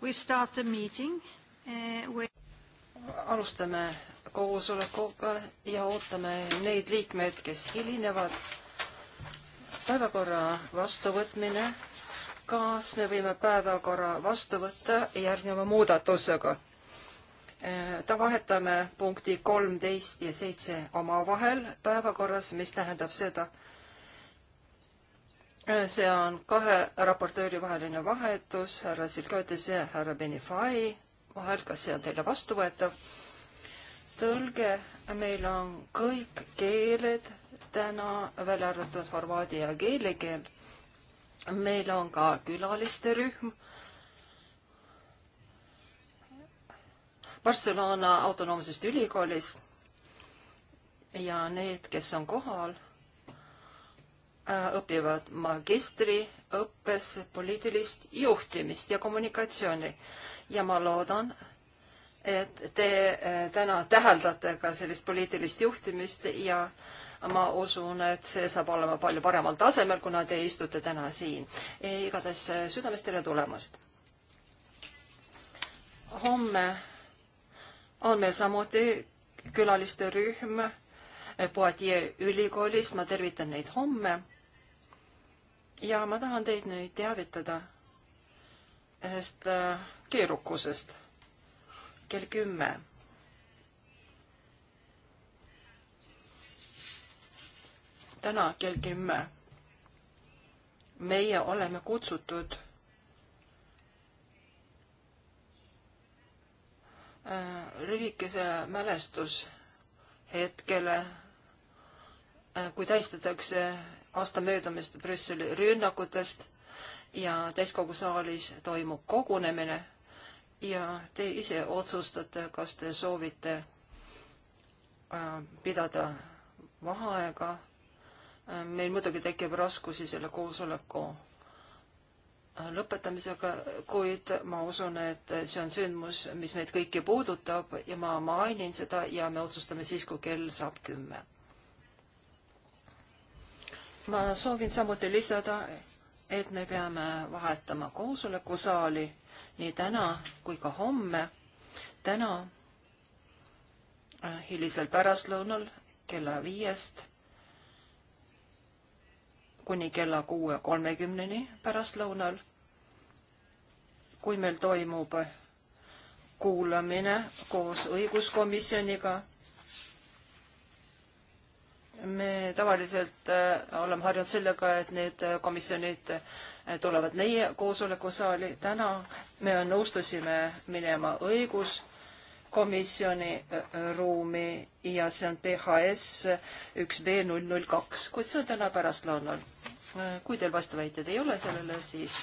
We start the meeting uh, with alustame koosolekuga ja ootame neid liikmeid, kes hilinevad. päevakorra vastuvõtmine. kas me võime päevakorra vastu võtta järgneva muudatusega? Eh, ta vahetame punkti kolmteist ja seitse omavahel päevakorras, mis tähendab seda, Äh, see on kahe raportööri vaheline vahetus, härra Silgotis ja härra Benifai vahel, kas see on teile vastuvõetav? tõlge, meil on kõik keeled täna, välja arvatud horvaadi ja keeli keel. meil on ka külaliste rühm. Barcelona autonoomsest ülikoolist ja need, kes on kohal Äh, õpivad magistriõppes poliitilist juhtimist ja kommunikatsiooni ja ma loodan, et te äh, täna täheldate ka sellist poliitilist juhtimist ja ma usun, et see saab olema palju paremal tasemel, kuna te istute täna siin. E, igatahes äh, südamest tere tulemast. homme on meil samuti külaliste rühm Poitier ülikoolist, ma tervitan neid homme ja ma tahan teid nüüd teavitada ühest äh, keerukusest kell kümme. täna kell kümme meie oleme kutsutud äh, lühikese mälestushetkele, äh, kui tähistatakse aasta möödumist Brüsseli rünnakutest ja täiskogu saalis toimub kogunemine ja te ise otsustate, kas te soovite äh, pidada vaheaega. Äh, meil muidugi tekib raskusi selle koosoleku äh, lõpetamisega, kuid ma usun, et see on sündmus, mis meid kõiki puudutab ja ma mainin seda ja me otsustame siis, kui kell saab kümme ma soovin samuti lisada, et me peame vahetama koosolekusaali nii täna kui ka homme. täna äh, hilisel pärastlõunal kella viiest kuni kella kuue kolmekümneni pärastlõunal, kui meil toimub kuulamine koos õiguskomisjoniga me tavaliselt äh, oleme harjunud sellega, et need äh, komisjonid äh, tulevad meie koosolekusaali. täna me nõustusime minema õiguskomisjoni ruumi ja see on THS üks B null null kaks, kuid see on täna pärastlõunal. kui teil vastuväiteid ei ole sellele, siis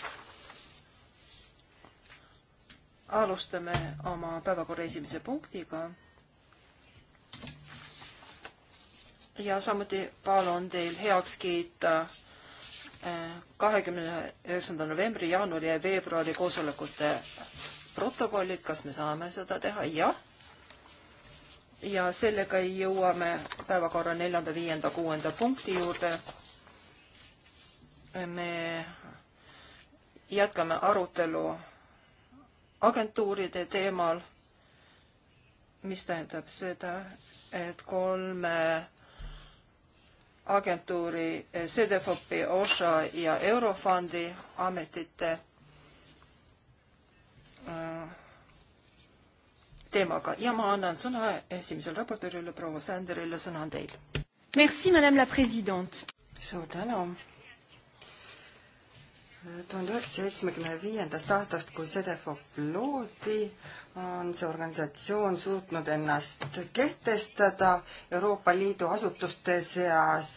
alustame oma päevakorra esimese punktiga ja samuti palun teil heaks kiita äh, kahekümne üheksanda novembri, jaanuari ja veebruari koosolekute protokollid, kas me saame seda teha? jah. ja sellega jõuame päevakorra neljanda, viienda, kuuenda punkti juurde. me jätkame arutelu agentuuride teemal, mis tähendab seda, et kolme agentuuri, eh, CDFOP-i, OSHA ja Eurofondi ametite eh, teemaga ja ma annan sõna esimesele raportöörile, proua Sänderile, sõna on teil. Merci, madame la president. suur tänu tuhande üheksasaja seitsmekümne viiendast aastast, kui Sedefop loodi, on see organisatsioon suutnud ennast kehtestada Euroopa Liidu asutuste seas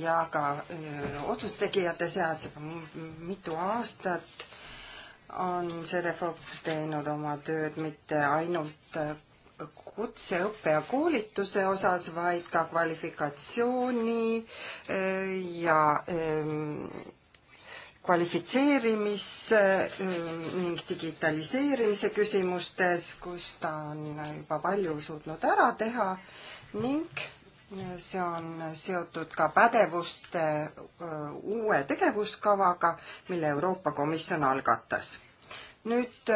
ja ka äh, otsustegijate seas juba mitu aastat on Sedefop teinud oma tööd mitte ainult äh, kutseõppe ja koolituse osas, vaid ka kvalifikatsiooni äh, ja ähm, kvalifitseerimis äh, ning digitaliseerimise küsimustes, kus ta on juba palju suutnud ära teha ning äh, see on seotud ka pädevuste äh, uue tegevuskavaga, mille Euroopa Komisjon algatas. nüüd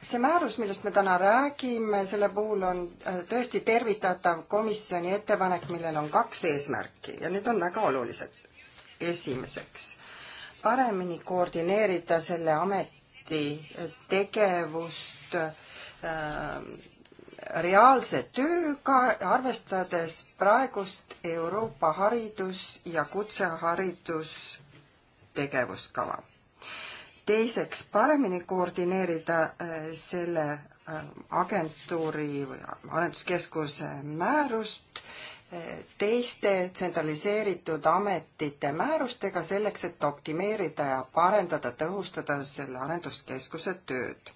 see määrus, millest me täna räägime, selle puhul on tõesti tervitatav komisjoni ettepanek, millel on kaks eesmärki ja need on väga olulised. esimeseks paremini koordineerida selle ameti tegevust äh, reaalse tööga, arvestades praegust Euroopa haridus- ja kutseharidustegevuskava. teiseks, paremini koordineerida äh, selle äh, agentuuri või arenduskeskuse määrust teiste tsentraliseeritud ametite määrustega selleks, et optimeerida ja parendada, tõhustada selle arenduskeskuse tööd.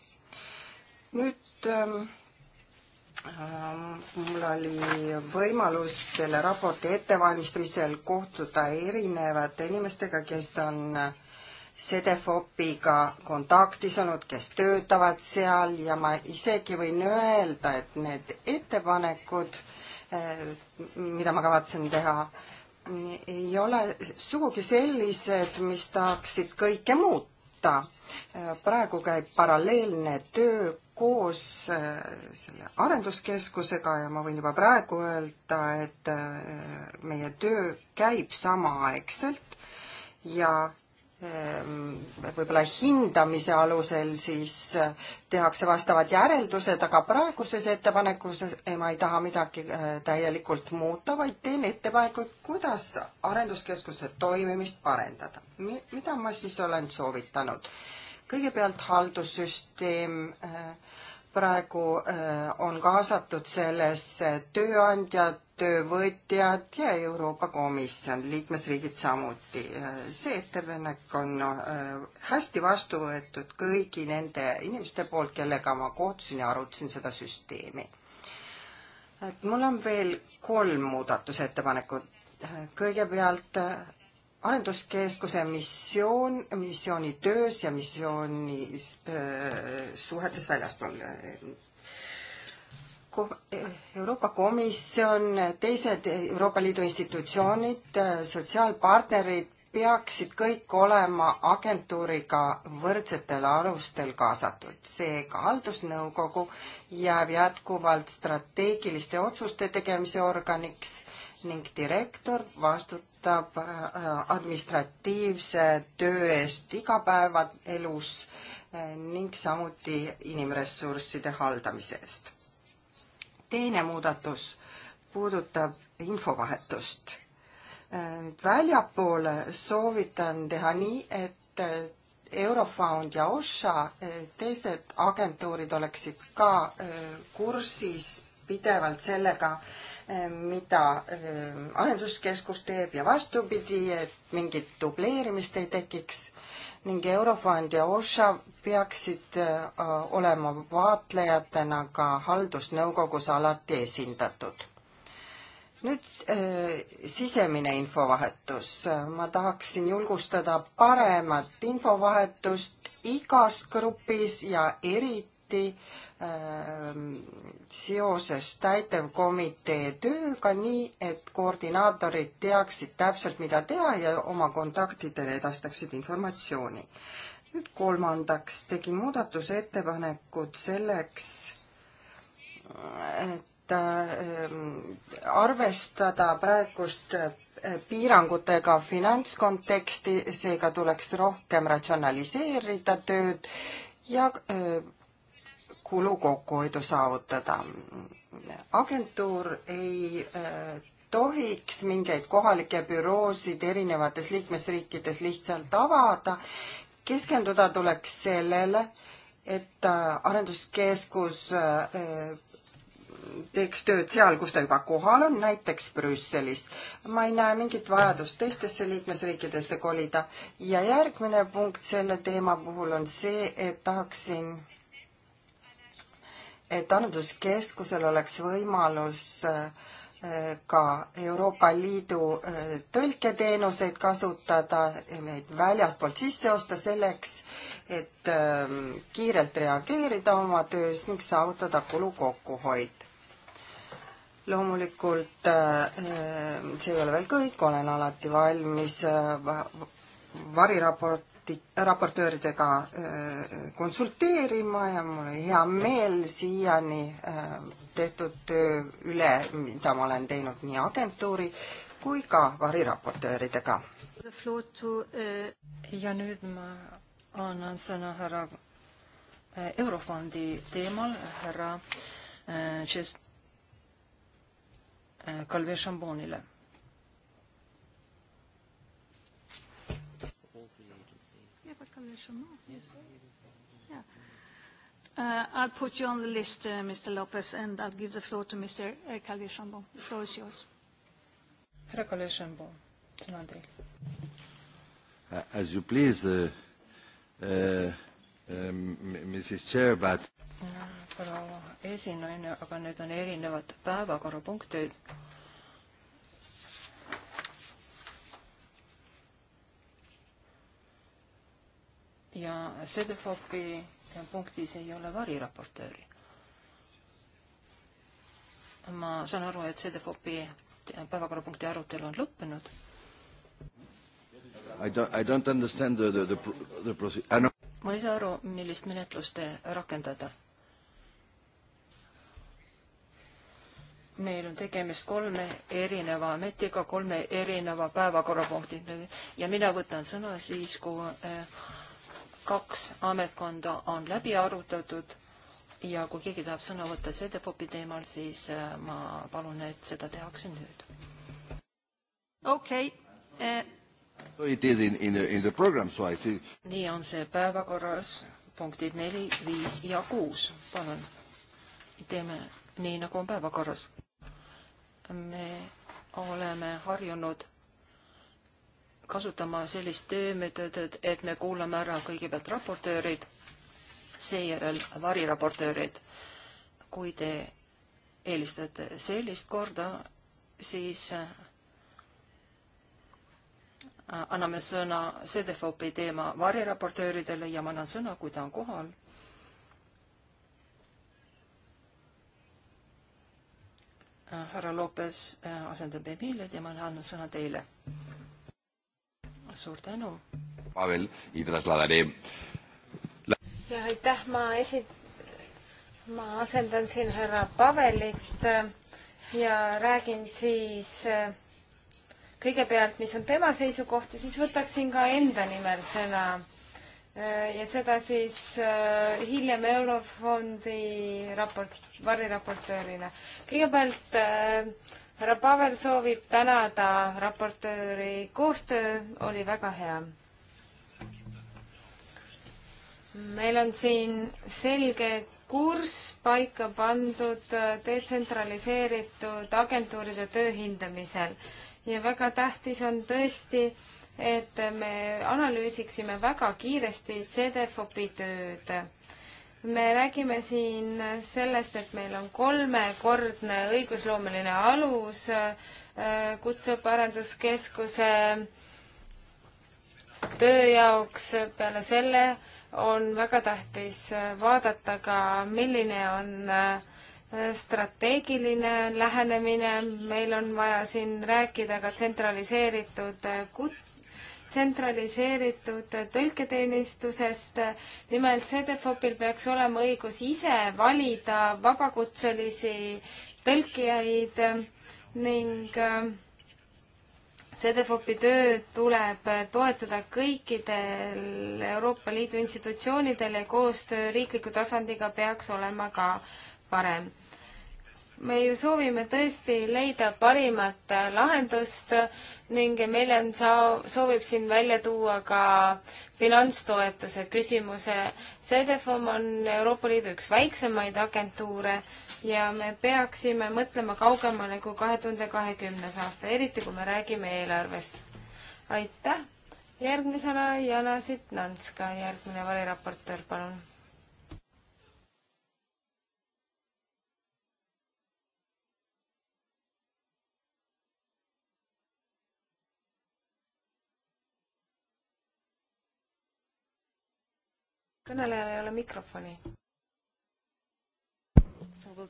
nüüd ähm, äh, mul oli võimalus selle raporti ettevalmistamisel kohtuda erinevate inimestega, kes on äh, CDFOP-iga kontaktis olnud, kes töötavad seal ja ma isegi võin öelda, et need ettepanekud äh, Äh, mida ma kavatsen teha, ei ole sugugi sellised, mis tahaksid kõike muuta. Äh, praegu käib paralleelne töö koos äh, selle arenduskeskusega ja ma võin juba praegu öelda, et meie töö käib samaaegselt ja Ehm, võib-olla hindamise alusel siis eh, tehakse vastavad järeldused, aga praeguses ettepanekus eh, ma ei taha midagi eh, täielikult muuta, vaid teen ettepanekuid, kuidas arenduskeskuste toimimist parendada. mida ma siis olen soovitanud? kõigepealt haldussüsteem praegu on kaasatud sellesse tööandjad, töövõtjad ja Euroopa Komisjon, liikmesriigid samuti. see ettepanek on äh, hästi vastu võetud kõigi nende inimeste poolt, kellega ma kohtusin ja arutasin seda süsteemi. et mul on veel kolm muudatusettepanekut. kõigepealt äh, arenduskeskuse missioon, missiooni töös ja missioonis äh, suhetes väljaspool Euroopa Komisjon, teised Euroopa Liidu institutsioonid, sotsiaalpartnerid peaksid kõik olema agentuuriga võrdsetel alustel kaasatud. seega haldusnõukogu jääb jätkuvalt strateegiliste otsuste tegemise organiks ning direktor vastutab äh, administratiivse töö eest igapäevaelus äh, ning samuti inimressursside haldamise eest teine muudatus puudutab infovahetust. nüüd väljapoole soovitan teha nii, et eh, Eurofound ja OSHA, eh, teised agentuurid oleksid ka eh, kursis pidevalt sellega, mida arenduskeskus teeb ja vastupidi, et mingit dubleerimist ei tekiks ning Eurofond ja OSHA peaksid äh, olema vaatlejatena ka haldusnõukogus alati esindatud nüüd äh, sisemine infovahetus. ma tahaksin julgustada paremat infovahetust igas grupis ja eriti lahti ähm, seoses täitevkomitee tööga, nii et koordinaatorid teaksid täpselt, mida teha ja oma kontaktidele edastaksid informatsiooni. nüüd kolmandaks tegin muudatusettepanekud selleks, et ähm, arvestada praegust äh, piirangutega finantskonteksti, seega tuleks rohkem ratsionaliseerida tööd ja äh, kulukokkuhoidu saavutada. agentuur ei äh, tohiks mingeid kohalikke büroosid erinevates liikmesriikides lihtsalt avada. keskenduda tuleks sellele, et äh, arenduskeskus äh, teeks tööd seal, kus ta juba kohal on, näiteks Brüsselis. ma ei näe mingit vajadust teistesse liikmesriikidesse kolida ja järgmine punkt selle teema puhul on see, et tahaksin et annetuskeskusel oleks võimalus äh, ka Euroopa Liidu äh, tõlketeenuseid kasutada, neid väljastpoolt sisse osta selleks, et ähm, kiirelt reageerida oma töös ning saavutada kulu kokkuhoid. loomulikult äh, see ei ole veel kõik, olen alati valmis variraport, raportit, raportööridega äh, konsulteerima ja mul on hea meel siiani äh, tehtud töö üle, mida ma olen teinud nii agentuuri kui ka variraportööridega. Äh, ja nüüd ma annan sõna härra Eurofondi teemal, härra Kalvi Šambonile Alicia Moore, yes. Yeah. Uh, I'll put you on the list, uh, Mr. Lopez, and I'll give the floor to Mr. Kaleshambo. Uh, the floor is yours. Härra Kaleshambo, sõna on teil. Uh, as you please, uh, uh, Mrs. Um, Chair, but proua esinaine, aga need on erinevad päevakorrapunktid Sedefopi punktis ei ole variraportööri. ma saan aru, et Sedefopi päevakorrapunkti arutelu on lõppenud. I don't, I don't understand the, the, the, the procedure. ma ei saa aru, millist menetlust te rakendada meil on tegemist kolme erineva ametiga, kolme erineva päevakorrapunktiga ja mina võtan sõna siis, kui eh, kaks ametkonda on läbi arutatud ja kui keegi tahab sõna võtta Sedepopi teemal, siis äh, ma palun, et seda tehakse nüüd. okei okay. eh.. Äh, nii on see päevakorras, punktid neli, viis ja kuus, palun. teeme nii, nagu on päevakorras. me oleme harjunud kasutama sellist töömeetodit, et me kuulame ära kõigepealt raportöörid, seejärel variraportöörid. kui te eelistate sellist korda, siis äh, anname sõna CDFOP-i teema variraportööridele ja ma annan sõna, kui ta on kohal. Äh, härra Lopes äh, asendab Emilia, tema annan sõna teile suur tänu. Pavel, Idras Ladari. ja aitäh, ma esi-, ma asendan siin härra Pavelit äh, ja räägin siis äh, kõigepealt, mis on tema seisukoht ja siis võtaksin ka enda nimel sõna. Äh, ja seda siis hiljem Eurofondi raport, variraportöörina. kõigepealt härra Pavel soovib tänada raportööri, koostöö oli väga hea. meil on siin selge kurss paika pandud detsentraliseeritud agentuuride töö hindamisel ja väga tähtis on tõesti, et me analüüsiksime väga kiiresti CDFOP-i tööd me räägime siin sellest, et meil on kolmekordne õigusloomeline alus äh, kutseõppearenduskeskuse töö jaoks, peale selle on väga tähtis vaadata ka, milline on äh, strateegiline lähenemine, meil on vaja siin rääkida ka tsentraliseeritud kut-, tsentraliseeritud tõlketeenistusest. nimelt CDFOPil peaks olema õigus ise valida vabakutselisi tõlkijaid ning äh, CDFOPi tööd tuleb toetada kõikidel Euroopa Liidu institutsioonidel ja koostöö riikliku tasandiga peaks olema ka parem me ju soovime tõesti leida parimat lahendust ning Emilian saa-, soovib siin välja tuua ka finantstoetuse küsimuse. CDFOM on Euroopa Liidu üks väiksemaid agentuure ja me peaksime mõtlema kaugemale kui kahe tuhande kahekümnes aasta, eriti kui me räägime eelarvest. aitäh! järgmisena Jana Sitnanska, järgmine valiraportöör, palun kõnelejal ei ole mikrofoni. So we'll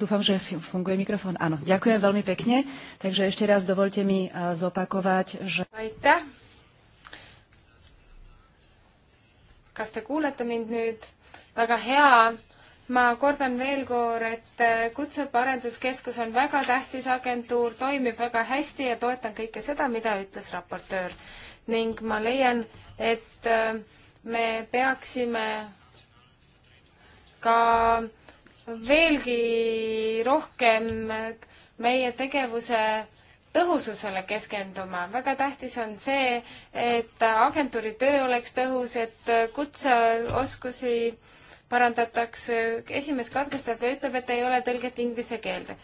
Dúfam, že funguje mikrofón. Áno, ďakujem veľmi pekne. Takže ešte raz dovolte mi eh, zopakovať, že... Aitäh! Kas te kuulete mind nüüd? Väga hea ma kordan veel kord, et äh, Kutseõppe Arenduskeskus on väga tähtis agentuur, toimib väga hästi ja toetan kõike seda, mida ütles raportöör. ning ma leian, et äh, me peaksime ka veelgi rohkem äh, meie tegevuse tõhususele keskenduma. väga tähtis on see, et agentuuri töö oleks tõhus, et kutseoskusi äh, parandatakse, esimees katkestab ja ütleb, et ei ole tõlget inglise keelde.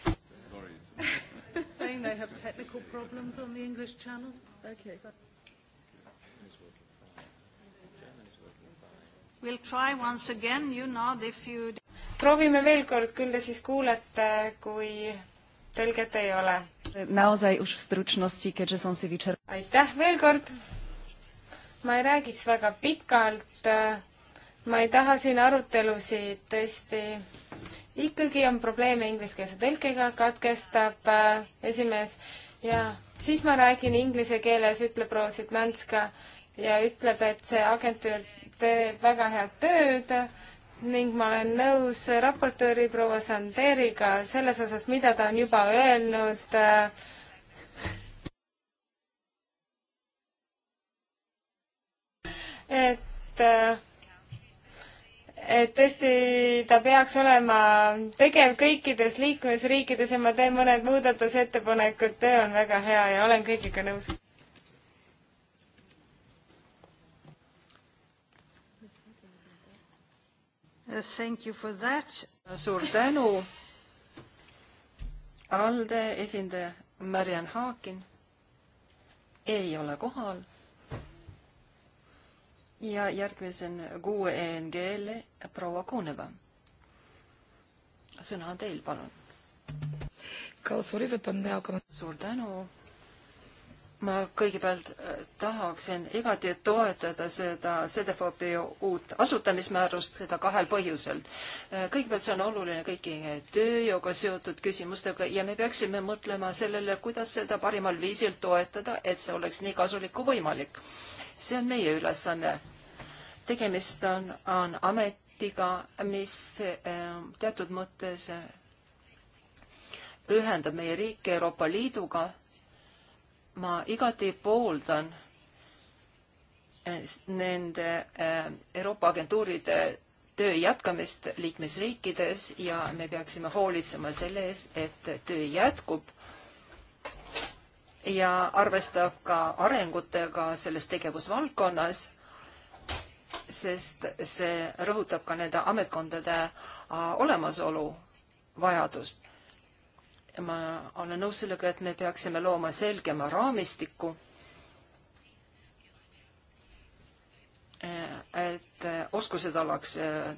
Saying they have technical problems on the English channel. Okay. We'll try once again, you nod if you... proovime veel kord, küll te siis kuulete, kui tõlget ei ole. aitäh veel kord. ma ei räägiks väga pikalt ma ei taha siin arutelusid tõesti, ikkagi on probleeme ingliskeelse tõlkega, katkestab äh, esimees ja siis ma räägin inglise keeles, ütleb Roosit Nanska ja ütleb, et see agentuur teeb väga head tööd ning ma olen nõus raportööri proua Sanderiga selles osas, mida ta on juba öelnud äh, et äh, et tõesti ta peaks olema tegev kõikides liikmesriikides ja ma teen mõned muudatusettepanekud, töö on väga hea ja olen kõigiga nõus. Thank you for that. suur tänu. ALDE esindaja Mariann Haakin ei ole kohal ja järgmisena kuue ENG-le proua Kuneva. sõna on teil, palun. suur tänu, ma kõigepealt äh, tahaksin igati toetada seda CDFOP-i uut asutamismäärust, seda kahel põhjusel. Äh, kõigepealt see on oluline kõigi tööjõuga seotud küsimustega ja me peaksime mõtlema sellele, kuidas seda parimal viisil toetada, et see oleks nii kasulik kui võimalik. see on meie ülesanne. tegemist on, on ametiga, mis äh, teatud mõttes ühendab meie riiki Euroopa Liiduga ma igati pooldan eh, nende eh, Euroopa agentuuride töö jätkamist liikmesriikides ja me peaksime hoolitsema selle eest, et töö jätkub ja arvestab ka arengutega selles tegevusvaldkonnas, sest see rõhutab ka nende ametkondade ah, olemasolu vajadust ma olen nõus sellega, et me peaksime looma selgema raamistiku, et oskused oleks eh,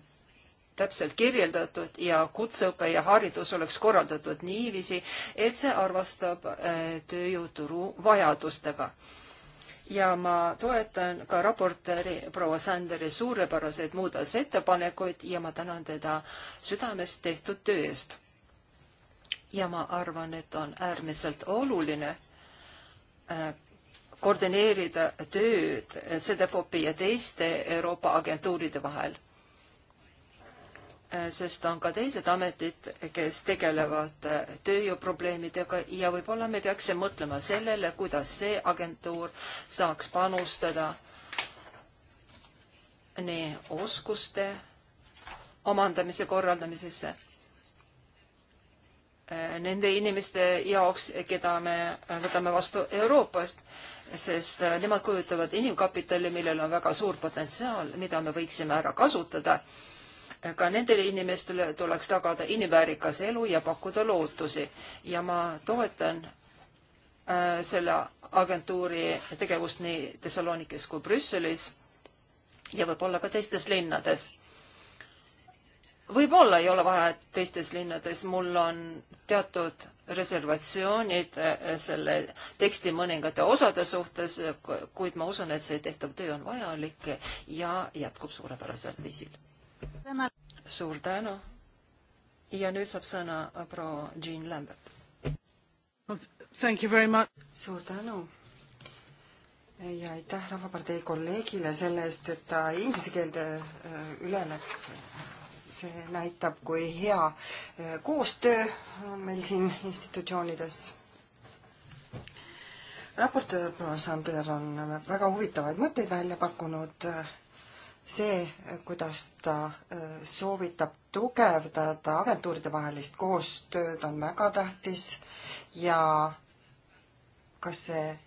täpselt kirjeldatud ja kutseõpe ja haridus oleks korraldatud niiviisi, et see arvestab eh, tööjõuturu vajadustega. ja ma toetan ka raportööri proua Sanderi suurepäraseid muudatusettepanekuid ja ma tänan teda südamest tehtud töö eest ja ma arvan, et on äärmiselt oluline äh, koordineerida tööd CDFOP-i ja teiste Euroopa agentuuride vahel. Äh, sest on ka teised ametid, kes tegelevad äh, tööjõuprobleemidega ja võib-olla me peaksime mõtlema sellele, kuidas see agentuur saaks panustada nii oskuste omandamise korraldamisesse Äh, nende inimeste jaoks, keda me võtame vastu Euroopast, sest äh, nemad kujutavad inimkapitali, millel on väga suur potentsiaal, mida me võiksime ära kasutada. ka nendele inimestele tuleks tagada inimväärikas elu ja pakkuda lootusi ja ma toetan äh, selle agentuuri tegevust nii Thessalonikis kui Brüsselis ja võib-olla ka teistes linnades võib-olla ei ole vahet teistes linnades, mul on teatud reservatsioonid eh, selle teksti mõningate osade suhtes, kuid ma usun, et see tehtav töö on vajalik ja jätkub suurepärasel viisil. suur tänu. ja nüüd saab sõna proua Jean Lambert. Thank you very much. suur tänu ja aitäh Rahvapartei kolleegile selle eest, et ta inglise keelde eh, üle läks see näitab, kui hea eh, koostöö on meil siin institutsioonides. raportöör proua Sander on väga huvitavaid mõtteid välja pakkunud. see, kuidas ta eh, soovitab tugevdada agentuuride vahelist koostööd, on väga tähtis ja kas see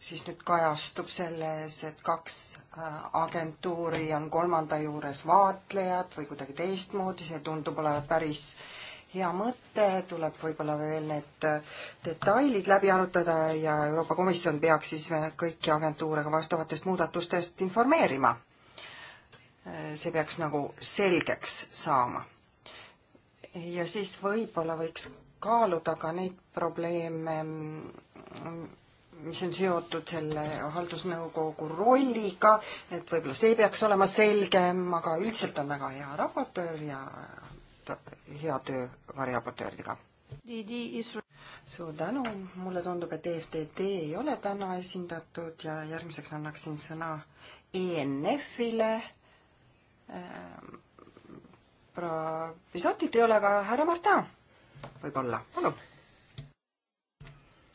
siis nüüd kajastub selles, et kaks äh, agentuuri on kolmanda juures vaatlejad või kuidagi teistmoodi, see tundub olevat päris hea mõte, tuleb võib-olla veel need äh, detailid läbi arutada ja Euroopa Komisjon peaks siis äh, kõiki agentuure ka vastavatest muudatustest informeerima. see peaks nagu selgeks saama. ja siis võib-olla võiks kaaluda ka neid probleeme, mm, mis on seotud selle haldusnõukogu rolliga, et võib-olla see peaks olema selgem, aga üldiselt on väga hea raportöör ja hea töö variraportööridega. suur tänu, mulle tundub, et EFTD ei ole täna esindatud ja järgmiseks annaksin sõna ENF-ile ähm,. proua Pisotit ei ole, aga härra Marta võib-olla, palun.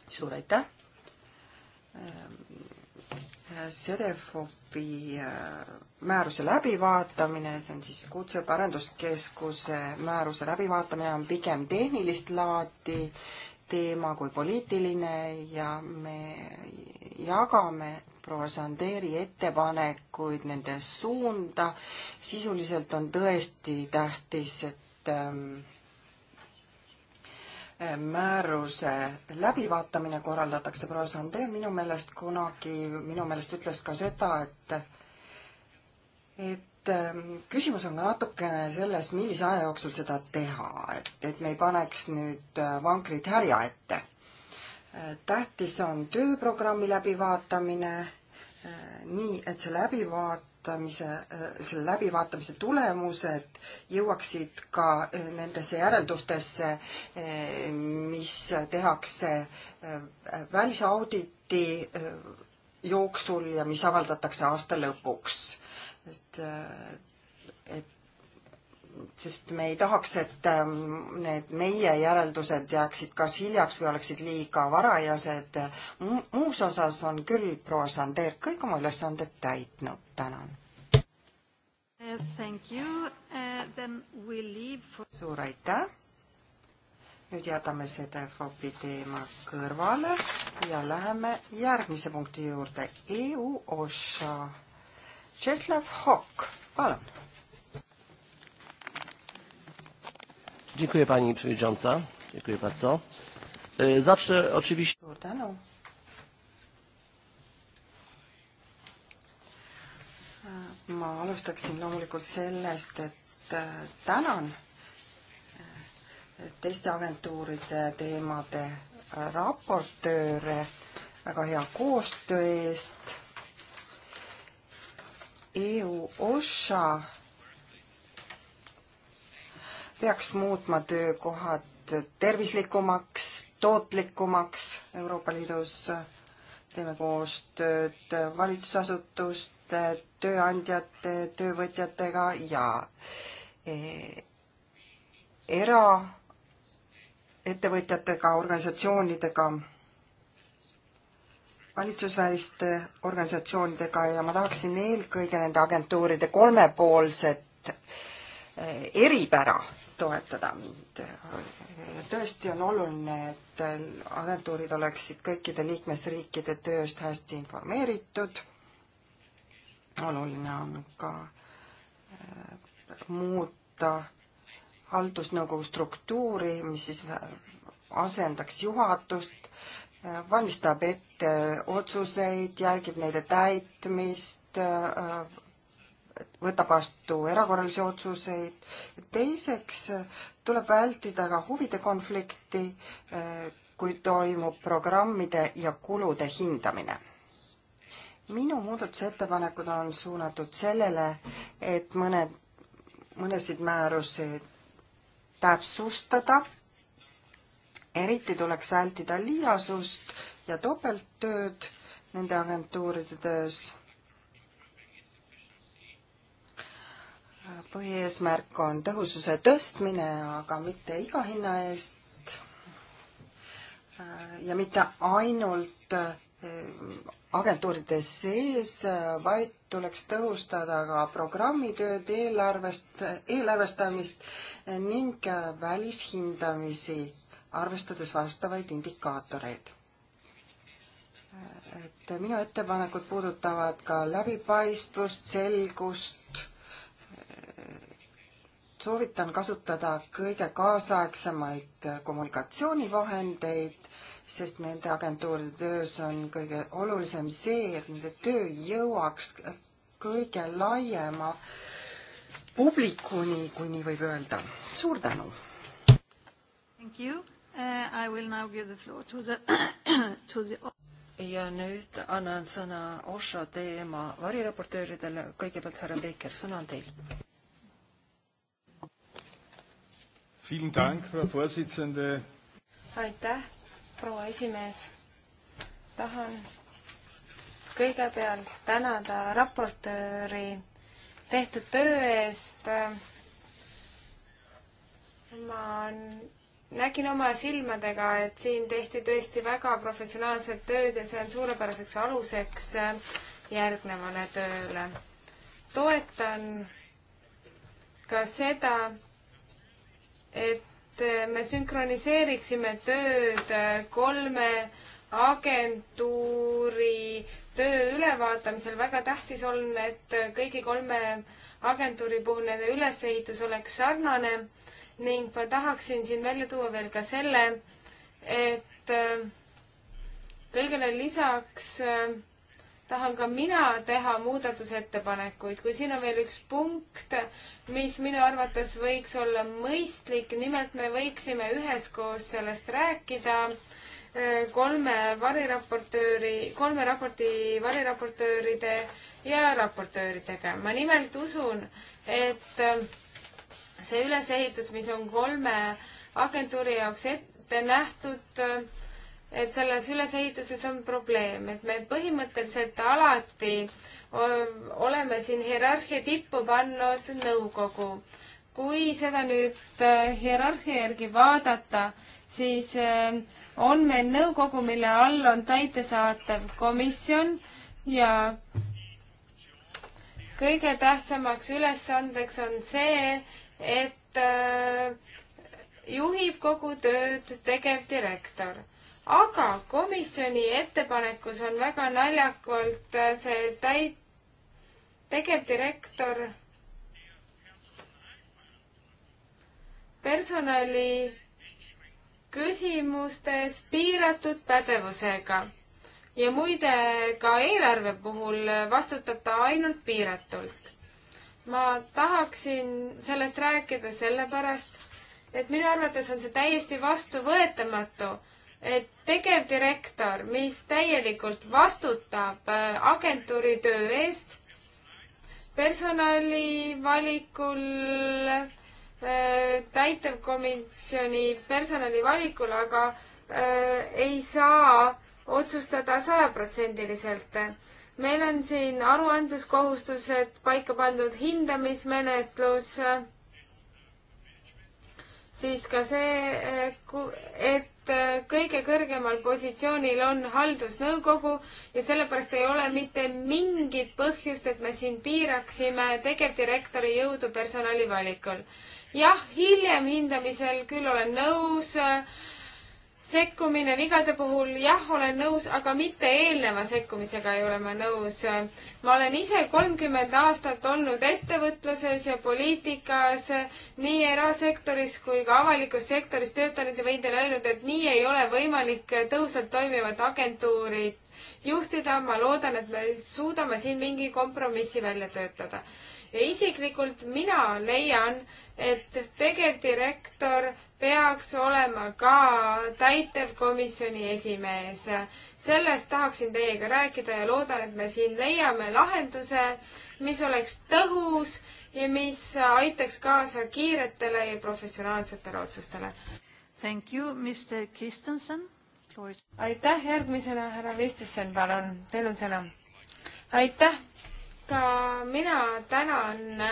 suur aitäh Ehm, Sedefopi ehm, määruse läbivaatamine, see on siis Kutseõppe Arenduskeskuse määruse läbivaatamine on pigem tehnilist laati teema kui poliitiline ja me jagame proua Sanderi ettepanekuid, nende suunda. sisuliselt on tõesti tähtis, et ähm, määruse läbivaatamine korraldatakse, proua Sander minu meelest kunagi, minu meelest ütles ka seda, et et ähm, küsimus on ka natukene selles, millise aja jooksul seda teha, et, et me ei paneks nüüd äh, vankrit härja ette. Äh, tähtis on tööprogrammi läbivaatamine, äh, nii et see läbivaat-, vaatamise, selle läbivaatamise tulemused jõuaksid ka eh, nendesse järeldustesse, eh, mis tehakse eh, välisauditi jooksul ja mis avaldatakse aasta lõpuks. et sest me ei tahaks, et ähm, need meie järeldused jääksid kas hiljaks või oleksid liiga varajased. muus osas on küll proua Sander kõik oma ülesanded täitnud, tänan. Uh, thank you uh,, then we leave for. suur aitäh. nüüd jätame seda FOP-i teema kõrvale ja läheme järgmise punkti juurde. EU OSHA. Tšeslav Hokk, palun Dziękuję Pani Przewodnicząca. Dziękuję bardzo. E, Zacznę oczywiście... Suur tänu. ma alustaksin loomulikult sellest, et e, tänan e, teiste agentuuride teemade raportööre väga hea koostöö eest. EU OSHA peaks muutma töökohad tervislikumaks, tootlikumaks Euroopa Liidus. teeme koostööd valitsusasutuste, tööandjate, töövõtjatega ja eh, eraettevõtjatega, organisatsioonidega, valitsusväliste organisatsioonidega ja ma tahaksin eelkõige nende agentuuride kolmepoolset eh, eripära toetada. tõesti on oluline, et agentuurid oleksid kõikide liikmesriikide tööst hästi informeeritud. oluline on ka äh, muuta haldusnõukogu struktuuri, mis siis asendaks juhatust, äh, valmistab ette otsuseid, jälgib nende täitmist, äh, võtab vastu erakorralisi otsuseid. teiseks tuleb vältida ka huvide konflikti, kui toimub programmide ja kulude hindamine. minu muudatusettepanekud on suunatud sellele, et mõned, mõnesid määrusi täpsustada, eriti tuleks vältida liiasust ja topelttööd nende agentuuride töös põhieesmärk on tõhususe tõstmine, aga mitte iga hinna eest ja mitte ainult eh, agentuuride sees, vaid tuleks tõhustada ka programmitööd, eelarvest, eelarvestamist ning välishindamisi, arvestades vastavaid indikaatoreid. et minu ettepanekud puudutavad ka läbipaistvust, selgust soovitan kasutada kõige kaasaegsemaid kommunikatsioonivahendeid, sest nende agentuuride töös on kõige olulisem see, et nende töö jõuaks kõige laiema publikuni, kui nii võib öelda. suur tänu! Thank you uh,. I will now give the floor to the, to the ja nüüd annan sõna OSHA teema variraportööridele, kõigepealt härra Peiker, sõna on teil aitäh, proua esimees. tahan kõigepealt tänada raportööri tehtud töö eest. ma nägin oma silmadega, et siin tehti tõesti väga professionaalset tööd ja see on suurepäraseks aluseks järgnevale tööle. toetan ka seda, et me sünkroniseeriksime tööd kolme agentuuri töö ülevaatamisel. väga tähtis on, et kõigi kolme agentuuri puhul nende ülesehitus oleks sarnane ning ma tahaksin siin välja tuua veel ka selle, et kõigele lisaks äh, tahan ka mina teha muudatusettepanekuid, kui siin on veel üks punkt, mis minu arvates võiks olla mõistlik, nimelt me võiksime üheskoos sellest rääkida kolme variraportööri, kolme raporti variraportööride ja raportööridega. ma nimelt usun, et see ülesehitus, mis on kolme agentuuri jaoks ette nähtud, et selles ülesehituses on probleem, et me põhimõtteliselt alati oleme siin hierarhia tippu pannud nõukogu. kui seda nüüd äh, hierarhia järgi vaadata, siis äh, on meil nõukogu, mille all on täidesaatev komisjon ja kõige tähtsamaks ülesandeks on see, et äh, juhib kogu tööd tegevdirektor aga komisjoni ettepanekus on väga naljakalt äh, see täit-, tegevdirektor personali küsimustes piiratud pädevusega ja muide ka eelarve puhul vastutab ta ainult piiratult. ma tahaksin sellest rääkida sellepärast, et minu arvates on see täiesti vastuvõetamatu et tegevdirektor, mis täielikult vastutab äh, agentuuri töö eest, personali valikul, äh, täitevkomisjoni personali valikul, aga äh, ei saa otsustada sajaprotsendiliselt. meil on siin aruandluskohustused, paika pandud hindamismenetlus siis ka see, eh, et eh, kõige kõrgemal positsioonil on haldusnõukogu ja sellepärast ei ole mitte mingit põhjust, et me siin piiraksime tegevdirektori jõudu personali valikul. jah, hiljem hindamisel küll olen nõus äh, sekkumine vigade puhul, jah, olen nõus, aga mitte eelneva sekkumisega ei ole ma nõus. ma olen ise kolmkümmend aastat olnud ettevõtluses ja poliitikas, nii erasektoris kui ka avalikus sektoris töötanud ja võin teile öelda, et nii ei ole võimalik tõhusalt toimivat agentuuri juhtida. ma loodan, et me suudame siin mingi kompromissi välja töötada. ja isiklikult mina leian, et tegevdirektor peaks olema ka täitevkomisjoni esimees. sellest tahaksin teiega rääkida ja loodan, et me siin leiame lahenduse, mis oleks tõhus ja mis aitaks kaasa kiiretele ja professionaalsetele otsustele. Thank you, Mr Kristjanson. aitäh, järgmisena härra Kristjanson, palun, teil on sõna. aitäh, ka mina tänan äh,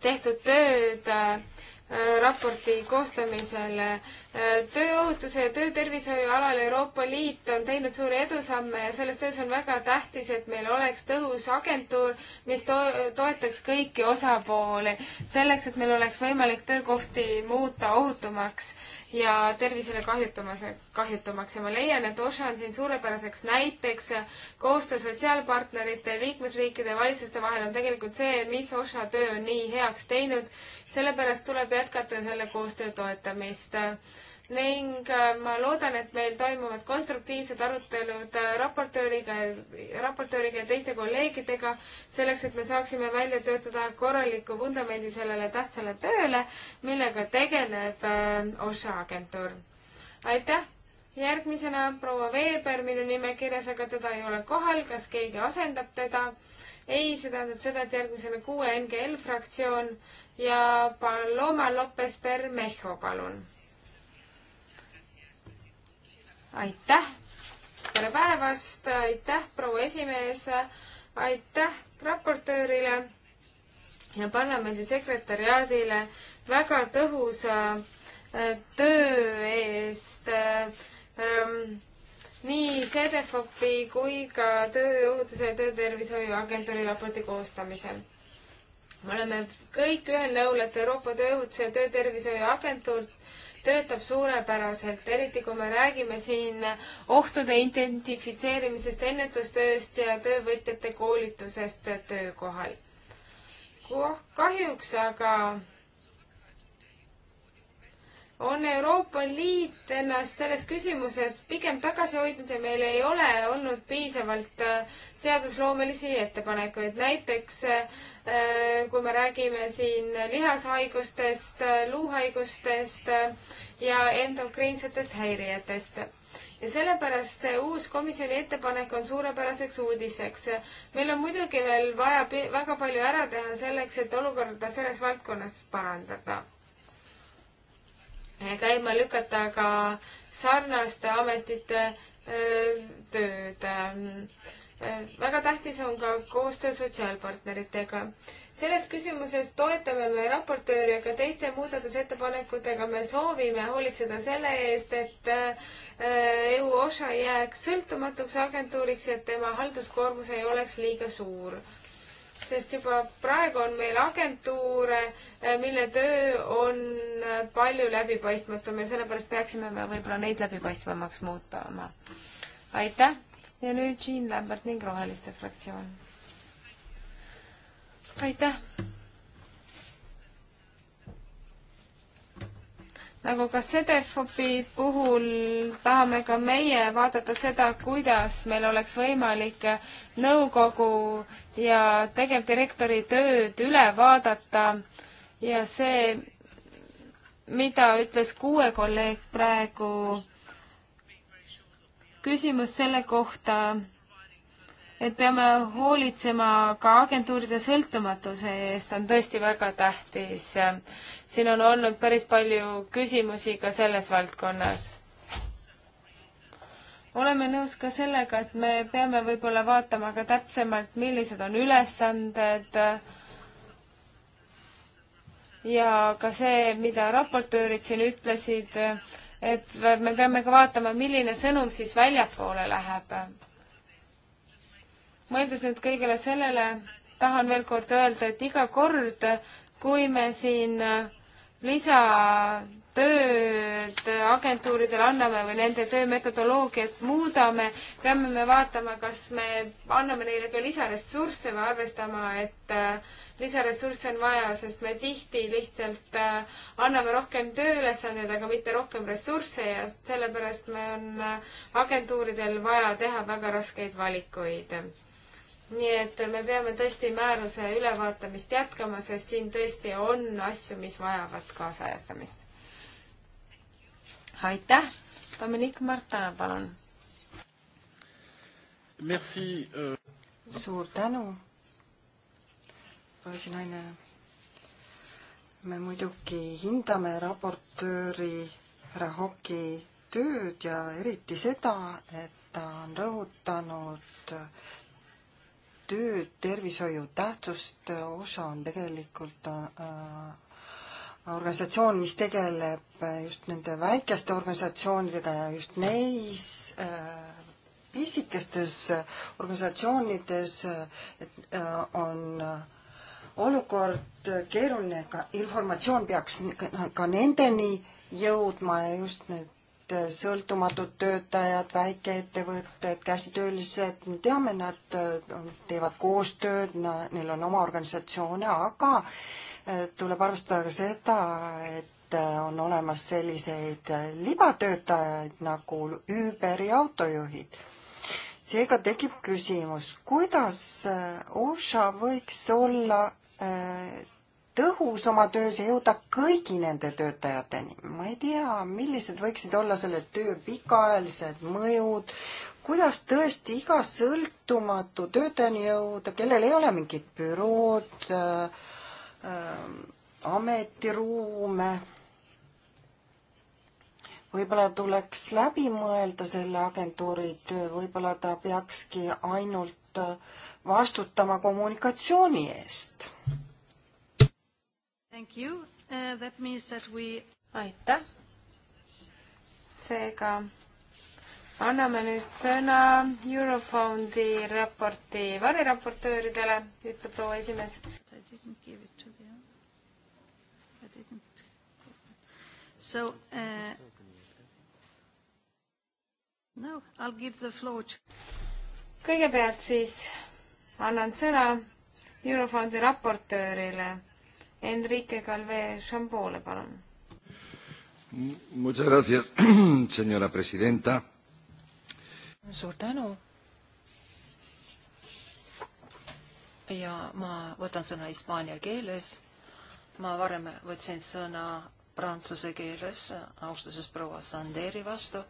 tehtud tööd äh, Äh, raporti koostamisel tööohutuse ja töötervishoiu alal Euroopa Liit on teinud suuri edusamme ja selles töös on väga tähtis, et meil oleks tõhus agentuur, mis to toetaks kõiki osapooli selleks, et meil oleks võimalik töökohti muuta ohutumaks ja tervisele kahjutumas, kahjutumaks ja ma leian, et OSHA on siin suurepäraseks näiteks. koostöö sotsiaalpartnerite, liikmesriikide ja valitsuste vahel on tegelikult see, mis OSHA töö on nii heaks teinud. sellepärast tuleb jätkata selle koostöö toetamist ning äh, ma loodan, et meil toimuvad konstruktiivsed arutelud äh, raportööriga, raportööriga ja teiste kolleegidega, selleks et me saaksime välja töötada korraliku vundamendi sellele tähtsale tööle, millega tegeleb äh, OSHA agentuur. aitäh! järgmisena proua Veeber, minu nimekirjas, aga teda ei ole kohal, kas keegi asendab teda? ei, see tähendab seda, et järgmisena kuue NGL fraktsioon ja Paloma Lopez Bermejo, palun aitäh, tere päevast, aitäh, proua esimees, aitäh raportöörile ja parlamendi sekretäriaadile väga tõhusa äh, töö eest äh, ähm, nii CDFOP-i kui ka Tööohutuse ja Töötervishoiu Agentuuri raporti koostamisel. me oleme kõik ühel nõul, et Euroopa Tööohutuse ja Töötervishoiu Agentuur töötab suurepäraselt, eriti kui me räägime siin ohtude identifitseerimisest, ennetustööst ja töövõtjate koolitusest töökohal. kahjuks aga on Euroopa Liit ennast selles küsimuses pigem tagasi hoidnud ja meil ei ole olnud piisavalt äh, seadusloomelisi ettepanekuid. näiteks äh, kui me räägime siin lihashaigustest, äh, luuhaigustest ja endokriinsetest häirijatest ja sellepärast see uus komisjoni ettepanek on suurepäraseks uudiseks. meil on muidugi veel vaja väga palju ära teha selleks, et olukorda selles valdkonnas parandada käima lükata ka sarnaste ametite tööd. väga tähtis on ka koostöö sotsiaalpartneritega. selles küsimuses toetame me raportööri, aga teiste muudatusettepanekutega me soovime hoolitseda selle eest, et EU OSHA jääks sõltumatuks agentuuriks, et tema halduskoormus ei oleks liiga suur sest juba praegu on meil agentuure, eh, mille töö on eh, palju läbipaistmatum ja sellepärast peaksime me võib-olla neid läbipaistvamaks muutma. aitäh ja nüüd Jean Lambert ning Roheliste fraktsioon. aitäh. nagu ka Sedefopi puhul tahame ka meie vaadata seda, kuidas meil oleks võimalik nõukogu ja tegevdirektori tööd üle vaadata ja see, mida ütles kuue kolleeg praegu, küsimus selle kohta, et peame hoolitsema ka agentuuride sõltumatuse eest, on tõesti väga tähtis. siin on olnud päris palju küsimusi ka selles valdkonnas oleme nõus ka sellega, et me peame võib-olla vaatama ka täpsemalt, millised on ülesanded ja ka see, mida raportöörid siin ütlesid, et me peame ka vaatama, milline sõnum siis väljapoole läheb. mõeldes nüüd kõigele sellele, tahan veel kord öelda, et iga kord, kui me siin lisa tööd agentuuridele anname või nende töömetodoloogiat muudame, peame me vaatama, kas me anname neile ka lisaressursse või arvestama, et äh, lisaressursse on vaja, sest me tihti lihtsalt äh, anname rohkem tööülesandeid, aga mitte rohkem ressursse ja sellepärast me on äh, agentuuridel vaja teha väga raskeid valikuid nii et me peame tõesti määruse ülevaatamist jätkama, sest siin tõesti on asju, mis vajavad kaasajastamist aitäh, Dominic Martin, palun. Euh. suur tänu, poisinaine. me muidugi hindame raportööri härra Hoki tööd ja eriti seda, et ta on rõhutanud tööd, tervishoiu tähtsust, osa on tegelikult äh, organisatsioon, mis tegeleb just nende väikeste organisatsioonidega ja just neis äh, pisikestes organisatsioonides et, äh, on äh, olukord keeruline, ka informatsioon peaks ka nendeni jõudma ja just need sõltumatud töötajad, väikeettevõtted, käsitöölised, me teame, nad teevad koostööd, neil on oma organisatsioone, aga tuleb arvestada ka seda, et äh, on olemas selliseid äh, libatöötajaid nagu Uberi autojuhid. seega tekib küsimus, kuidas äh, USA võiks olla tõhus oma töös ja jõuda kõigi nende töötajateni. ma ei tea, millised võiksid olla selle töö pikaajalised mõjud, kuidas tõesti iga sõltumatu töötajani jõuda, kellel ei ole mingit bürood äh,, ametiruume. võib-olla tuleks läbi mõelda selle agentuuri töö, võib-olla ta peakski ainult vastutama kommunikatsiooni eest. Thank you uh,, that means that we aitäh. seega anname nüüd sõna Eurofondi raporti variraportööridele, ütleb proua esimees. So uh, no, I'll give the floor to... kõigepealt siis annan sõna Eurofondi raportöörile Enrique Calve Šambole, palun. Muchas gracias, señora presidenta suur tänu. ja ma võtan sõna hispaania keeles. ma varem võtsin sõna prantsuse keeles austuses proua Sanderi vastu,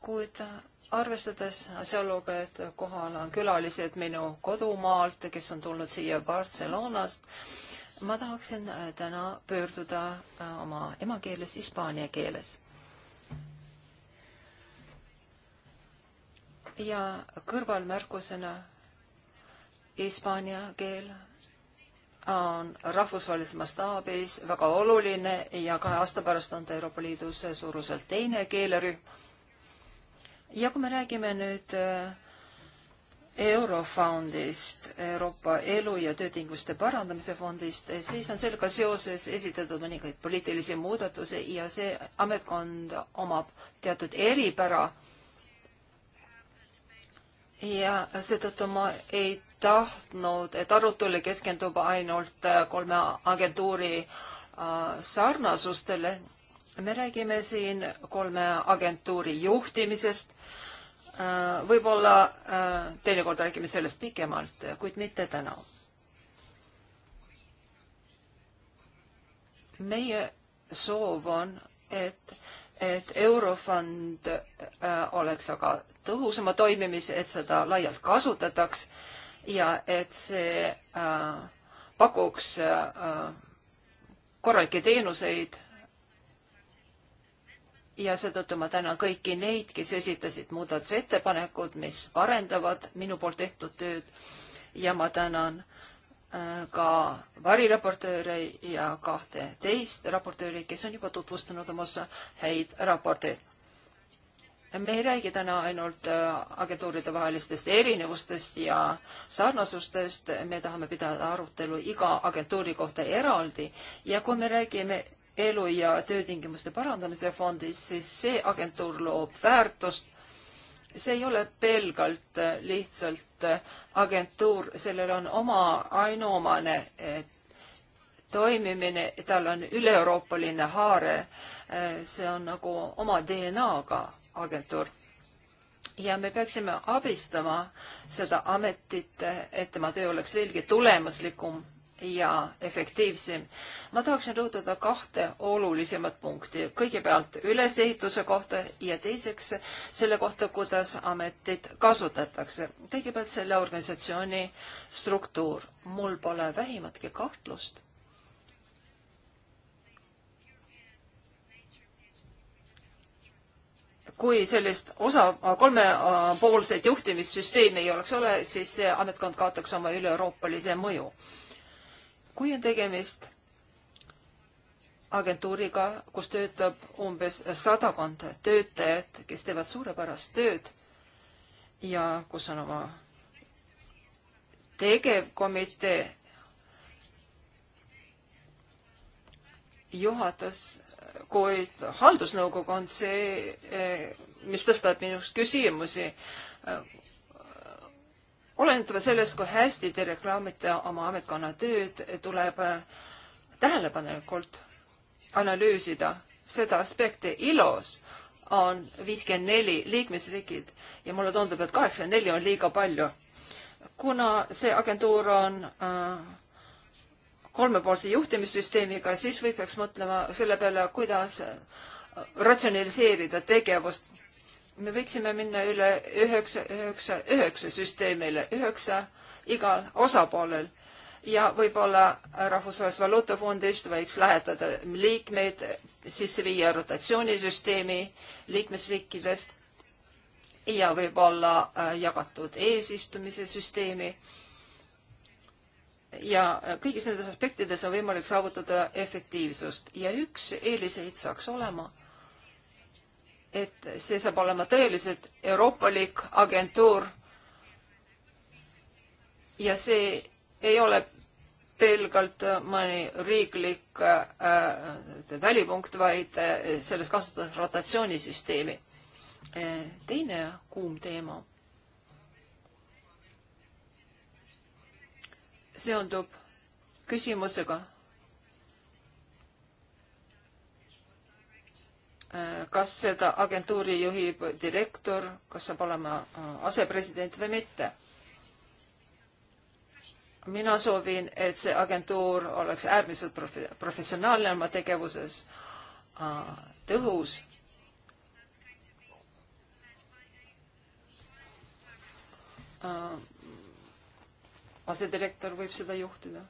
kuid arvestades asjaoluga, et kohal on külalised minu kodumaalt, kes on tulnud siia Barcelonast, ma tahaksin täna pöörduda oma emakeeles hispaania keeles ja kõrvalmärkusena hispaania keel on rahvusvahelises mastaabis väga oluline ja kahe aasta pärast on ta Euroopa Liidus suuruselt teine keelerühm. ja kui me räägime nüüd äh, Eurofondist, Euroopa Elu- ja Töötingimuste Parandamise Fondist, siis on sellega seoses esitatud mõningaid poliitilisi muudatusi ja see ametkond omab teatud eripära äh, ja seetõttu ma ei tahtnud, et arutelu keskendub ainult äh, kolme agentuuri äh, sarnasustele. me räägime siin kolme agentuuri juhtimisest. Äh, võib-olla teinekord räägime sellest pikemalt, kuid mitte täna. meie soov on, et et Eurofond äh, oleks väga tõhusama toimimise, et seda laialt kasutataks ja et see äh, pakuks äh, korralikke teenuseid. ja seetõttu ma tänan kõiki neid, kes esitasid muudatusettepanekud, mis parendavad minu poolt tehtud tööd ja ma tänan äh, Äh, ka variraportööre ja kahte teist raportööri, kes on juba tutvustanud oma häid raporteid. me ei räägi täna ainult äh, agentuuride vahelistest erinevustest ja sarnasustest, me tahame pidada arutelu iga agentuuri kohta eraldi ja kui me räägime elu ja töötingimuste parandamise fondis, siis see agentuur loob väärtust see ei ole pelgalt äh, lihtsalt äh, agentuur, sellel on oma ainuomane äh, toimimine, tal on üleeuroopaline haare. see on nagu oma DNA-ga agentuur. ja me peaksime abistama seda ametit, et tema töö oleks veelgi tulemuslikum ja efektiivsem. ma tahaksin rõhutada kahte olulisemat punkti. kõigepealt ülesehituse kohta ja teiseks selle kohta, kuidas ametit kasutatakse. kõigepealt selle organisatsiooni struktuur. mul pole vähimatki kahtlust, kui sellist osa, kolmepoolseid juhtimissüsteemi ei oleks ole, siis see ametkond kaotaks oma üle-euroopalise mõju kui on tegemist agentuuriga, kus töötab umbes sadakond töötajat, kes teevad suurepärast tööd ja kus on oma tegevkomitee juhatus, kuid haldusnõukogu on see, eh, mis tõstab minust küsimusi olenetame sellest, kui hästi te reklaamite oma ametkonna tööd, tuleb äh, tähelepanelikult analüüsida seda aspekti. ILO-s on viiskümmend neli liikmesriigid ja mulle tundub, et kaheksakümmend neli on liiga palju. kuna see agentuur on äh, kolmepoolse juhtimissüsteemiga, siis või peaks mõtlema selle peale, kuidas ratsionaliseerida tegevust me võiksime minna üle üheksa, üheksa, üheksa süsteemile, üheksa igal osapoolel ja võib-olla Rahvusvahelist Valuutafondist võiks lähetada liikmeid, sisse viia rotatsioonisüsteemi liikmesriikidest ja võib-olla äh, jagatud eesistumise süsteemi. ja kõigis nendes aspektides on võimalik saavutada efektiivsust ja üks eeliseid saaks olema et see saab olema tõeliselt euroopalik agentuur. ja see ei ole pelgalt mõni riiklik äh, välipunkt, vaid äh, selles kasutatakse rotatsioonisüsteemi äh,. teine kuum teema seondub küsimusega kas seda agentuuri juhib direktor, kas saab olema äh, asepresident või mitte. mina soovin, et see agentuur oleks äärmiselt profi-, professionaalne oma tegevuses, äh, tõhus äh, asedirektor võib seda juhtida.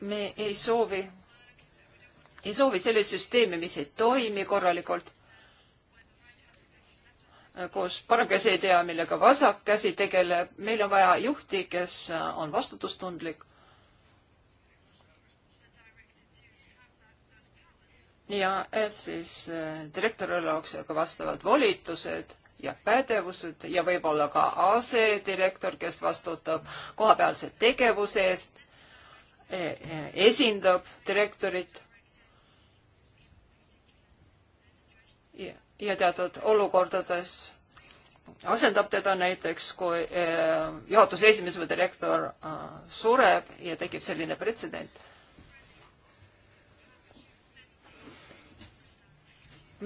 me ei soovi ei soovi sellist süsteemi, mis ei toimi korralikult, kus parem käsi ei tea, millega vasak käsi tegeleb, meil on vaja juhti, kes on vastutustundlik. ja et siis eh, direktoril oleks ka vastavad volitused ja pädevused ja võib-olla ka asedirektor, kes vastutab kohapealse tegevuse eest, eh, eh, esindab direktorit ja teatud olukordades asendab teda näiteks, kui eh, juhatuse esimees või direktor eh, sureb ja tekib selline pretsedent.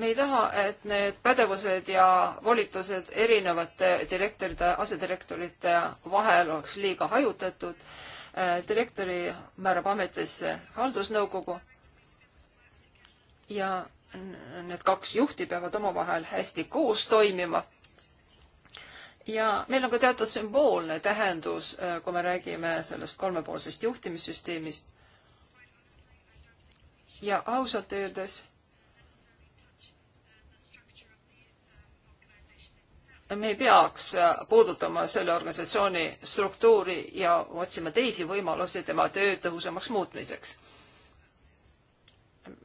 me ei taha, et need pädevused ja volitused erinevate direktorite, asedirektorite vahel oleks liiga hajutatud. Eh, direktori määrab ametisse haldusnõukogu ja need kaks juhti peavad omavahel hästi koos toimima. ja meil on ka teatud sümboolne tähendus, äh, kui me räägime sellest kolmepoolsest juhtimissüsteemist. ja ausalt öeldes me ei peaks äh, puudutama selle organisatsiooni struktuuri ja otsima teisi võimalusi tema töö tõhusamaks muutmiseks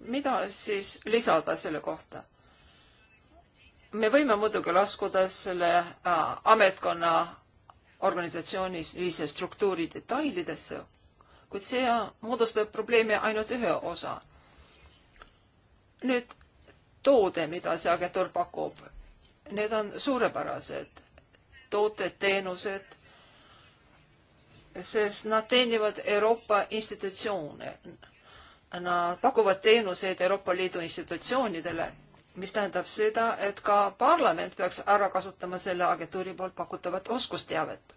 mida siis lisada selle kohta? me võime muidugi laskuda selle äh, ametkonna organisatsioonilise struktuuri detailidesse, kuid see moodustab probleemi ainult ühe osa. nüüd toode, mida see agentuur pakub, need on suurepärased tooted, teenused, sest nad teenivad Euroopa institutsioone Nad pakuvad teenuseid Euroopa Liidu institutsioonidele, mis tähendab seda, et ka parlament peaks ära kasutama selle agentuuri poolt pakutavat oskusteavet.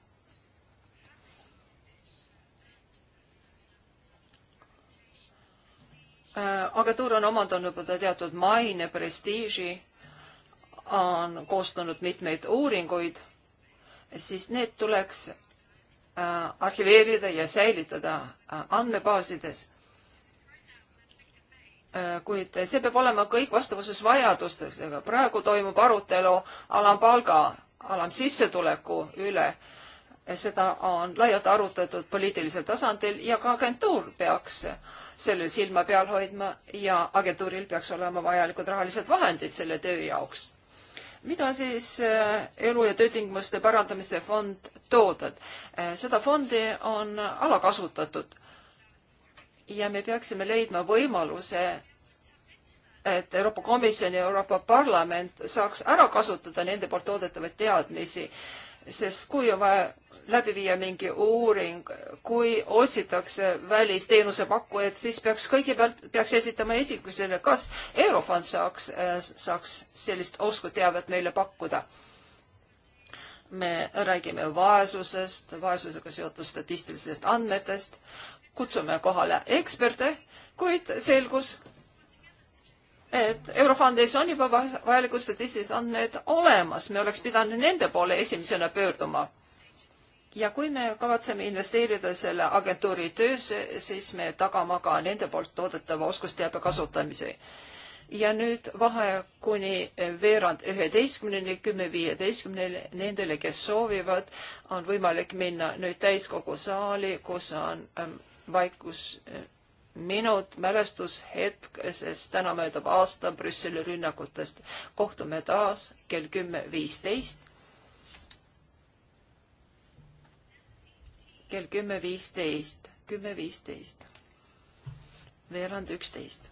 Äh, agentuur on omandanud juba teatud maine, prestiiži, on koostanud mitmeid uuringuid, siis need tuleks äh, arhiveerida ja säilitada äh, andmebaasides Äh, kuid see peab olema kõik vastavuses vajadustega. praegu toimub arutelu alampalga, alamsissetuleku üle. seda on laialt arutatud poliitilisel tasandil ja ka agentuur peaks sellel silma peal hoidma ja agentuuril peaks olema vajalikud rahalised vahendid selle töö jaoks. mida siis äh, elu- ja töötingimuste parandamise fond toodab? Äh, seda fondi on alakasutatud ja me peaksime leidma võimaluse, et Euroopa Komisjon ja Euroopa Parlament saaks ära kasutada nende poolt toodetavaid teadmisi, sest kui on vaja läbi viia mingi uuring, kui otsitakse välisteenuse pakkujat, siis peaks kõigepealt, peaks esitama esikusele, kas Eurofond saaks, saaks sellist oskuteavet meile pakkuda me räägime vaesusest, vaesusega seotud statistilisest andmetest, kutsume kohale eksperte, kuid selgus, et Eurofondis on juba vajalikud statistilised andmed olemas, me oleks pidanud nende poole esimesena pöörduma. ja kui me kavatseme investeerida selle agentuuri töösse, siis me tagama ka nende poolt toodetava oskusteabe kasutamise. ja nüüd vahe kuni veerand üheteistkümneni, kümme viieteistkümneni, nendele, kes soovivad, on võimalik minna nüüd täiskogu saali, kus on ähm, vaikusminut, eh, mälestushetk, sest täna möödub aasta Brüsseli rünnakutest. kohtume taas kell kümme viisteist. kell kümme viisteist, kümme viisteist, veerand üksteist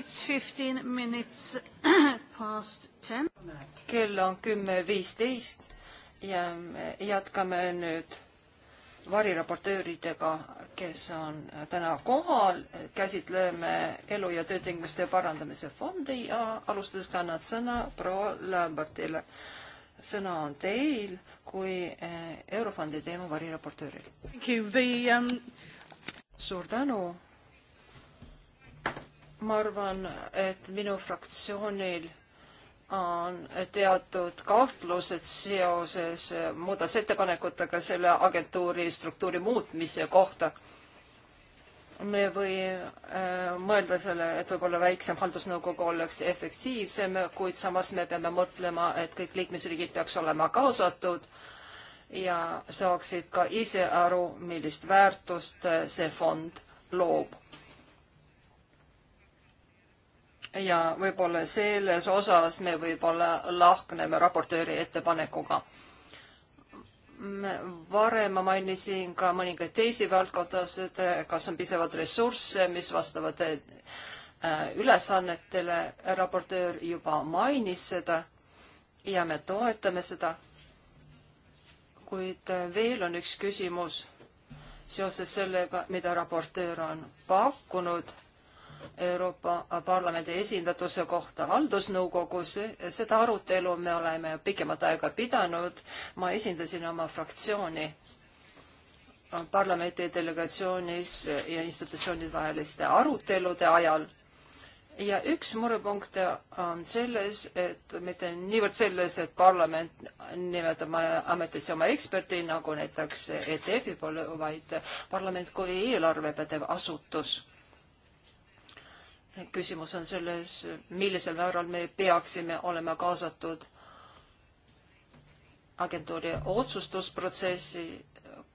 It's 15 minutes past 10. Kell on 10.15 ja me jätkame nüüd variraportööridega, kes on täna kohal. Käsitleme elu- ja töötingimuste parandamise fondi ja alustades kannad sõna proua Lambertile. Sõna on teil kui eh, Eurofondi teema variraportööril. Thank you. The, um... Suur tänu ma arvan, et minu fraktsioonil on teatud kahtlused seoses muudatusettepanekutega selle agentuuri struktuuri muutmise kohta. me võime äh, mõelda selle, et võib-olla väiksem haldusnõukogu oleks efektiivsem, kuid samas me peame mõtlema, et kõik liikmesriigid peaks olema kaasatud ja saaksid ka ise aru, millist väärtust see fond loob ja võib-olla selles osas me võib-olla lahkneme raportööri ettepanekuga. varem ma mainisin ka mõningaid teisi valdkondasid, kas on piisavalt ressursse, mis vastavad äh, ülesannetele, raportöör juba mainis seda ja me toetame seda. kuid veel on üks küsimus seoses sellega, mida raportöör on pakkunud Euroopa Parlamendi esindatuse kohta haldusnõukogus. seda arutelu me oleme pikemat aega pidanud. ma esindasin oma fraktsiooni parlamendi delegatsioonis ja institutsioonide vaheliste arutelude ajal ja üks murepunkt on selles, et mitte niivõrd selles, et parlament nimetab ametisse oma eksperdi, nagu näiteks ETF-i poole, vaid parlament kui eelarvepädev asutus küsimus on selles, millisel määral me peaksime olema kaasatud agentuuri otsustusprotsessi,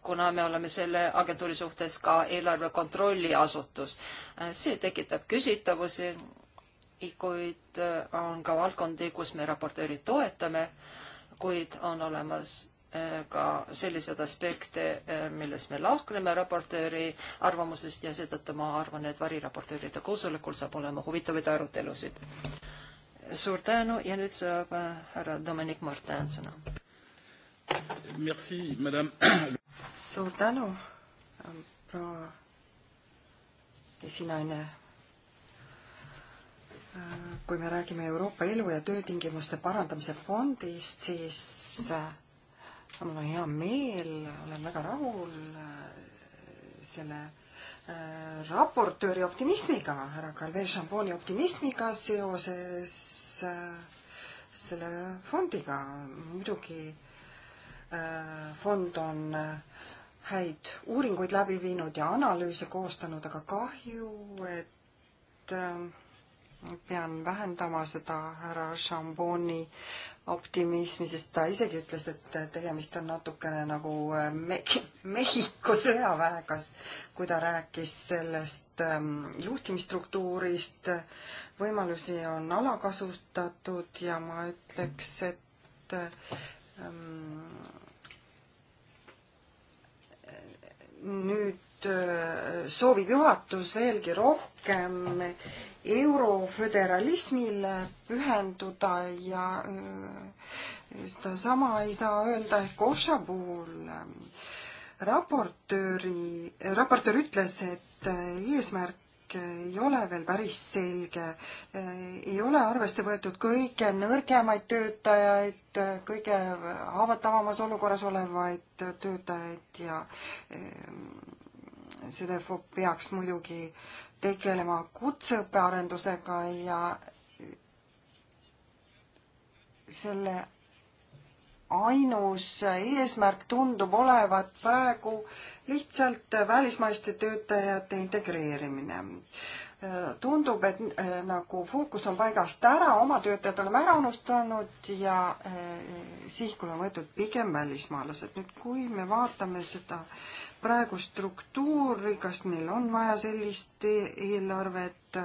kuna me oleme selle agentuuri suhtes ka eelarve kontrolliasutus. see tekitab küsitavusi, kuid on ka valdkondi, kus me raportööri toetame, kuid on olemas ka selliseid aspekte, eh, millest me lahkneme raportööri arvamusest ja seetõttu ma arvan, et variraportööride koosolekul saab olema huvitavaid arutelusid. suur tänu ja nüüd saab eh, härra Dominic Martin sõna. suur tänu, proua esinaine kui me räägime Euroopa elu- ja töötingimuste parandamise fondist, siis eh, mul on hea meel, olen väga rahul äh, selle äh, raportööri optimismiga, härra Calvet Champolli optimismiga seoses äh, selle fondiga. muidugi fond on häid uuringuid läbi viinud ja analüüse koostanud, aga kahju, et pean vähendama seda härra Šamboni optimismi, sest ta isegi ütles, et tegemist on natukene nagu äh, me-, Mehhiko sõjaväe, kas, kui ta rääkis sellest ähm, juhtimisstruktuurist, võimalusi on alakasutatud ja ma ütleks, et ähm, nüüd äh, soovib juhatus veelgi rohkem äh, euroföderalismile pühenduda ja äh, sedasama ei saa öelda ehk Oša puhul. raportööri, raportöör ütles, et äh, eesmärk ei ole veel päris selge. Äh, ei ole arvesse võetud kõige nõrgemaid töötajaid, kõige haavatavamas olukorras olevaid töötajaid ja see peaks muidugi tegelema kutseõppearendusega ja selle ainus eesmärk tundub olevat praegu lihtsalt välismaiste töötajate integreerimine. tundub, et äh, nagu fookus on paigast ära, oma töötajad oleme ära unustanud ja äh, sihkule on võetud pigem välismaalased. nüüd, kui me vaatame seda äh, praegu struktuuri, kas neil on vaja sellist e- eelarvet?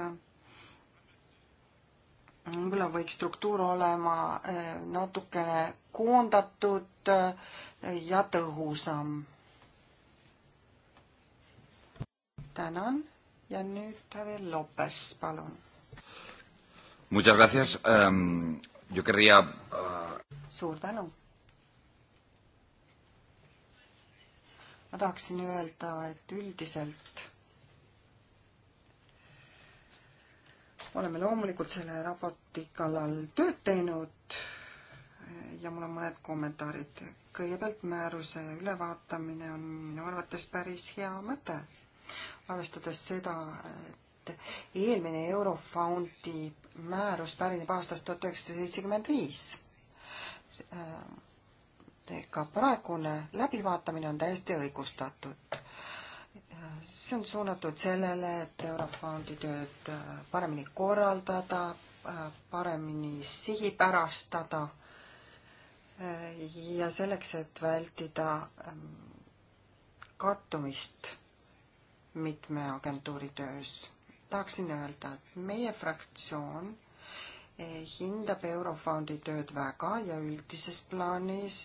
võib-olla võiks struktuur olema e, natukene koondatud e, ja tõhusam. tänan ja nüüd Javier Lopes, palun. Muchas gracias um,, yo querría uh.... suur tänu ma tahaksin öelda, et üldiselt oleme loomulikult selle raporti kallal tööd teinud ja mul on mõned kommentaarid. kõigepealt määruse ülevaatamine on minu arvates päris hea mõte, arvestades seda, et eelmine Eurofondi määrus pärineb aastast tuhat üheksasada seitsekümmend viis seega praegune läbivaatamine on täiesti õigustatud. see on suunatud sellele, et Eurofondi tööd paremini korraldada, paremini sihipärastada ja selleks, et vältida ähm, kattumist mitme agentuuri töös. tahaksin öelda, et meie fraktsioon hindab Eurofondi tööd väga ja üldises plaanis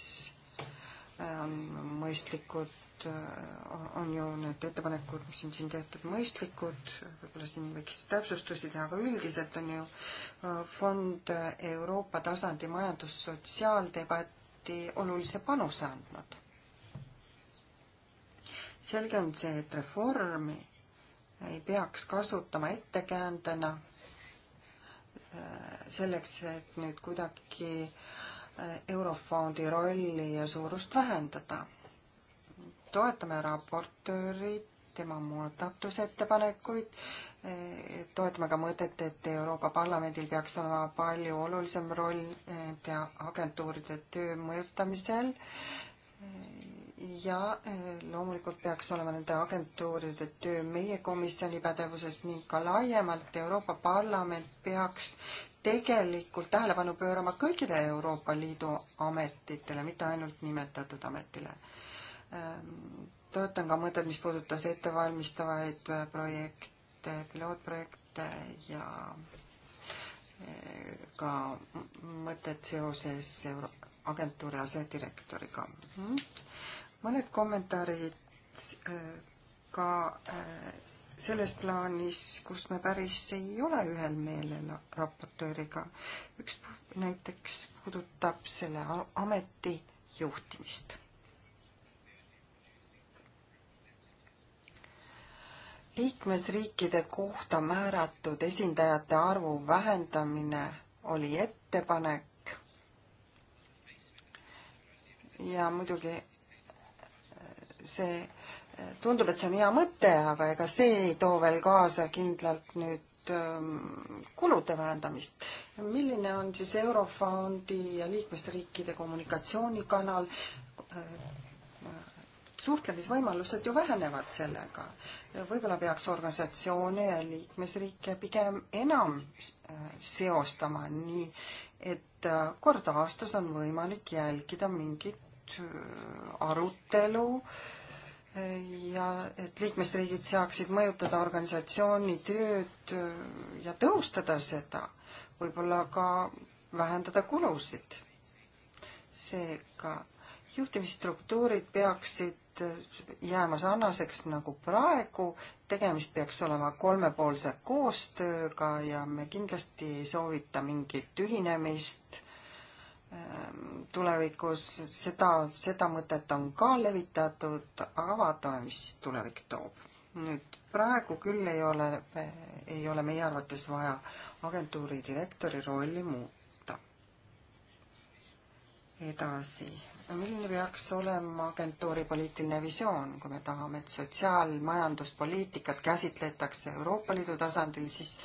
on ähm, mõistlikud, äh, on ju need ettepanekud, mis on siin tehtud, mõistlikud, võib-olla siin võiks täpsustusi teha, aga üldiselt on ju äh, fond äh, Euroopa tasandi majandussotsiaaldebatti olulise panuse andnud. selge on see, et reformi ei peaks kasutama ettekäändena selleks, et nüüd kuidagi äh, Eurofondi rolli ja suurust vähendada. toetame raportööri, tema muudatusettepanekuid, toetame ka mõtet, et Euroopa Parlamendil peaks olema palju olulisem roll nende eh, agentuuride töö mõjutamisel ja eh, loomulikult peaks olema nende agentuuride töö meie komisjoni pädevuses ning ka laiemalt Euroopa Parlament peaks tegelikult tähelepanu pöörama kõikidele Euroopa Liidu ametitele, mitte ainult nimetatud ametile. Ähm, toetan ka mõtet, mis puudutas ettevalmistavaid projekte, pilootprojekte ja äh, ka mõtet seoses Euro agentuuri asedirektoriga. mõned kommentaarid äh, ka äh, selles plaanis, kus me päris ei ole ühel meelel raportööriga. üks näiteks puudutab selle ameti juhtimist. liikmesriikide kohta määratud esindajate arvu vähendamine oli ettepanek ja muidugi äh, see tundub, et see on hea mõte, aga ega see ei too veel kaasa kindlalt nüüd ähm, kulude vähendamist. milline on siis Eurofondi ja liikmesriikide kommunikatsioonikanal? Äh, suhtlemisvõimalused ju vähenevad sellega. võib-olla peaks organisatsioone ja liikmesriike pigem enam äh, seostama, nii et äh, kord aastas on võimalik jälgida mingit arutelu äh, ja et liikmesriigid saaksid mõjutada organisatsiooni tööd äh, ja tõhustada seda, võib-olla ka vähendada kulusid. seega juhtimisstruktuurid peaksid äh, jääma sarnaseks nagu praegu, tegemist peaks olema kolmepoolse koostööga ja me kindlasti ei soovita mingit ühinemist tulevikus, seda, seda mõtet on ka levitatud, aga vaatame, mis tulevik toob. nüüd praegu küll ei ole, ei ole meie arvates vaja agentuuri direktori rolli muuta. edasi, milline peaks olema agentuuri poliitiline visioon, kui me tahame, et sotsiaalmajanduspoliitikat käsitletakse Euroopa Liidu tasandil, siis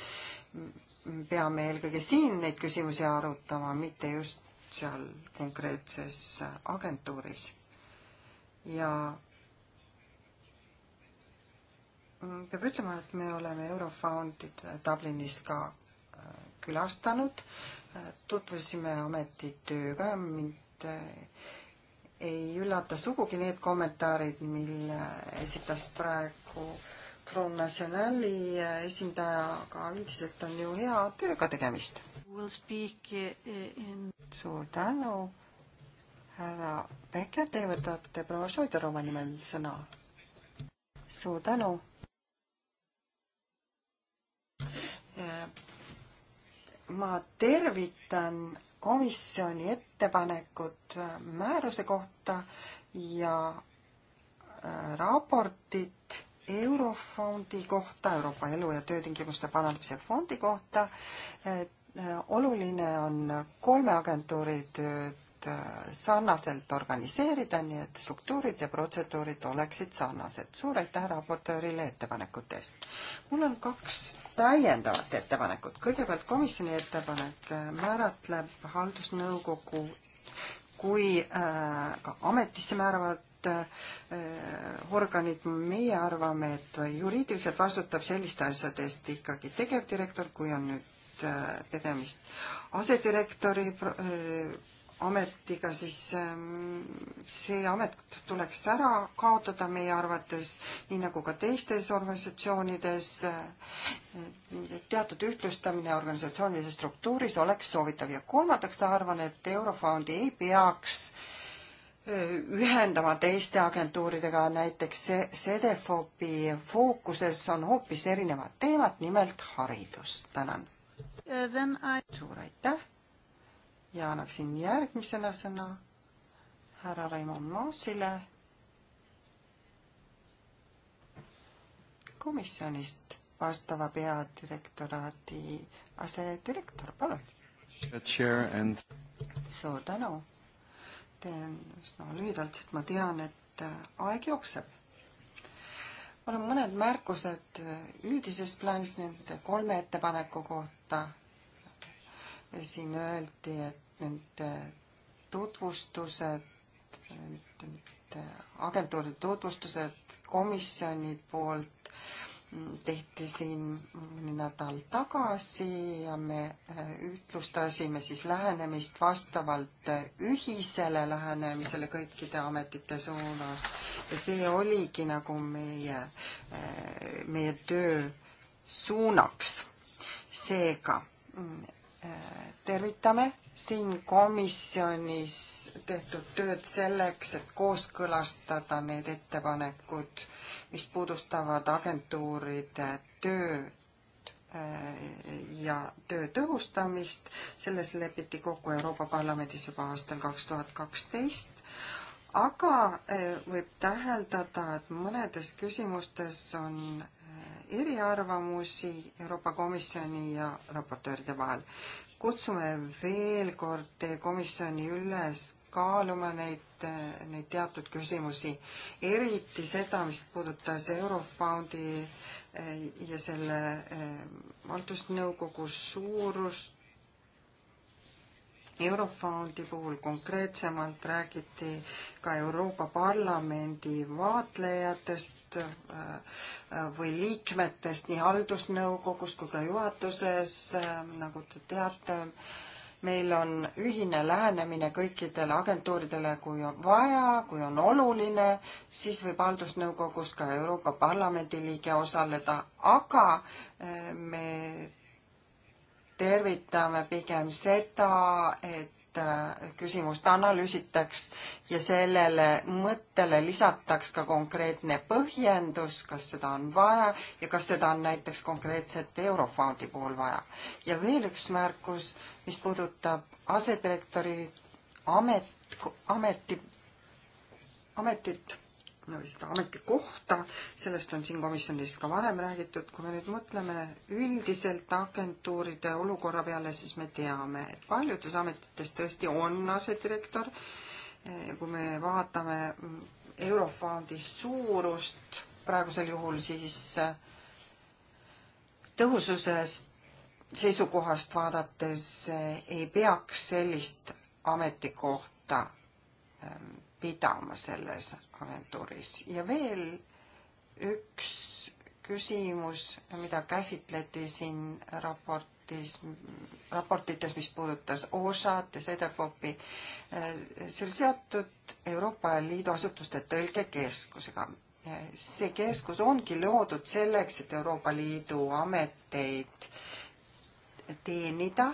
peame eelkõige siin neid küsimusi arutama, mitte just seal konkreetses agentuuris ja mm, peab ütlema, et me oleme Eurofoundi Dublinis ka äh, külastanud, äh, tutvusime ametitööga, mind äh, ei üllata sugugi need kommentaarid, mille esitas praegu äh, Front Nationali esindajaga, üldiselt on ju hea tööga tegemist. Eh, in... suur tänu, härra Becker, te võtate proua Šoiderova nimel sõna. suur tänu. Eh, ma tervitan komisjoni ettepanekut määruse kohta ja eh, raportit Eurofondi kohta, Euroopa Elu- ja Töötingimuste Parandamise Fondi kohta. Äh, oluline on kolme agentuuri tööd äh, sarnaselt organiseerida, nii et struktuurid ja protseduurid oleksid sarnased. suur aitäh raportöörile ettepanekute eest. mul on kaks täiendavat ettepanekut. kõigepealt komisjoni ettepanek äh, määratleb haldusnõukogu kui äh, ka ametisse määravad Äh, organid, meie arvame, et juriidiliselt vastutab selliste asjade eest ikkagi tegevdirektor, kui on nüüd äh, tegemist asedirektori äh, ametiga, siis ähm, see amet tuleks ära kaotada meie arvates, nii nagu ka teistes organisatsioonides. teatud ühtlustamine organisatsioonide struktuuris oleks soovitav ja kolmandaks arvan, et Eurofondi ei peaks äh, ühendama teiste agentuuridega, näiteks CDFOP-i fookuses on hoopis erinevad teemad, nimelt haridus. tänan I.... suur aitäh ja annaksin järgmisena sõna härra Raimond Maasile komisjonist vastava peadirektoraadi asedirektor, palun. suur tänu teen üsna no, lühidalt, sest ma tean, et äh, aeg jookseb. mul on mõned märkused äh, üldises plaanis nende kolme ettepaneku kohta. siin öeldi, et nende tutvustused, nende agentuuri tutvustused komisjoni poolt äh, tehti siin nädal tagasi ja me äh, ühtlustasime siis lähenemist vastavalt äh, ühisele lähenemisele kõikide ametite suunas ja see oligi nagu meie, äh, meie töö suunaks. seega mm, tervitame siin komisjonis tehtud tööd selleks, et kooskõlastada need ettepanekud mis puudustavad agentuuride tööd äh, ja töö tõhustamist, selles lepiti kokku Euroopa Parlamendis juba aastal kaks tuhat kaksteist, aga äh, võib täheldada, et mõnedes küsimustes on äh, eriarvamusi Euroopa Komisjoni ja raportööride vahel. kutsume veel kord teie komisjoni üles kaaluma neid Äh, neid teatud küsimusi, eriti seda, mis puudutas Eurofondi äh, ja selle äh, haldusnõukogu suurust. Eurofondi puhul konkreetsemalt räägiti ka Euroopa Parlamendi vaatlejatest või liikmetest nii haldusnõukogus kui ka juhatuses, nagu te teate meil on ühine lähenemine kõikidele agentuuridele, kui on vaja, kui on oluline, siis võib haldusnõukogus ka Euroopa Parlamendi liige osaleda, aga eh, me tervitame pigem seda, et Äh, küsimust analüüsitaks ja sellele mõttele lisataks ka konkreetne põhjendus, kas seda on vaja ja kas seda on näiteks konkreetselt Eurofondi puhul vaja. ja veel üks märkus, mis puudutab asedirektori amet, ameti, ametit seda ametikohta, sellest on siin komisjonis ka varem räägitud, kui me nüüd mõtleme üldiselt agentuuride olukorra peale, siis me teame, et paljudes ametites tõesti on asedirektor, kui me vaatame Eurofondi suurust praegusel juhul, siis äh, tõhususest seisukohast vaadates äh, ei peaks sellist ametikohta ähm, pidama selles agentuuris ja veel üks küsimus, mida käsitleti siin raportis, raportites, mis puudutas OSHA-d ja CDFOP-i, see oli seotud Euroopa Liidu asutuste tõlkekeskusega. see keskus ongi loodud selleks, et Euroopa Liidu ameteid teenida,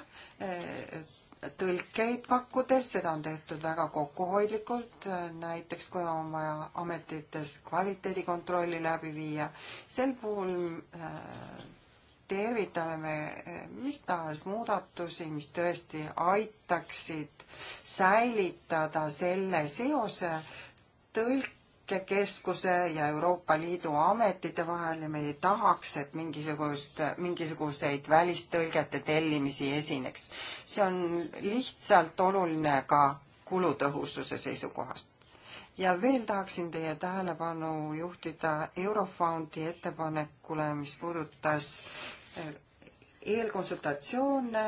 tõlkeid pakkudes, seda on tehtud väga kokkuhoidlikult, näiteks kui on vaja ametites kvaliteedikontrolli läbi viia, sel puhul äh, tervitame me äh, mis tahes muudatusi, mis tõesti aitaksid säilitada selle seose tõlk Keskuse ja Euroopa Liidu ametite vahel ja me ei tahaks, et mingisugust, mingisuguseid välistõlgete tellimisi esineks. see on lihtsalt oluline ka kulutõhususe seisukohast. ja veel tahaksin teie tähelepanu juhtida Eurofondi ettepanekule, mis puudutas eh, eelkonsultatsioone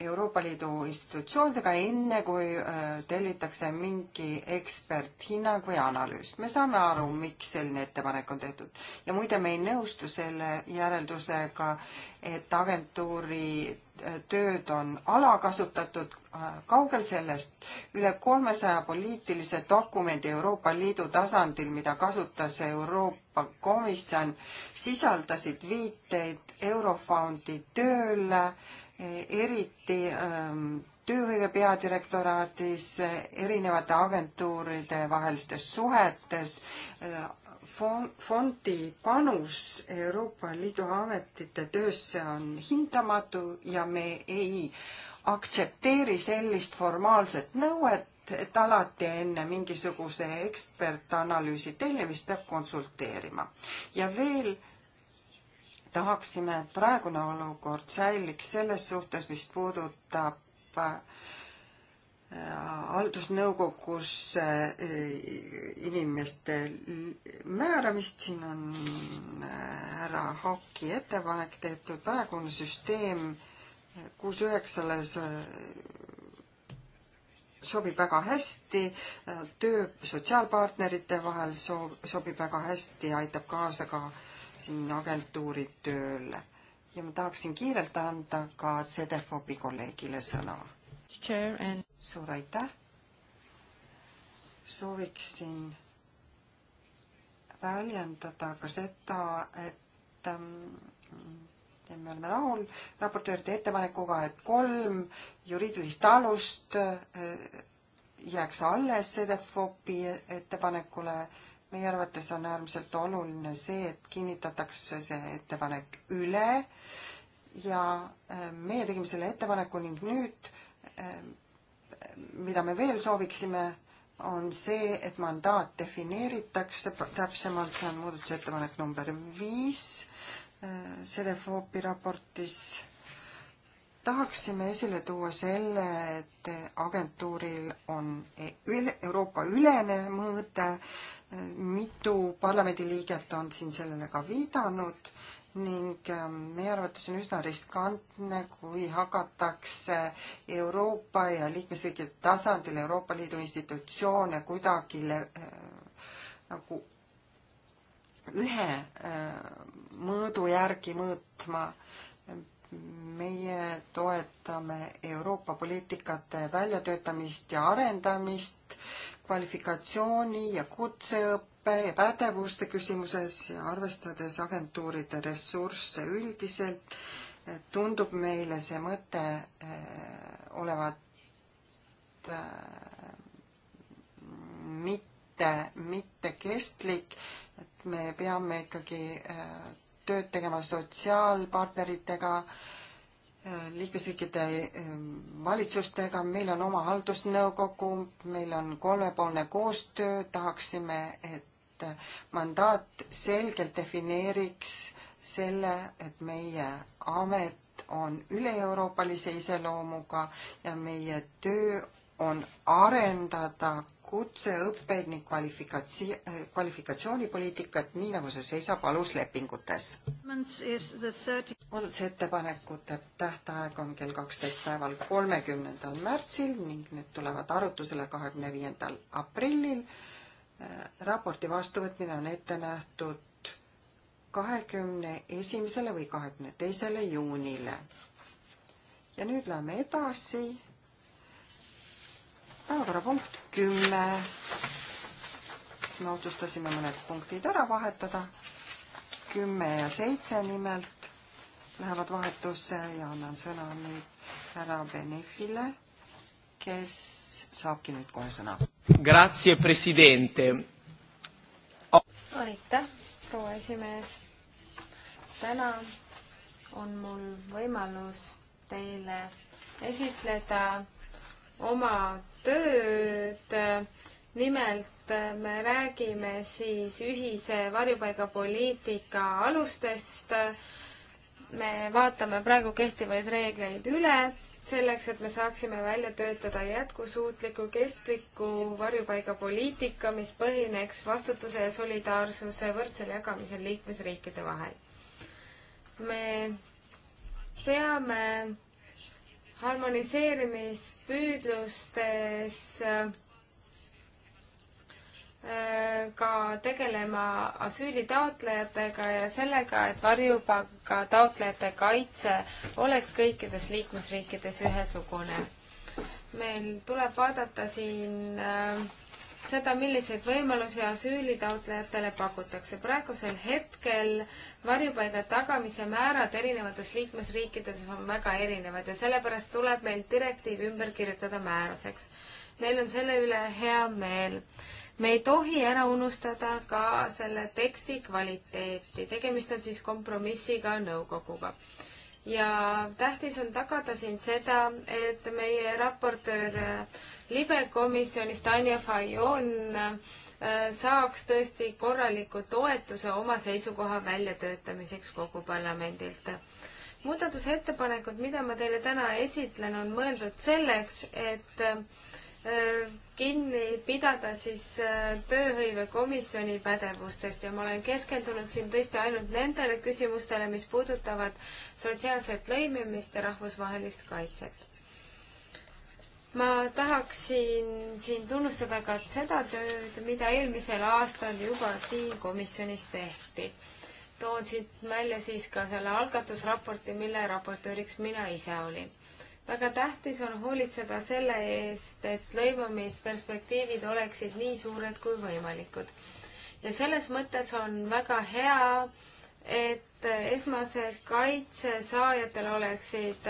Euroopa Liidu institutsioonidega, enne kui äh, tellitakse mingi eksperthinnang või analüüs. me saame aru, miks selline ettepanek on tehtud ja muide, me ei nõustu selle järeldusega, et agentuuri äh, tööd on alakasutatud, äh, kaugel sellest. üle kolmesaja poliitilise dokumendi Euroopa Liidu tasandil, mida kasutas Euroopa Komisjon, sisaldasid viiteid Eurofondi tööle eriti ähm, tööhõive peadirektoraadis, erinevate agentuuride vahelistes suhetes, äh, fondi panus Euroopa Liidu ametite töösse on hindamatu ja me ei aktsepteeri sellist formaalset nõuet, et alati enne mingisuguse ekspertanalüüsi tellimist peab konsulteerima. ja veel tahaksime, et praegune olukord säiliks selles suhtes, mis puudutab äh, haldusnõukogus äh, inimeste määramist, siin on äh, härra Hauki ettepanek tehtud, praegune süsteem kuus üheksale sobib väga hästi, töö sotsiaalpartnerite vahel soov, sobib väga hästi, aitab kaasa ka äh, siin agentuuri tööle ja ma tahaksin kiirelt anda ka CDFOBi kolleegile sõna. suur aitäh. sooviksin väljendada ka seda, et ähm, me oleme rahul raportööride ettepanekuga, et kolm juriidilist alust äh, jääks alles CDFOBi ettepanekule meie arvates on äärmiselt oluline see, et kinnitatakse see ettepanek üle ja äh, meie tegime selle ettepaneku ning nüüd, äh, mida me veel sooviksime, on see, et mandaat defineeritakse täpsemalt, see on muudatusettepanek number viis äh, Sedefoopi raportis tahaksime esile tuua selle, et agentuuril on e-, Euroopa ülene mõõde, mitu parlamendiliiget on siin sellele ka viidanud ning ähm, meie arvates on üsna riskantne, kui hakatakse Euroopa ja liikmesriikide tasandil Euroopa Liidu institutsioone kuidagi äh, nagu ühe äh, mõõdu järgi mõõtma äh, meie toetame Euroopa poliitikate väljatöötamist ja arendamist kvalifikatsiooni ja kutseõppe ja pädevuste küsimuses ja arvestades agentuuride ressursse üldiselt, tundub meile see mõte eh, olevat eh, mitte, mitte kestlik, et me peame ikkagi eh, tööd tegema sotsiaalpartneritega, liikmesriikide ehm, valitsustega, meil on oma haldusnõukogu, meil on kolmepoolne koostöö, tahaksime, et mandaat selgelt defineeriks selle, et meie amet on üle-euroopalise iseloomuga ja meie töö on arendada kutseõppeid ning kvalifikatsi-, kvalifikatsioonipoliitikat, nii nagu see seisab aluslepingutes. muudatusettepanekute tähtaeg on kell kaksteist päeval, kolmekümnendal märtsil ning need tulevad arutusele kahekümne viiendal aprillil. raporti vastuvõtmine on ette nähtud kahekümne esimesele või kahekümne teisele juunile. ja nüüd läheme edasi päevakorrapunkt kümme, siis me otsustasime mõned punktid ära vahetada. kümme ja seitse nimelt lähevad vahetusse ja annan sõna nüüd härra Benefile, kes saabki nüüd kohe sõna. Grazie, presidente oh.. aitäh, proua esimees. täna on mul võimalus teile esitleda oma tööd. nimelt me räägime siis ühise varjupaigapoliitika alustest. me vaatame praegu kehtivaid reegleid üle selleks, et me saaksime välja töötada jätkusuutliku kestliku varjupaigapoliitika, mis põhineks vastutuse ja solidaarsuse võrdsel jagamisel liikmesriikide vahel. me peame harmoniseerimispüüdlustes äh, ka tegelema asüülitaotlejatega ja sellega, et varjupanga taotlejate kaitse oleks kõikides liikmesriikides ühesugune. meil tuleb vaadata siin äh, seda, milliseid võimalusi asüülitaotlejatele pakutakse. praegusel hetkel varjupaiga tagamise määrad erinevates liikmesriikides on väga erinevad ja sellepärast tuleb meil direktiiv ümber kirjutada määruseks. meil on selle üle hea meel. me ei tohi ära unustada ka selle teksti kvaliteeti. tegemist on siis kompromissiga nõukoguga ja tähtis on tagada siin seda, et meie raportöör äh, libekomisjonis Tanja Fajon äh, saaks tõesti korraliku toetuse oma seisukoha väljatöötamiseks kogu parlamendilt. muudatusettepanekud, mida ma teile täna esitlen, on mõeldud selleks, et äh, kinni pidada siis äh, tööhõivekomisjoni pädevustest ja ma olen keskendunud siin tõesti ainult nendele küsimustele, mis puudutavad sotsiaalset lõimimist ja rahvusvahelist kaitset. ma tahaksin siin tunnustada ka seda tööd, mida eelmisel aastal juba siin komisjonis tehti. toon siit välja siis ka selle algatusraporti, mille raportööriks mina ise olin väga tähtis on hoolitseda selle eest, et lõimumisperspektiivid oleksid nii suured kui võimalikud. ja selles mõttes on väga hea, et esmase kaitse saajatel oleksid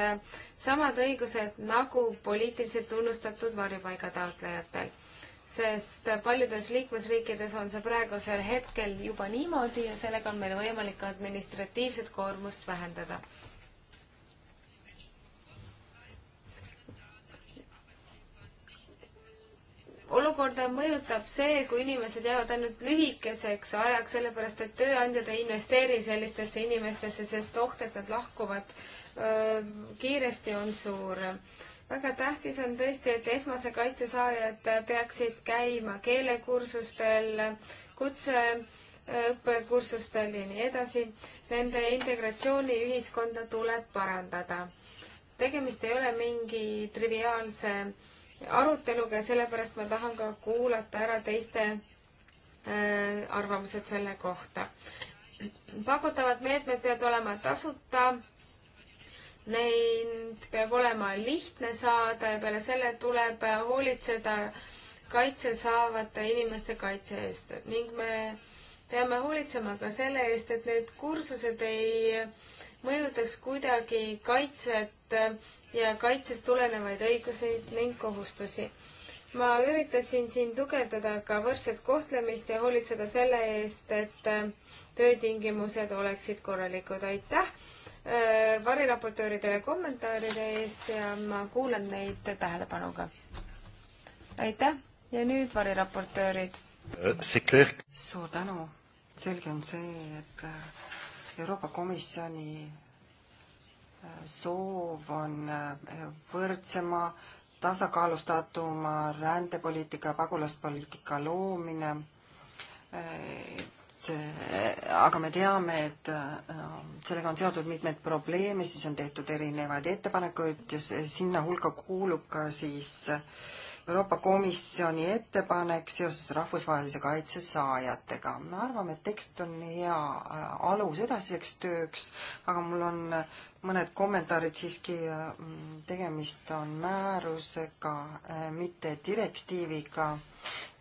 samad õigused nagu poliitiliselt tunnustatud varjupaiga taotlejatel. sest paljudes liikmesriikides on see praegusel hetkel juba niimoodi ja sellega on meil võimalik administratiivset koormust vähendada olukorda mõjutab see, kui inimesed jäävad ainult lühikeseks ajaks, sellepärast et tööandjad ei investeeri sellistesse inimestesse, sest oht, et nad lahkuvad öö, kiiresti, on suur. väga tähtis on tõesti, et esmase kaitse saajad peaksid käima keelekursustel, kutseõppekursustel ja nii edasi. Nende integratsiooni ühiskonda tuleb parandada. tegemist ei ole mingi triviaalse äh, aruteluga ja sellepärast ma tahan ka kuulata ära teiste äh, arvamused selle kohta. pakutavad meetmed peavad olema tasuta, neid peab olema lihtne saada ja peale selle tuleb hoolitseda kaitse saavate inimeste kaitse eest ning me peame hoolitsema ka selle eest, et need kursused ei mõjutaks kuidagi kaitset ja kaitsest tulenevaid õiguseid ning kohustusi. ma üritasin siin tugevdada ka võrdset kohtlemist ja hoolitseda selle eest, et äh, töötingimused oleksid korralikud. aitäh äh, variraportööridele kommentaaride eest ja ma kuulan neid tähelepanuga. aitäh ja nüüd variraportöörid. Äh, suur tänu. selge on see, et Euroopa Komisjoni soov on äh, võrdsema, tasakaalustatuma rändepoliitika ja pagulaspoliitika loomine. Äh, äh, aga me teame, et sellega on seotud mitmeid probleeme, siis on tehtud erinevaid ettepanekuid ja sinna hulka kuulub ka siis Euroopa Komisjoni ettepanek seoses rahvusvahelise kaitse saajatega. me arvame, et tekst on hea alus edasiseks tööks, aga mul on mõned kommentaarid siiski, mm, tegemist on määrusega, äh, mitte direktiiviga.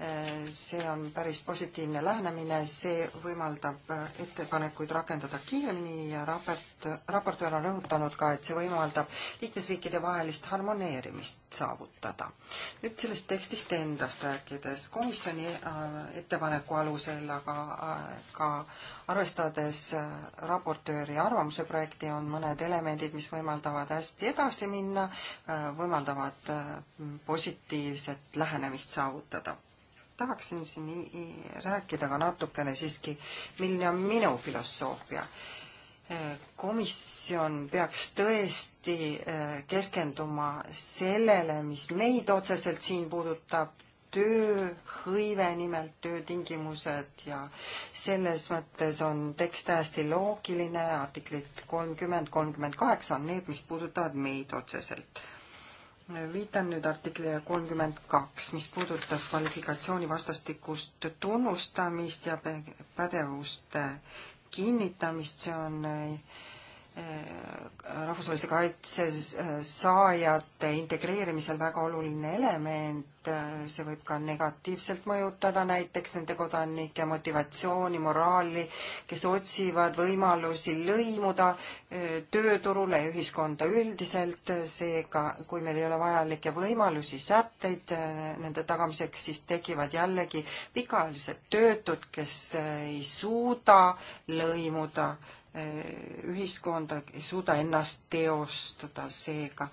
Äh, see on päris positiivne lähenemine, see võimaldab äh, ettepanekuid rakendada kiiremini ja raport, raportöör on rõhutanud ka, et see võimaldab liikmesriikide vahelist harmoneerimist saavutada. nüüd sellest tekstist endast rääkides, komisjoni ettepaneku alusel, aga ka arvestades äh, raportööri arvamuse projekti, on mõned elemendid, mis võimaldavad hästi edasi minna, äh, võimaldavad äh, positiivset lähenemist saavutada. tahaksin siin rääkida ka natukene siiski, milline on minu filosoofia komisjon peaks tõesti keskenduma sellele, mis meid otseselt siin puudutab tööhõive, nimelt töötingimused ja selles mõttes on tekst täiesti loogiline, artiklid kolmkümmend, kolmkümmend kaheksa on need, mis puudutavad meid otseselt. viitan nüüd artiklile kolmkümmend kaks, mis puudutas kvalifikatsiooni vastastikust tunnustamist ja pädevuste kinnitamist, see on Äh, rahvusvahelise kaitse äh, saajate integreerimisel väga oluline element, äh, see võib ka negatiivselt mõjutada näiteks nende kodanike motivatsiooni, moraali, kes otsivad võimalusi lõimuda tööturule ja ühiskonda üldiselt, seega kui meil ei ole vajalikke võimalusi, sätteid nende tagamiseks, siis tekivad jällegi pikaajalised töötud, kes ei suuda lõimuda Eh, ühiskonda, ei suuda ennast teostada, seega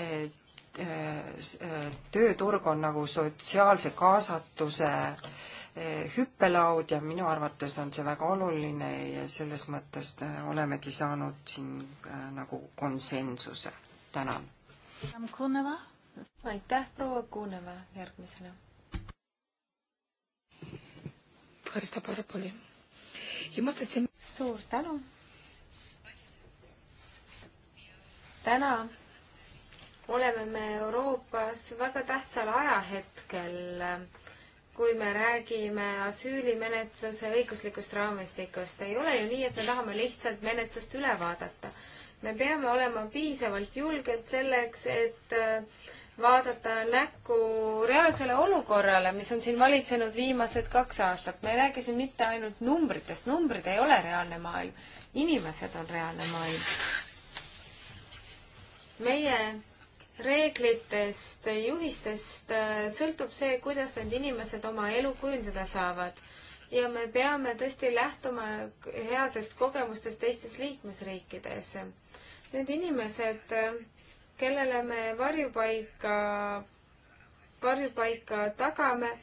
eh, tööturg on nagu sotsiaalse kaasatuse eh, hüppelaud ja minu arvates on see väga oluline ja selles mõttes olemegi saanud siin nagu konsensuse. tänan. aitäh, proua Kuneva, järgmisena. suur tänu täna oleme me Euroopas väga tähtsal ajahetkel, kui me räägime asüülimenetluse õiguslikust raamistikust. ei ole ju nii, et me tahame lihtsalt menetlust üle vaadata. me peame olema piisavalt julged selleks, et äh, vaadata näkku reaalsele olukorrale, mis on siin valitsenud viimased kaks aastat. me ei räägi siin mitte ainult numbritest, numbrid ei ole reaalne maailm, inimesed on reaalne maailm meie reeglitest, juhistest äh, sõltub see, kuidas need inimesed oma elu kujundada saavad. ja me peame tõesti lähtuma headest kogemustest teistes liikmesriikides. Need inimesed, äh, kellele me varjupaika, varjupaika tagame,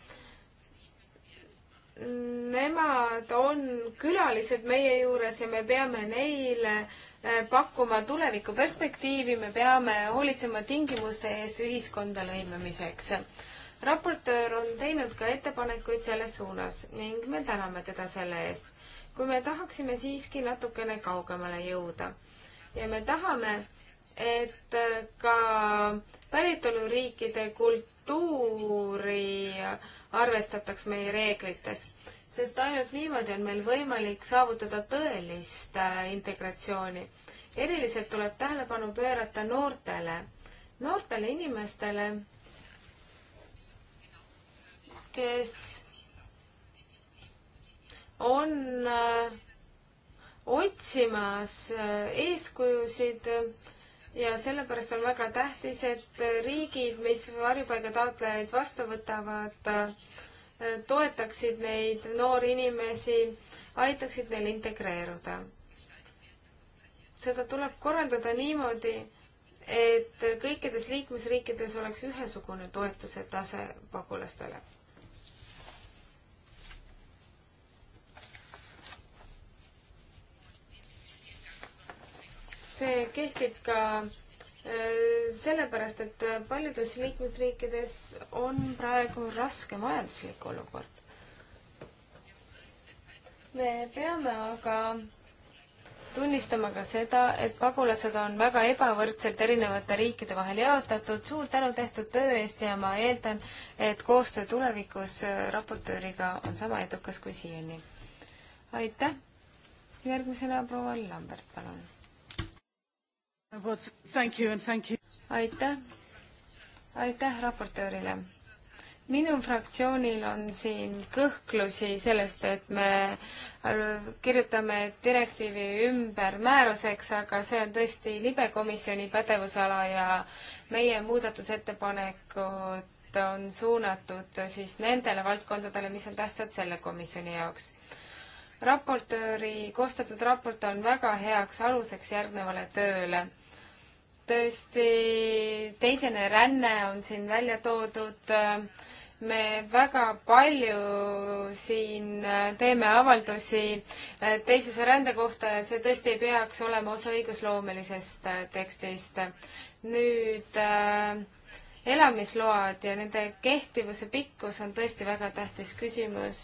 nemad on külalised meie juures ja me peame neile eh, pakkuma tulevikuperspektiivi, me peame hoolitsema tingimuste eest ühiskonda lõimimiseks. raportöör on teinud ka ettepanekuid selles suunas ning me täname teda selle eest, kui me tahaksime siiski natukene kaugemale jõuda. ja me tahame, et eh, ka päritoluriikide kultuuri arvestataks meie reeglites, sest ainult niimoodi on meil võimalik saavutada tõelist äh, integratsiooni. eriliselt tuleb tähelepanu pöörata noortele, noortele inimestele, kes on äh, otsimas äh, eeskujusid ja sellepärast on väga tähtis, et riigid, mis varjupaigataotlejaid vastu võtavad, äh, toetaksid neid noori inimesi, aitaksid neil integreeruda. seda tuleb korraldada niimoodi, et kõikides liikmesriikides oleks ühesugune toetuse tase pagulastele see kehtib ka äh, sellepärast, et paljudes liikmesriikides on praegu raske majanduslik olukord. me peame aga tunnistama ka seda, et pagulased on väga ebavõrdselt erinevate riikide vahel jaotatud. suur tänu tehtud töö eest ja ma eeldan, et koostöö tulevikus äh, raportööriga on sama edukas kui siiani. aitäh. järgmisena proua Lambert, palun aitäh, aitäh raportöörile. minu fraktsioonil on siin kõhklusi sellest, et me kirjutame direktiivi ümber määruseks, aga see on tõesti libekomisjoni pädevusala ja meie muudatusettepanekud on suunatud siis nendele valdkondadele, mis on tähtsad selle komisjoni jaoks. raportööri koostatud raport on väga heaks aluseks järgnevale tööle tõesti, teisene ränne on siin välja toodud. me väga palju siin teeme avaldusi teisese rände kohta ja see tõesti ei peaks olema osa õigusloomelisest tekstist. nüüd äh, elamisload ja nende kehtivuse pikkus on tõesti väga tähtis küsimus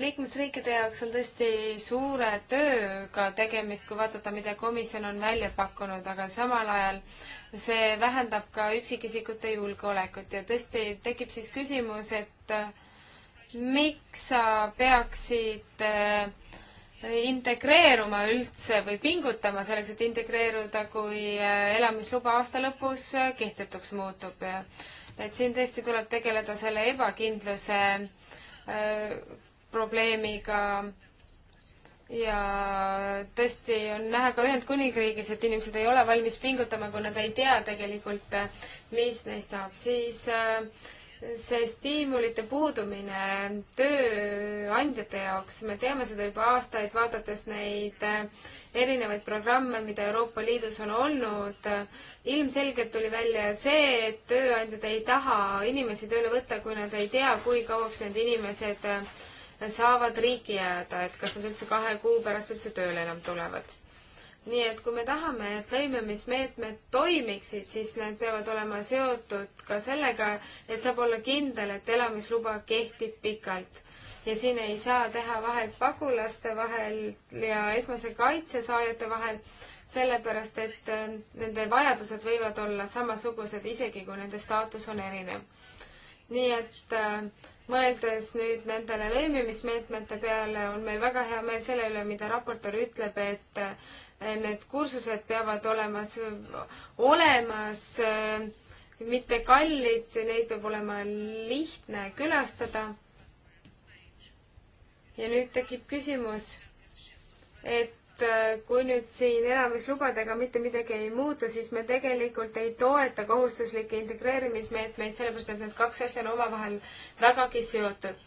liikmesriikide jaoks on tõesti suure tööga tegemist, kui vaadata, mida komisjon on välja pakkunud, aga samal ajal see vähendab ka üksikisikute julgeolekut ja tõesti tekib siis küsimus, et äh, miks sa peaksid äh, integreeruma üldse või pingutama selleks, et integreeruda, kui äh, elamisluba aasta lõpus kehtetuks muutub. et siin tõesti tuleb tegeleda selle ebakindluse probleemiga ja tõesti on näha ka Ühendkuningriigis, et inimesed ei ole valmis pingutama, kui nad ei tea tegelikult, mis neist saab, siis äh, see stiimulite puudumine tööandjate jaoks, me teame seda juba aastaid, vaadates neid äh, erinevaid programme, mida Euroopa Liidus on olnud, ilmselgelt tuli välja see, et tööandjad ei taha inimesi tööle võtta, kui nad ei tea, kui kauaks need inimesed äh, saavad riiki jääda, et kas nad üldse kahe kuu pärast üldse tööle enam tulevad. nii et kui me tahame, et lõimimismeetmed toimiksid, siis need peavad olema seotud ka sellega, et saab olla kindel, et elamisluba kehtib pikalt ja siin ei saa teha vahet pagulaste vahel ja esmase kaitse saajate vahel, sellepärast et äh, nende vajadused võivad olla samasugused, isegi kui nende staatus on erinev. nii et äh, mõeldes nüüd nendele lõimimismeetmete peale, on meil väga hea meel selle üle, mida raportöör ütleb, et eh, need kursused peavad olemas, olemas, eh, mitte kallid, neid peab olema lihtne külastada. ja nüüd tekib küsimus, et et äh, kui nüüd siin elamislubadega mitte midagi ei muutu, siis me tegelikult ei toeta kohustuslikke integreerimismeetmeid, sellepärast et need kaks asja on omavahel vägagi seotud.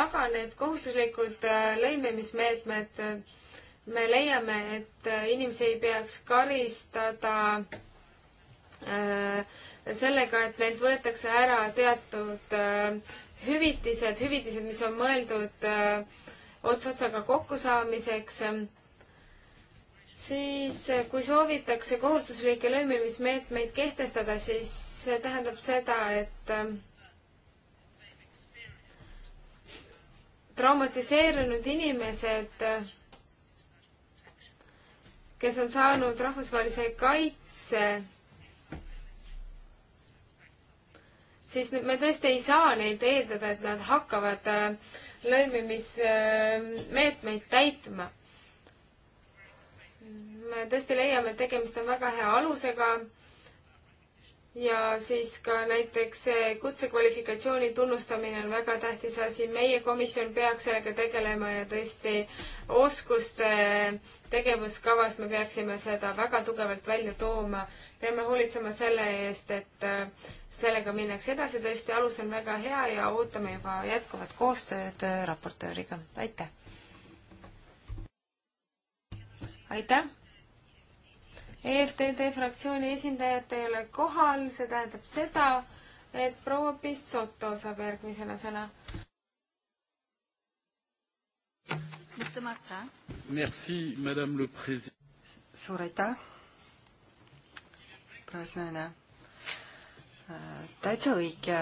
aga need kohustuslikud äh, lõimimismeetmed, äh, me leiame, et inimesi ei peaks karistada sellega, et neilt võetakse ära teatud hüvitised, hüvitised, mis on mõeldud ots otsaga kokkusaamiseks ähm, siis eh, kui soovitakse kohustuslikke lõimimismeetmeid kehtestada, siis see tähendab seda, et eh, traumatiseerunud inimesed, eh, kes on saanud rahvusvahelise kaitse, siis me tõesti ei saa neilt eeldada, et nad hakkavad lõimimismeetmeid täitma me tõesti leiame, et tegemist on väga hea alusega ja siis ka näiteks see kutsekvalifikatsiooni tunnustamine on väga tähtis asi. meie komisjon peaks sellega tegelema ja tõesti oskuste tegevuskavas me peaksime seda väga tugevalt välja tooma. peame hoolitsema selle eest, et äh, sellega minnakse edasi. tõesti, alus on väga hea ja ootame juba jätkuvat koostööd äh, raportööriga. aitäh! aitäh! EFTD fraktsiooni esindajat ei ole kohal, see tähendab seda, et proua Pissotto saab järgmisena sõna. suur aitäh, proua Sõõne. täitsa õige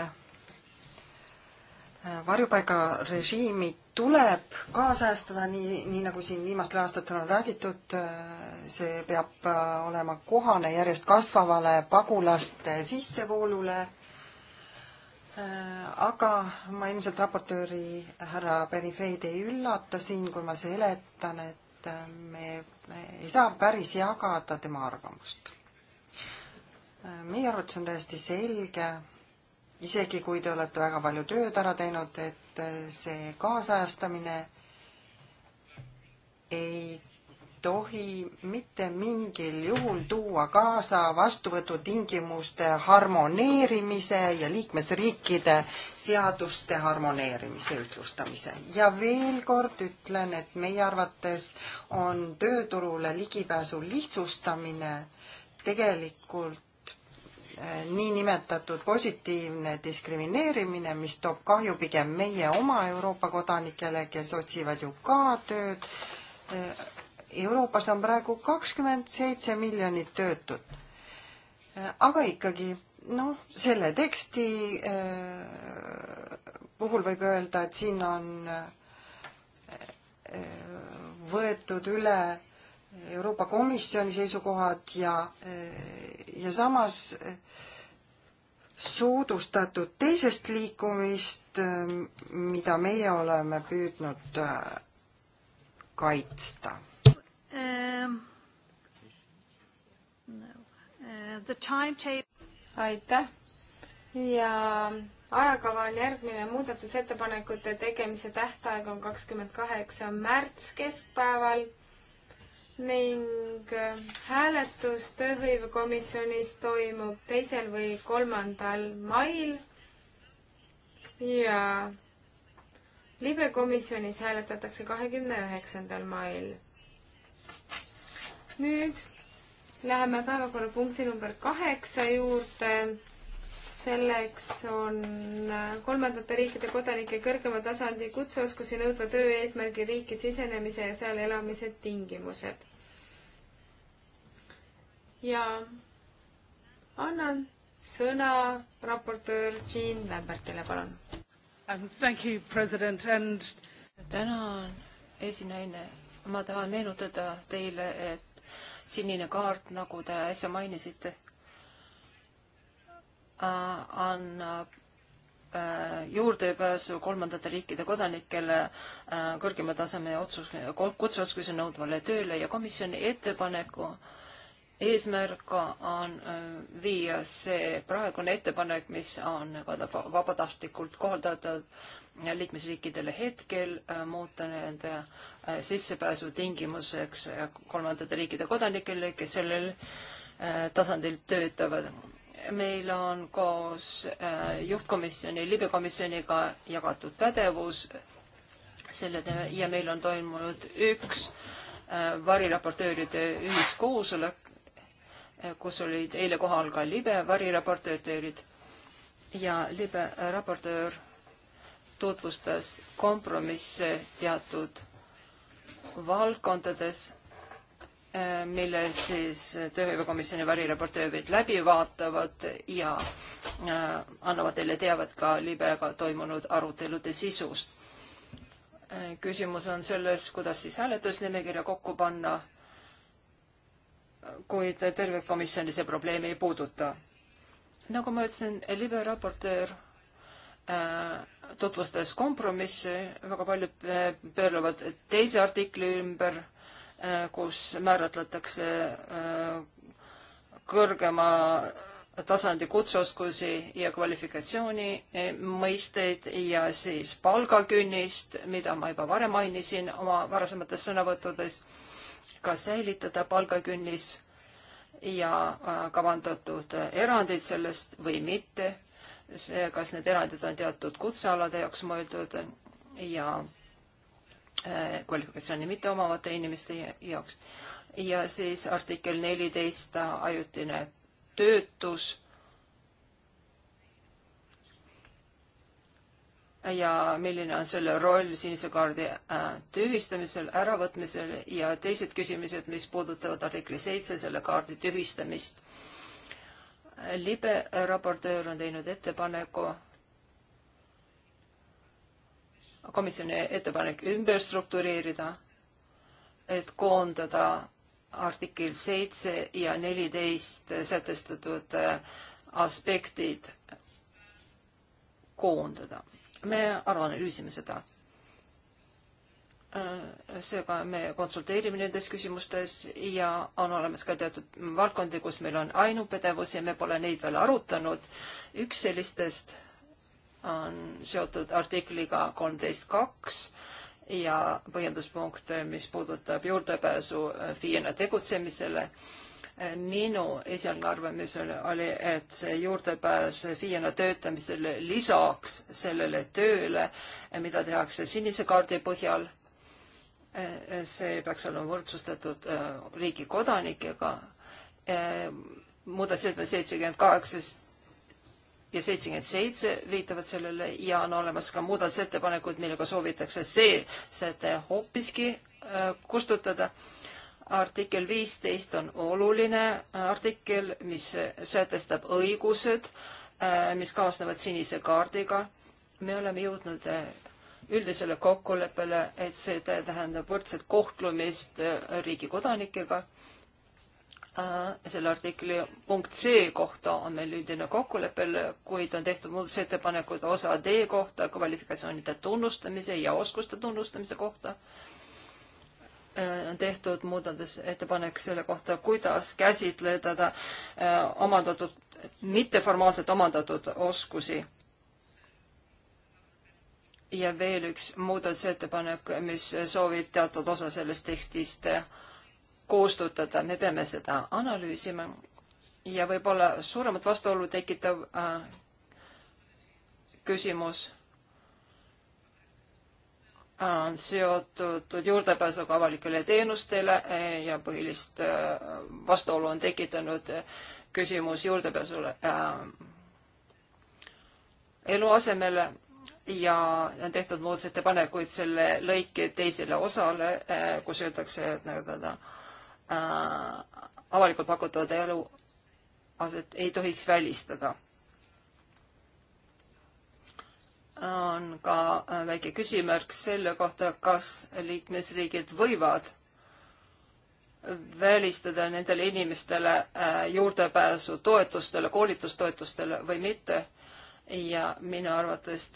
varjupaigarežiimid tuleb kaasajastada, nii, nii nagu siin viimastel aastatel on räägitud, äh, see peab äh, olema kohane järjest kasvavale pagulaste sissevoolule, äh, aga ma ilmselt raportööri härra Perifeid ei üllata siin, kui ma seletan, et me ei saa päris jagada tema arvamust. meie arvates on täiesti selge, isegi kui te olete väga palju tööd ära teinud, et äh, see kaasajastamine ei tohi mitte mingil juhul tuua kaasa vastuvõtutingimuste harmoneerimise ja liikmesriikide seaduste harmoneerimise ühtlustamise. ja veel kord ütlen, et meie arvates on tööturule ligipääsu lihtsustamine tegelikult niinimetatud positiivne diskrimineerimine, mis toob kahju pigem meie oma Euroopa kodanikele, kes otsivad ju ka tööd. Euroopas on praegu kakskümmend seitse miljonit töötut. aga ikkagi, noh, selle teksti äh, puhul võib öelda, et siin on äh, võetud üle Euroopa Komisjoni seisukohad ja, ja samas soodustatud teisest liikumist, mida meie oleme püüdnud kaitsta um,? No. Äh, aitäh ja ajakava on järgmine, muudatusettepanekute tegemise tähtaeg on kakskümmend kaheksa märts keskpäeval ning äh, hääletus tööhõivekomisjonis toimub teisel või kolmandal mail ja libekomisjonis hääletatakse kahekümne üheksandal mail. nüüd läheme päevakorrapunkti number kaheksa juurde selleks on kolmandate riikide kodanike kõrgema tasandi kutseoskusi nõudva töö eesmärgi riiki sisenemise ja seal elamise tingimused. ja annan sõna raportöör Jean Lambertile, palun um,. Thank you, president and tänan, esinaine. ma tahan meenutada teile, et sinine kaart, nagu te äsja mainisite annab äh, äh, juurdepääsu kolmandate riikide kodanikele äh, kõrgema taseme otsus, kutseoskuse nõudvale tööle ja komisjoni ettepaneku eesmärk on viia see praegune ettepanek, mis on vabatahtlikult kohaldatav liikmesriikidele hetkel, muuta nende sissepääsu tingimuseks kolmandate riikide kodanikele, kes sellel tasandil töötavad meil on koos äh, juhtkomisjoni, libekomisjoniga jagatud pädevus selle ja meil on toimunud üks äh, variraportööride ühiskoosolek, äh, kus olid eile kohal ka libe variraportöörid ja libe raportöör tutvustas kompromisse teatud valdkondades Äh, mille siis tööhõivekomisjoni varireportöörid läbi vaatavad ja äh, annavad teile teavet ka libega toimunud arutelude sisust. Äh, küsimus on selles, kuidas siis hääletusnimekirja kokku panna, kuid terve komisjoni see probleem ei puuduta. nagu ma ütlesin, libe raportöör tutvustas kompromissi, väga paljud pöörlevad teise artikli ümber Äh, kus määratletakse äh, kõrgema tasandi kutseoskusi ja kvalifikatsiooni e, mõisteid ja siis palgakünnist, mida ma juba varem mainisin oma varasemates sõnavõttudes, ka säilitada palgakünnis ja äh, kavandatud erandid sellest või mitte, see, kas need erandid on teatud kutsealade jaoks mõeldud ja Äh, kvalifikatsiooni mitteomavate inimeste jaoks. ja siis artikkel neliteist ajutine töötus. ja milline on selle roll sinise kaardi äh, tühistamisel, äravõtmisel ja teised küsimused, mis puudutavad artikli seitse, selle kaardi tühistamist. libe raportöör on teinud ettepaneku komisjoni ettepanek ümber struktureerida, et koondada artikkel seitse ja neliteist sätestatud äh, aspektid koondada. me analüüsime seda. Äh, seega me konsulteerime nendes küsimustes ja on olemas ka teatud valdkondi, kus meil on ainupädevus ja me pole neid veel arutanud. üks sellistest on seotud artikliga kolmteist kaks ja põhjenduspunkt, mis puudutab juurdepääsu FIE-na tegutsemisele. minu esialgne arvamus oli, et see juurdepääs FIE-na töötamisele lisaks sellele tööle, mida tehakse sinise kaardi põhjal, see peaks olema võrdsustatud äh, riigi kodanikega. Äh, muudatusettepanek seitsekümmend kaheksa, siis ja seitsekümmend seitse viitavad sellele ja on olemas ka muudatusettepanekud, millega soovitakse see säte hoopiski äh, kustutada. artikkel viisteist on oluline äh, artikkel, mis sätestab õigused, äh, mis kaasnevad sinise kaardiga. me oleme jõudnud üldisele kokkuleppele, et see tähendab võrdset kohtlemist riigi kodanikega Äh, selle artikli punkt C kohta on meil üldine kokkulepe, kuid on tehtud muudatusettepanekud osa D kohta, kvalifikatsioonide tunnustamise ja oskuste tunnustamise kohta. Äh, on tehtud muudatusettepanek selle kohta, kuidas käsitleda äh, omandatud, mitteformaalselt omandatud oskusi. ja veel üks muudatusettepanek, mis soovib teatud osa sellest tekstist äh, koostutada, me peame seda analüüsima ja võib-olla suuremat vastuolu tekitav äh, küsimus äh, on seotud juurdepääsuga avalikele teenustele äh, ja põhilist äh, vastuolu on tekitanud küsimus juurdepääsule äh, eluasemele ja on tehtud muudatusettepanekuid selle lõike teisele osale äh,, kus öeldakse, et nii-öelda äh, Äh, avalikult pakutavat elu aset ei tohiks välistada. on ka äh, väike küsimärk selle kohta, kas liikmesriigid võivad välistada nendele inimestele äh, juurdepääsu toetustele, koolitustoetustele või mitte. ja minu arvates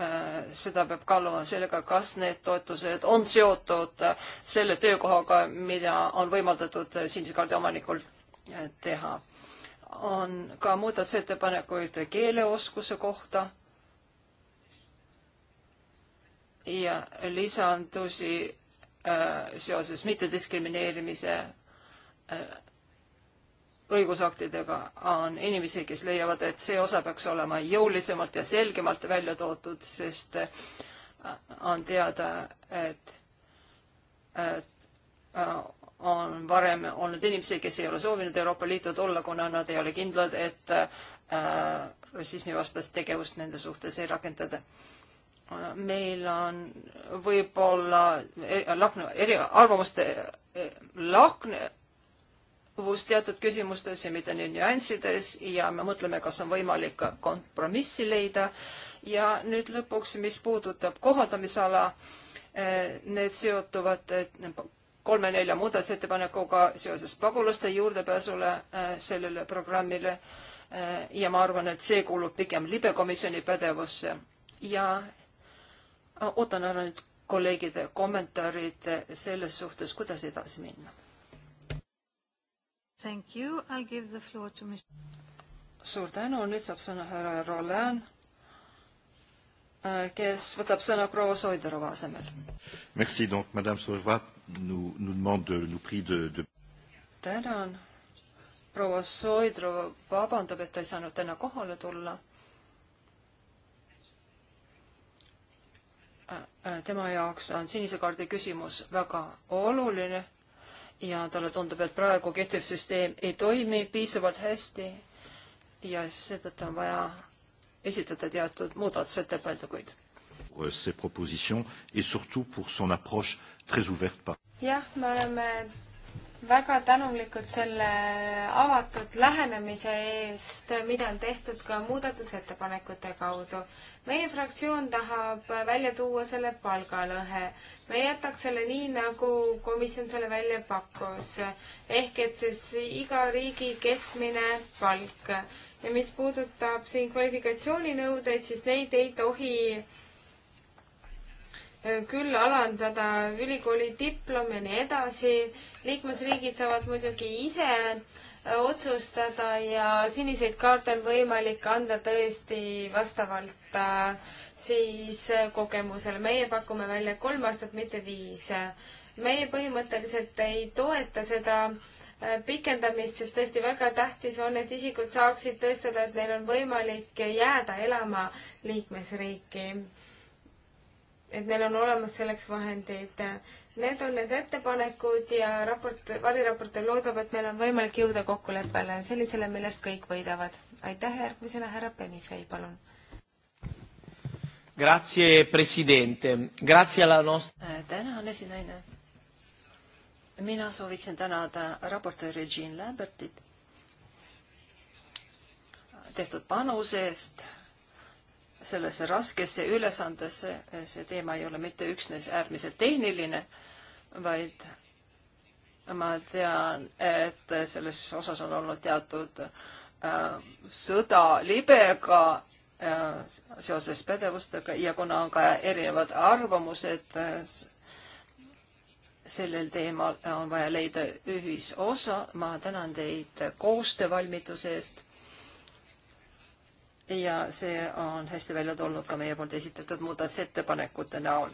Äh, seda peab kaaluma sellega, kas need toetused on seotud äh, selle töökohaga, mida on võimaldatud äh, sinisikaardi omanikul teha. on ka muudatusettepanekuid keeleoskuse kohta ja lisandusi seoses mittediskrimineerimise õigusaktidega on inimesi, kes leiavad, et see osa peaks olema jõulisemalt ja selgemalt välja toodud, sest äh, on teada, et, et äh, äh, on varem olnud inimesi, kes ei ole soovinud Euroopa Liitu tulla, kuna nad ei ole kindlad, et rassismivastast tegevust nende suhtes ei rakendada meil on võib-olla eh, lahkne, eri arvamuste eh, lahkne, lahkuvus teatud küsimustes ja mitte nii nüanssides ja me mõtleme, kas on võimalik ka kompromissi leida. ja nüüd lõpuks, mis puudutab kohaldamisala, eh, need seotuvad kolme-nelja muudatusettepanekuga seoses pagulaste juurdepääsule eh, sellele programmile eh, ja ma arvan, et see kuulub pigem libekomisjoni pädevusse ja ootan ära nüüd kolleegide kommentaarid selles suhtes, kuidas edasi minna Thank you. I'll give the floor to Mr. Suur tänu. Nüüd saab sõna härra Roland, äh, kes võtab sõna proua Soiderova asemel. Merci. Donc, Madame Soiderova nous, nous demande de nous prie de, de... Tänan. Proua Soiderova vabandab, et ta ei saanud täna kohale tulla. Äh, äh, tema jaoks on sinise kaardi küsimus väga oluline ja talle tundub, et praegu kehtiv süsteem ei toimi piisavalt hästi ja seetõttu on vaja esitada teatud muudatusettepanekuid. jah, me oleme väga tänulikud selle avatud lähenemise eest, mida on tehtud ka muudatusettepanekute kaudu. meie fraktsioon tahab välja tuua selle palgalõhe. me jätaks selle nii, nagu komisjon selle välja pakkus. ehk et siis iga riigi keskmine palk. ja mis puudutab siin kvalifikatsiooninõudeid, siis neid ei tohi äh, küll alandada ülikooli diplom ja nii edasi. liikmesriigid saavad muidugi ise äh, otsustada ja siniseid kaarte on võimalik anda tõesti vastavalt äh, siis äh, kogemusele. meie pakume välja kolm aastat, mitte viis. meie põhimõtteliselt ei toeta seda pikendamist, sest tõesti väga tähtis on, et isikud saaksid tõestada, et neil on võimalik jääda elama liikmesriiki et neil on olemas selleks vahendid. Need on need ettepanekud ja raport, variraportöör loodab, et meil on võimalik jõuda kokkuleppele, sellisele, millest kõik võidavad. aitäh, järgmisena härra Benifei, palun. Grazie, president. Grazie alla nost-. Äh, tänan, esinaine. mina sooviksin tänada raportööri Jean Lambertit tehtud panuse eest sellesse raskesse ülesandesse, see teema ei ole mitte üksnes äärmiselt tehniline, vaid ma tean, et selles osas on olnud teatud äh, sõda libega äh, seoses pädevustega ja kuna on ka erinevad arvamused äh, sellel teemal, on vaja leida ühisosa. ma tänan teid koostöövalmiduse eest ja see on hästi välja tulnud ka meie poolt esitatud muudatusettepanekute näol.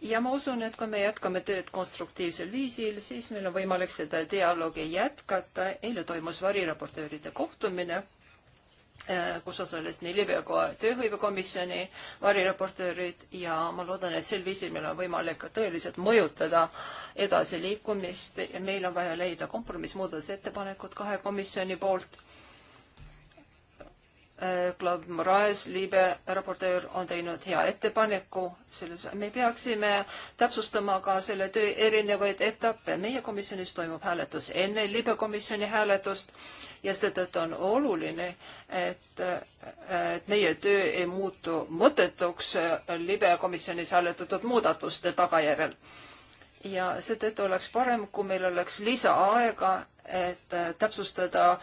ja ma usun, et kui me jätkame tööd konstruktiivsel viisil, siis meil on võimalik seda dialoogi jätkata. eile toimus variraportööride kohtumine äh, kus osales neli tööhõivekomisjoni variraportöörid ja ma loodan, et sel viisil meil on võimalik tõeliselt mõjutada edasiliikumist ja meil on vaja leida kompromissmuudatusettepanekud kahe komisjoni poolt Äh, Claude Moraes, liibe raportöör, on teinud hea ettepaneku selles. me peaksime täpsustama ka selle töö erinevaid etappe. meie komisjonis toimub hääletus enne liibe komisjoni hääletust ja seetõttu on oluline, et, et meie töö ei muutu mõttetuks liibe komisjonis hääletatud muudatuste tagajärjel ja seetõttu oleks parem, kui meil oleks lisaaega et äh, täpsustada äh,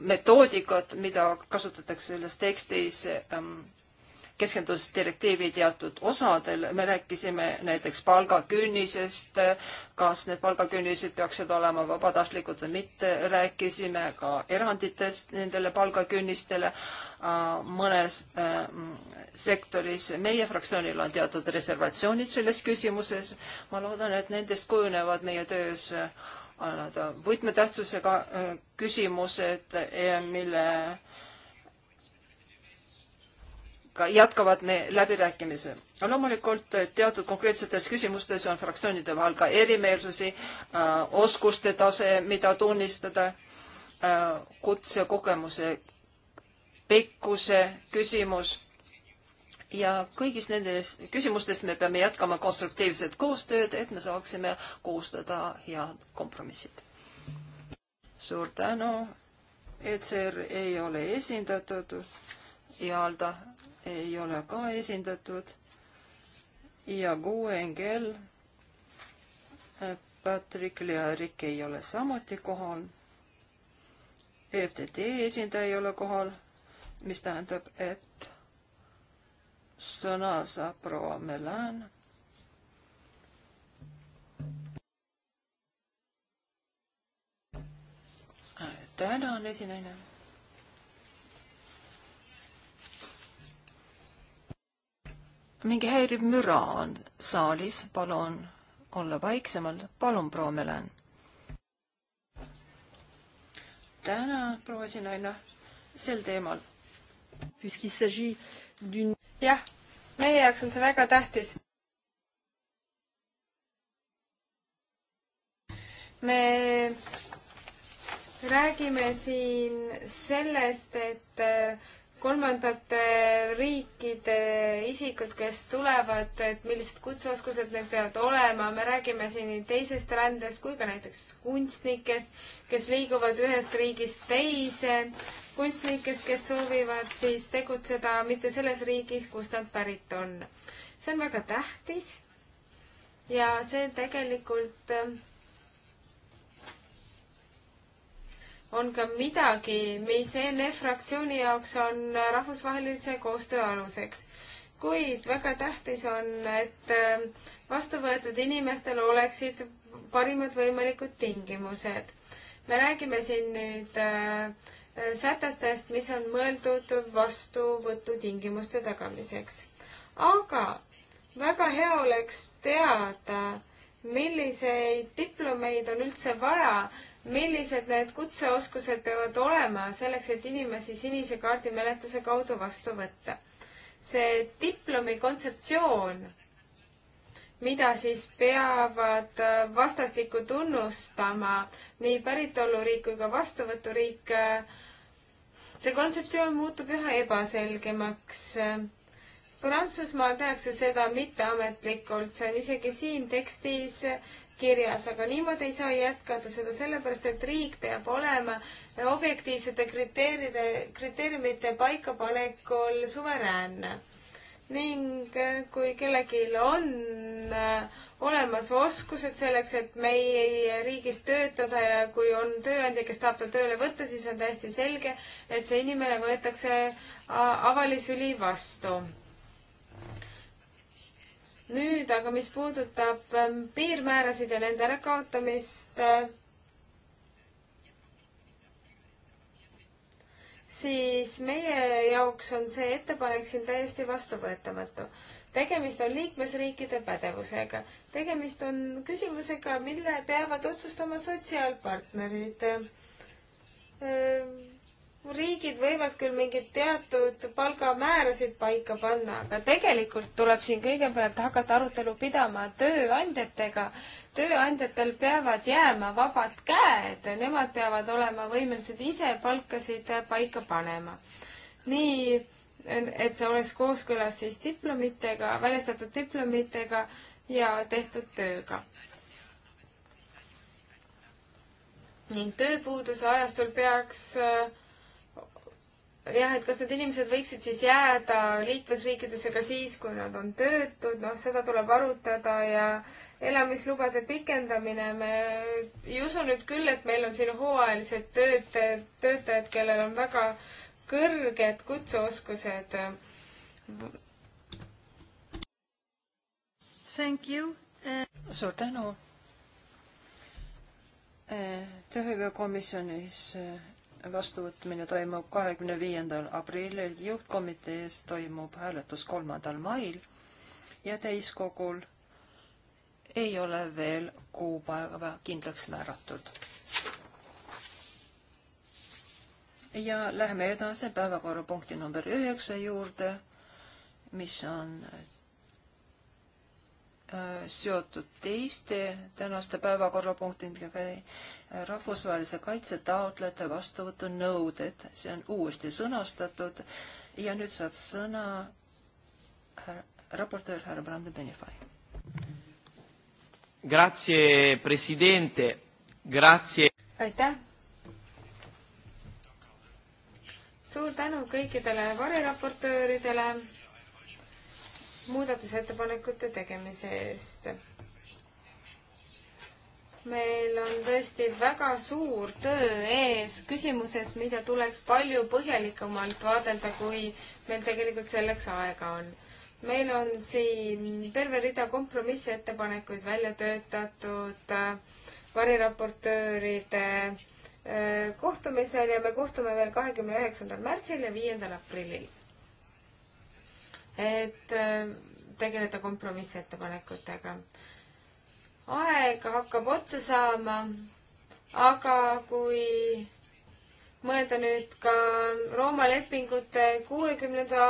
metoodikat, mida kasutatakse selles tekstis, ähm, keskendus direktiivi teatud osadel, me rääkisime näiteks palgakünnisest, kas need palgakünnised peaksid olema vabatahtlikud või mitte, rääkisime ka eranditest nendele palgakünnistele äh, mõnes sektoris. meie fraktsioonil on teatud reservatsioonid selles küsimuses. ma loodan, et nendest kujunevad meie töös nad on võtmetähtsusega äh, küsimused, äh, mille ka jätkavad läbirääkimised. loomulikult äh, teatud konkreetsetes küsimustes on fraktsioonide vahel ka erimeelsusi, oskuste tase, mida tunnistada, kutsekogemuse pikkuse küsimus ja kõigis nendes küsimustes me peame jätkama konstruktiivset koostööd, et me saaksime koostada head kompromissid. suur tänu, ECR ei ole esindatud ja Alda ei ole ka esindatud ja QNGL Patrick Learik ei ole samuti kohal. EFTT esindaja ei ole kohal, mis tähendab, et Sõna saab proua Melan. tänan, esinaine mingi häiriv müra on saalis, palun olla vaiksemal, palun, proua Melen. tänan, proua Sinaine, sel teemal jah, meie jaoks on see väga tähtis. me räägime siin sellest, et kolmandate riikide isikud, kes tulevad, et millised kutseoskused neil peavad olema, me räägime siin nii teisest rändest kui ka näiteks kunstnikest, kes liiguvad ühest riigist teise, kunstnikest, kes soovivad siis tegutseda mitte selles riigis, kust nad pärit on. see on väga tähtis ja see tegelikult äh, on ka midagi, mis ENF fraktsiooni jaoks on rahvusvahelise koostöö aluseks. kuid väga tähtis on, et äh, vastu võetud inimestel oleksid parimad võimalikud tingimused. me räägime siin nüüd äh, sätestest, mis on mõeldud vastuvõtutingimuste tagamiseks. aga väga hea oleks teada, milliseid diplomeid on üldse vaja millised need kutseoskused peavad olema selleks, et inimesi sinise kaardi menetluse kaudu vastu võtta. see diplomi kontseptsioon, mida siis peavad vastastikku tunnustama nii päritoluriik kui ka vastuvõturiik, see kontseptsioon muutub üha ebaselgemaks Prantsusmaal tehakse seda mitteametlikult, see on isegi siin tekstis kirjas, aga niimoodi ei saa jätkata seda sellepärast, et riik peab olema objektiivsete kriteeride, kriteeriumite paikapanekul suveräänne. ning äh, kui kellelgi on äh, olemas oskused selleks, et meie riigis töötada ja kui on tööandja, kes tahab ta tööle võtta, siis on täiesti selge, et see inimene võetakse äh, avalisüli vastu nüüd aga, mis puudutab ähm, piirmäärasid ja nende ärakaotamist, äh, siis meie jaoks on see ettepanek siin täiesti vastuvõetamatu. tegemist on liikmesriikide pädevusega. tegemist on küsimusega, mille peavad otsustama sotsiaalpartnerid äh, riigid võivad küll mingeid teatud palgamäärasid paika panna, aga tegelikult tuleb siin kõigepealt hakata arutelu pidama tööandjatega. tööandjatel peavad jääma vabad käed, nemad peavad olema võimelised ise palkasid paika panema. nii, et see oleks kooskõlas siis diplomitega, väljastatud diplomitega ja tehtud tööga ning tööpuuduse ajastul peaks äh, jah, et kas need inimesed võiksid siis jääda liikmesriikidesse ka siis, kui nad on töötud, noh, seda tuleb arutada ja elamislubade pikendamine, me ei usu nüüd küll, et meil on siin hooajalised töötajad, töötajad, kellel on väga kõrged kutseoskused. Thank you eh.... suur tänu eh,. tööhõivekomisjonis eh vastuvõtmine toimub kahekümne viiendal aprillil, juhtkomitees toimub hääletus kolmandal mail ja täiskogul ei ole veel kuupäeva kindlaks määratud. ja läheme edasi päevakorrapunkti number üheksa juurde, mis on Äh, seotud teiste tänaste päevakorrapunktidega äh, rahvusvahelise kaitse taotlejate vastuvõtu nõuded. See on uuesti sõnastatud ja nüüd saab sõna raportöör härra Brande Benifai. Grazie, presidente. Grazie. Aitäh. Suur tänu kõikidele variraportööridele muudatusettepanekute tegemise eest. meil on tõesti väga suur töö ees küsimuses, mida tuleks palju põhjalikumalt vaadelda, kui meil tegelikult selleks aega on. meil on siin terve rida kompromissettepanekuid välja töötatud äh, variraportööride äh, kohtumisel ja me kohtume veel kahekümne üheksandal märtsil ja viiendal aprillil et äh, tegeleda kompromissettepanekutega. aeg hakkab otsa saama, aga kui mõelda nüüd ka Rooma lepingute kuuekümnenda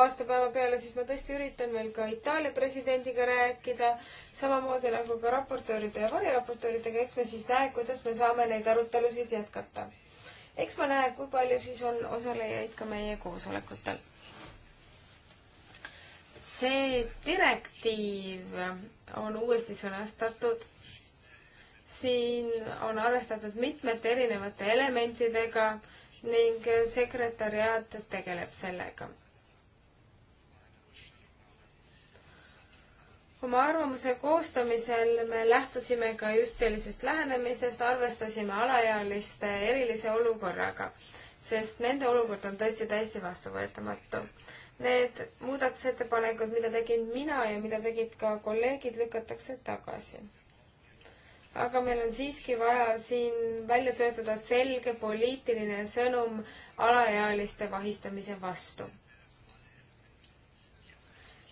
aastapäeva peale, siis ma tõesti üritan veel ka Itaalia presidendiga rääkida, samamoodi nagu ka raportööride ja variraportööridega, eks me siis näe, kuidas me saame neid arutelusid jätkata. eks ma näe, kui palju siis on osalejaid ka meie koosolekutel see direktiiv on uuesti sõnastatud, siin on arvestatud mitmete erinevate elementidega ning sekretäriaat tegeleb sellega. oma arvamuse koostamisel me lähtusime ka just sellisest lähenemisest, arvestasime alaealiste erilise olukorraga, sest nende olukord on tõesti täiesti vastuvõetamatu need muudatusettepanekud, mida tegin mina ja mida tegid ka kolleegid, lükatakse tagasi. aga meil on siiski vaja siin välja töötada selge poliitiline sõnum alaealiste vahistamise vastu.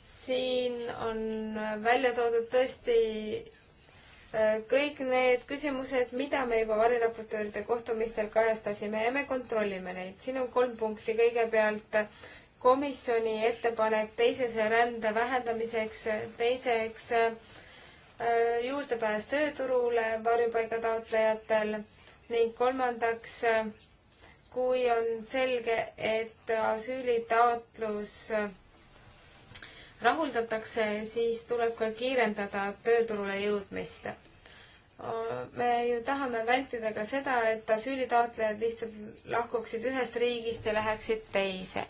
siin on välja toodud tõesti äh, kõik need küsimused, mida me juba variraportööride kohtumistel kajastasime ja me kontrollime neid. siin on kolm punkti. kõigepealt komisjoni ettepanek teisese rände vähendamiseks, teiseks äh, juurdepääs tööturule varjupaiga taotlejatel ning kolmandaks, kui on selge, et asüülitaotlus rahuldatakse, siis tuleb ka kiirendada tööturule jõudmist me ju tahame vältida ka seda, et asüülitaotlejad lihtsalt lahkuksid ühest riigist ja läheksid teise.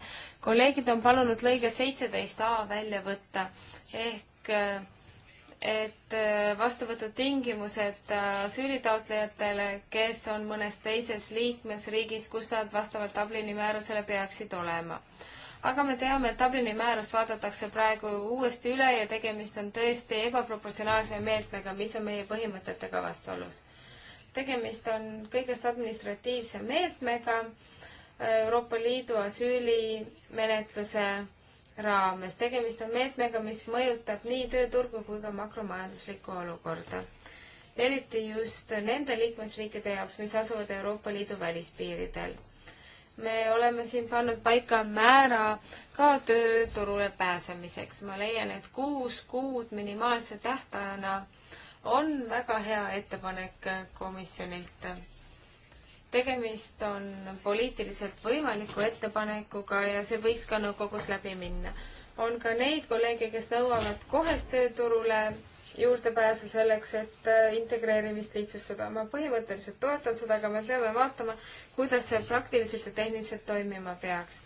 kolleegid on palunud lõige seitseteist A välja võtta ehk et vastuvõtutingimused asüülitaotlejatele, kes on mõnes teises liikmesriigis, kus nad vastavalt Dublini määrusele peaksid olema aga me teame, et Dublini määrus vaadatakse praegu uuesti üle ja tegemist on tõesti ebaproportsionaalse meetmega, mis on meie põhimõtetega vastuolus. tegemist on kõigest administratiivse meetmega Euroopa Liidu asüülimenetluse raames. tegemist on meetmega, mis mõjutab nii tööturgu kui ka makromajanduslikku olukorda eriti just nende liikmesriikide jaoks, mis asuvad Euroopa Liidu välispiiridel me oleme siin pannud paika määra ka tööturule pääsemiseks. ma leian, et kuus kuud minimaalse tähtajana on väga hea ettepanek komisjonilt. tegemist on poliitiliselt võimaliku ettepanekuga ja see võiks ka nõukogus läbi minna. on ka neid kolleege, kes nõuavad kohest tööturule juurdepääsu selleks, et äh, integreerimist lihtsustada. ma põhimõtteliselt toetan seda, aga me peame vaatama, kuidas see praktiliselt ja tehniliselt toimima peaks.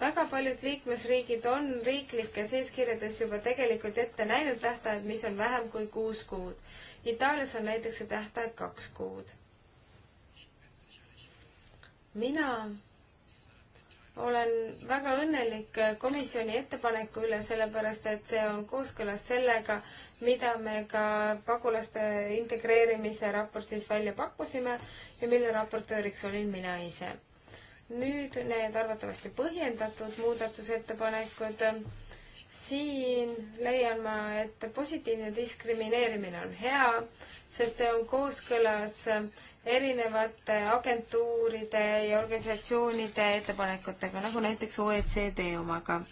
väga paljud liikmesriigid on riiklikes eeskirjades juba tegelikult ette näinud tähtajad, mis on vähem kui kuus kuud. Itaalias on näiteks see tähtaeg kaks kuud. mina olen väga õnnelik komisjoni ettepaneku üle, sellepärast et see on kooskõlas sellega, mida me ka pagulaste integreerimise raportis välja pakkusime ja mille raportööriks olin mina ise. nüüd need arvatavasti põhjendatud muudatusettepanekud. siin leian ma, et positiivne diskrimineerimine on hea, sest see on kooskõlas erinevate agentuuride ja organisatsioonide ettepanekutega, nagu näiteks OECD omaga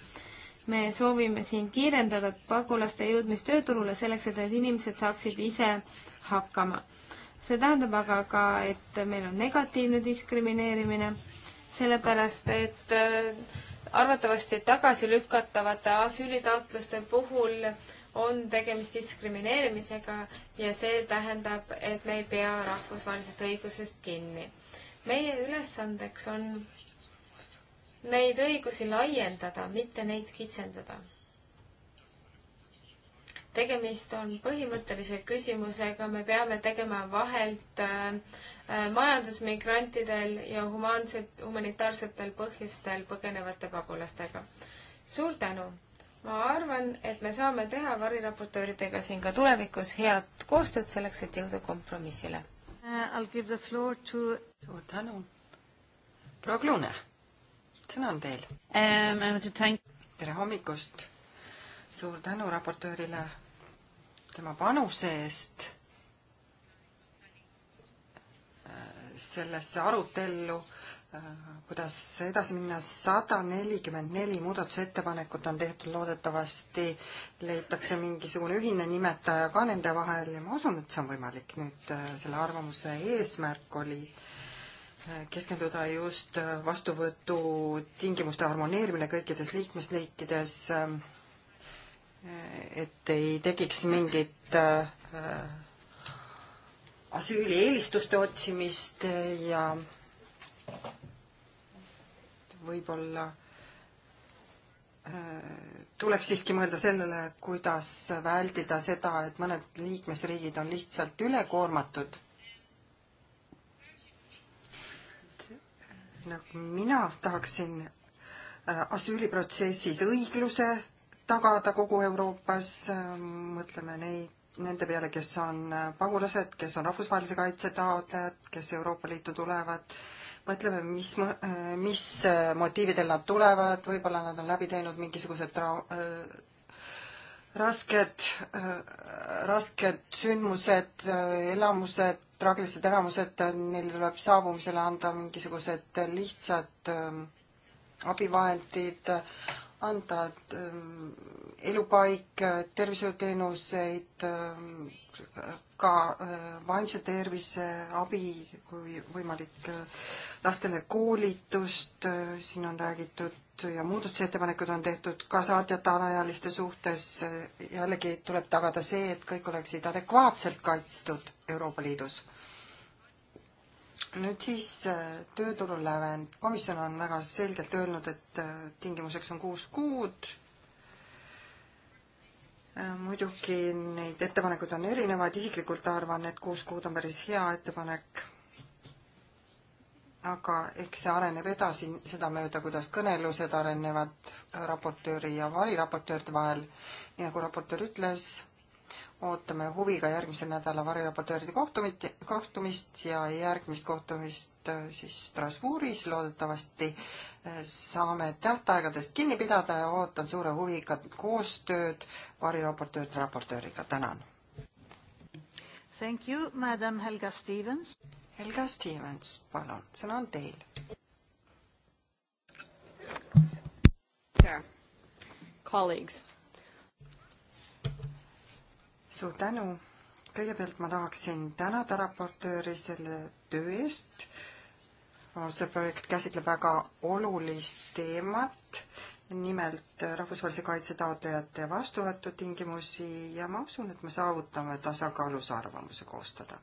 me soovime siin kiirendada pagulaste jõudmist tööturule selleks, et need inimesed saaksid ise hakkama. see tähendab aga ka, et meil on negatiivne diskrimineerimine, sellepärast et äh, arvatavasti tagasilükatavate asüülitaotluste puhul on tegemist diskrimineerimisega ja see tähendab, et me ei pea rahvusvahelisest õigusest kinni. meie ülesandeks on neid õigusi laiendada, mitte neid kitsendada. tegemist on põhimõttelise küsimusega, me peame tegema vahelt äh, äh, majandusmigrantidel ja humaanset, humanitaarsetel põhjustel põgenevate pagulastega. suur tänu! ma arvan, et me saame teha variraportööridega siin ka tulevikus head koostööd selleks, et jõuda kompromissile uh,. To... suur tänu! proua Klune sõna on teil um,. tere hommikust. suur tänu raportöörile tema panuse eest äh, sellesse arutellu, äh, kuidas edasi minna, sada nelikümmend neli muudatusettepanekut on tehtud, loodetavasti leitakse mingisugune ühine nimetaja ka nende vahel ja ma usun, et see on võimalik. nüüd äh, selle arvamuse eesmärk oli keskenduda just vastuvõtutingimuste harmoneerimine kõikides liikmesriikides, et ei tekiks mingit äh, asüülieelistuste otsimist ja võib-olla äh, tuleks siiski mõelda sellele, kuidas vältida seda, et mõned liikmesriigid on lihtsalt ülekoormatud nagu mina tahaksin äh, asüüliprotsessis õigluse tagada kogu Euroopas, äh, mõtleme neid, nende peale, kes on äh, pagulased, kes on rahvusvahelise kaitse taotlejad, kes Euroopa Liitu tulevad, mõtleme, mis, mis motiividel nad tulevad, võib-olla nad on läbi teinud mingisuguse trau-, rasked, äh, rasked sündmused, äh, elamused, traagilised elamused, äh, neil tuleb saabumisele anda mingisugused lihtsad abivahendid, anda elupaik, tervishoiuteenuseid, ka vaimse tervise abi, kui võimalik, lastele koolitust, siin on räägitud ja muudatusettepanekud on tehtud ka saatjate alaealiste suhtes. jällegi tuleb tagada see, et kõik oleksid adekvaatselt kaitstud Euroopa Liidus. nüüd siis äh, tööturu lävend. komisjon on väga selgelt öelnud, et äh, tingimuseks on kuus kuud. Äh, muidugi neid ettepanekuid on erinevaid, isiklikult arvan, et kuus kuud on päris hea ettepanek aga eks see areneb edasi sedamööda, kuidas kõnelused arenevad raportööri ja variraportööride vahel. nii nagu raportöör ütles, ootame huviga järgmise nädala variraportööride kohtumit, kohtumist ja järgmist kohtumist äh, siis Strasbourgis. loodetavasti äh, saame tähtaegadest kinni pidada ja ootan suure huviga koostööd variraportööride raportööriga. tänan. Thank you, madam Helga Stevens. Helga Stevens, palun, sõna on teil. suur tänu. kõigepealt ma tahaksin tänada raportööri selle töö eest. see projekt käsitleb väga olulist teemat nimelt rahvusvahelise kaitse taotlejate vastuvõtutingimusi ja ma usun, et me saavutame tasakaalus arvamuse koostada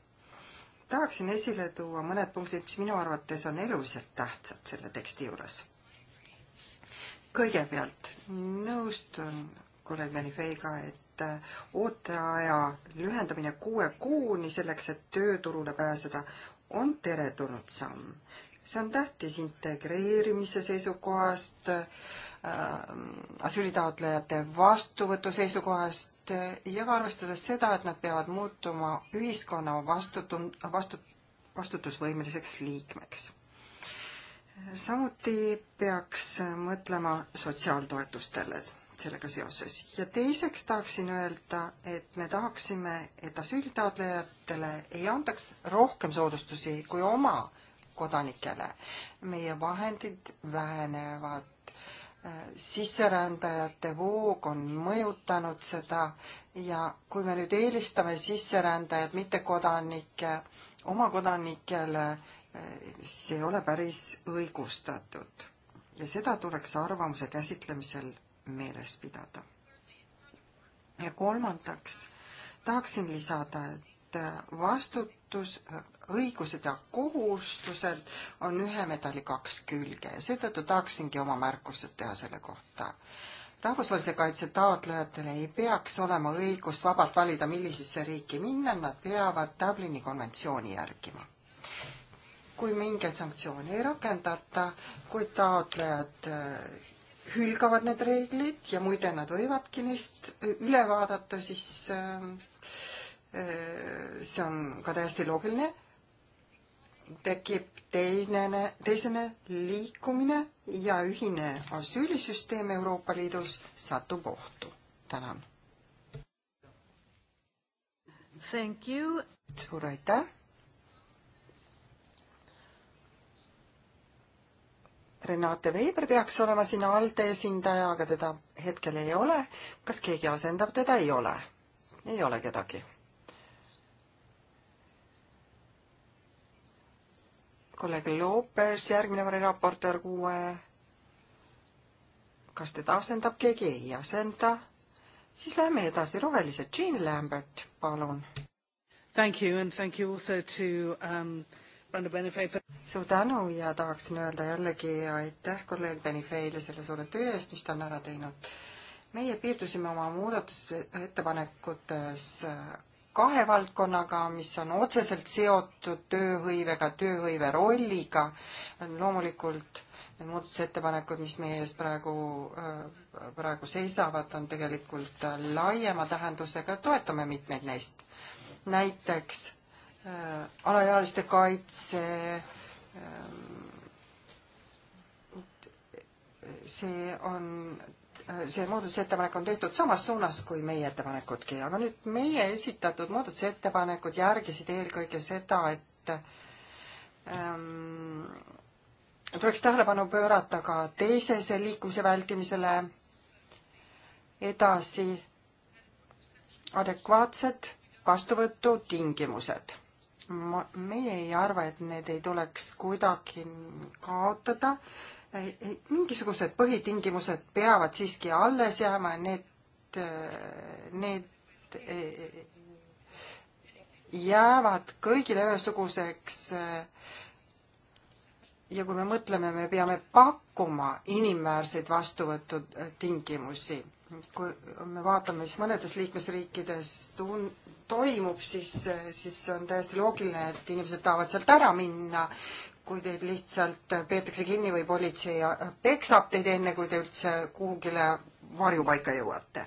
tahaksin esile tuua mõned punktid, mis minu arvates on eluliselt tähtsad selle teksti juures. kõigepealt nõustun kolleeg Benifeiga, et äh, ooteaja lühendamine kuue kuuni selleks, et tööturule pääseda, on teretulnud samm. see on tähtis integreerimise seisukohast äh,, asüülitaotlejate vastuvõtu seisukohast, et ja ka arvestades seda, et nad peavad muutuma ühiskonna vastutun-, vastu-, vastutusvõimeliseks liikmeks. samuti peaks mõtlema sotsiaaltoetustele sellega seoses ja teiseks tahaksin öelda, et me tahaksime, et asüülitaotlejatele ei antaks rohkem soodustusi kui oma kodanikele. meie vahendid vähenevad sisserändajate voog on mõjutanud seda ja kui me nüüd eelistame sisserändajad mittekodanike oma kodanikele, see ei ole päris õigustatud. ja seda tuleks arvamuse käsitlemisel meeles pidada. ja kolmandaks tahaksin lisada, et vastu-, vastutus, õigused ja kohustused on ühe medali kaks külge ja seetõttu tahaksingi oma märkused teha selle kohta. rahvusvahelise kaitse taotlejatel ei peaks olema õigust vabalt valida, millisesse riiki minna, nad peavad Dublini konventsiooni järgima. kui mingeid sanktsioone ei rakendata, kui taotlejad äh, hülgavad need reeglid ja muide, nad võivadki neist äh, üle vaadata, siis äh, see on ka täiesti loogiline, tekib teine, teisene liikumine ja ühine asüülisüsteem Euroopa Liidus satub ohtu. tänan. suur aitäh. Renate Veiber peaks olema siin ALDE esindaja, aga teda hetkel ei ole. kas keegi asendab teda? ei ole. ei ole kedagi kolleeg Lopes, järgmine variraportöör kuue. kas teda asendab keegi? ei asenda. siis läheme edasi, rohelised. Jean Lambert, palun. Thank you and thank you also to um, suur tänu ja tahaksin öelda jällegi aitäh kolleeg Benifeile selle suure töö eest, mis ta on ära teinud. meie piirdusime oma muudatusettepanekutes kahe valdkonnaga, mis on otseselt seotud tööhõivega, tööhõive rolliga. loomulikult need muudatusettepanekud, mis meie ees praegu, äh, praegu seisavad, on tegelikult laiema tähendusega, toetame mitmeid neist. näiteks äh, alaealiste kaitse äh,, see on see muudatusettepanek on tehtud samas suunas kui meie ettepanekudki, aga nüüd meie esitatud muudatusettepanekud järgisid eelkõige seda, et ähm, tuleks tähelepanu pöörata ka teisese liikumise vältimisele, edasi adekvaatsed vastuvõtutingimused. ma, meie ei arva, et need ei tuleks kuidagi kaotada, mingisugused põhitingimused peavad siiski alles jääma ja need, äh, need äh, jäävad kõigile ühesuguseks. Äh, ja kui me mõtleme, me peame pakkuma inimväärseid vastuvõtutingimusi. kui me vaatame, mis mõnedes liikmesriikides tun-, toimub, siis, siis on täiesti loogiline, et inimesed tahavad sealt ära minna, kui teid lihtsalt peetakse kinni või politsei peksab teid enne, kui te üldse kuhugile varjupaika jõuate.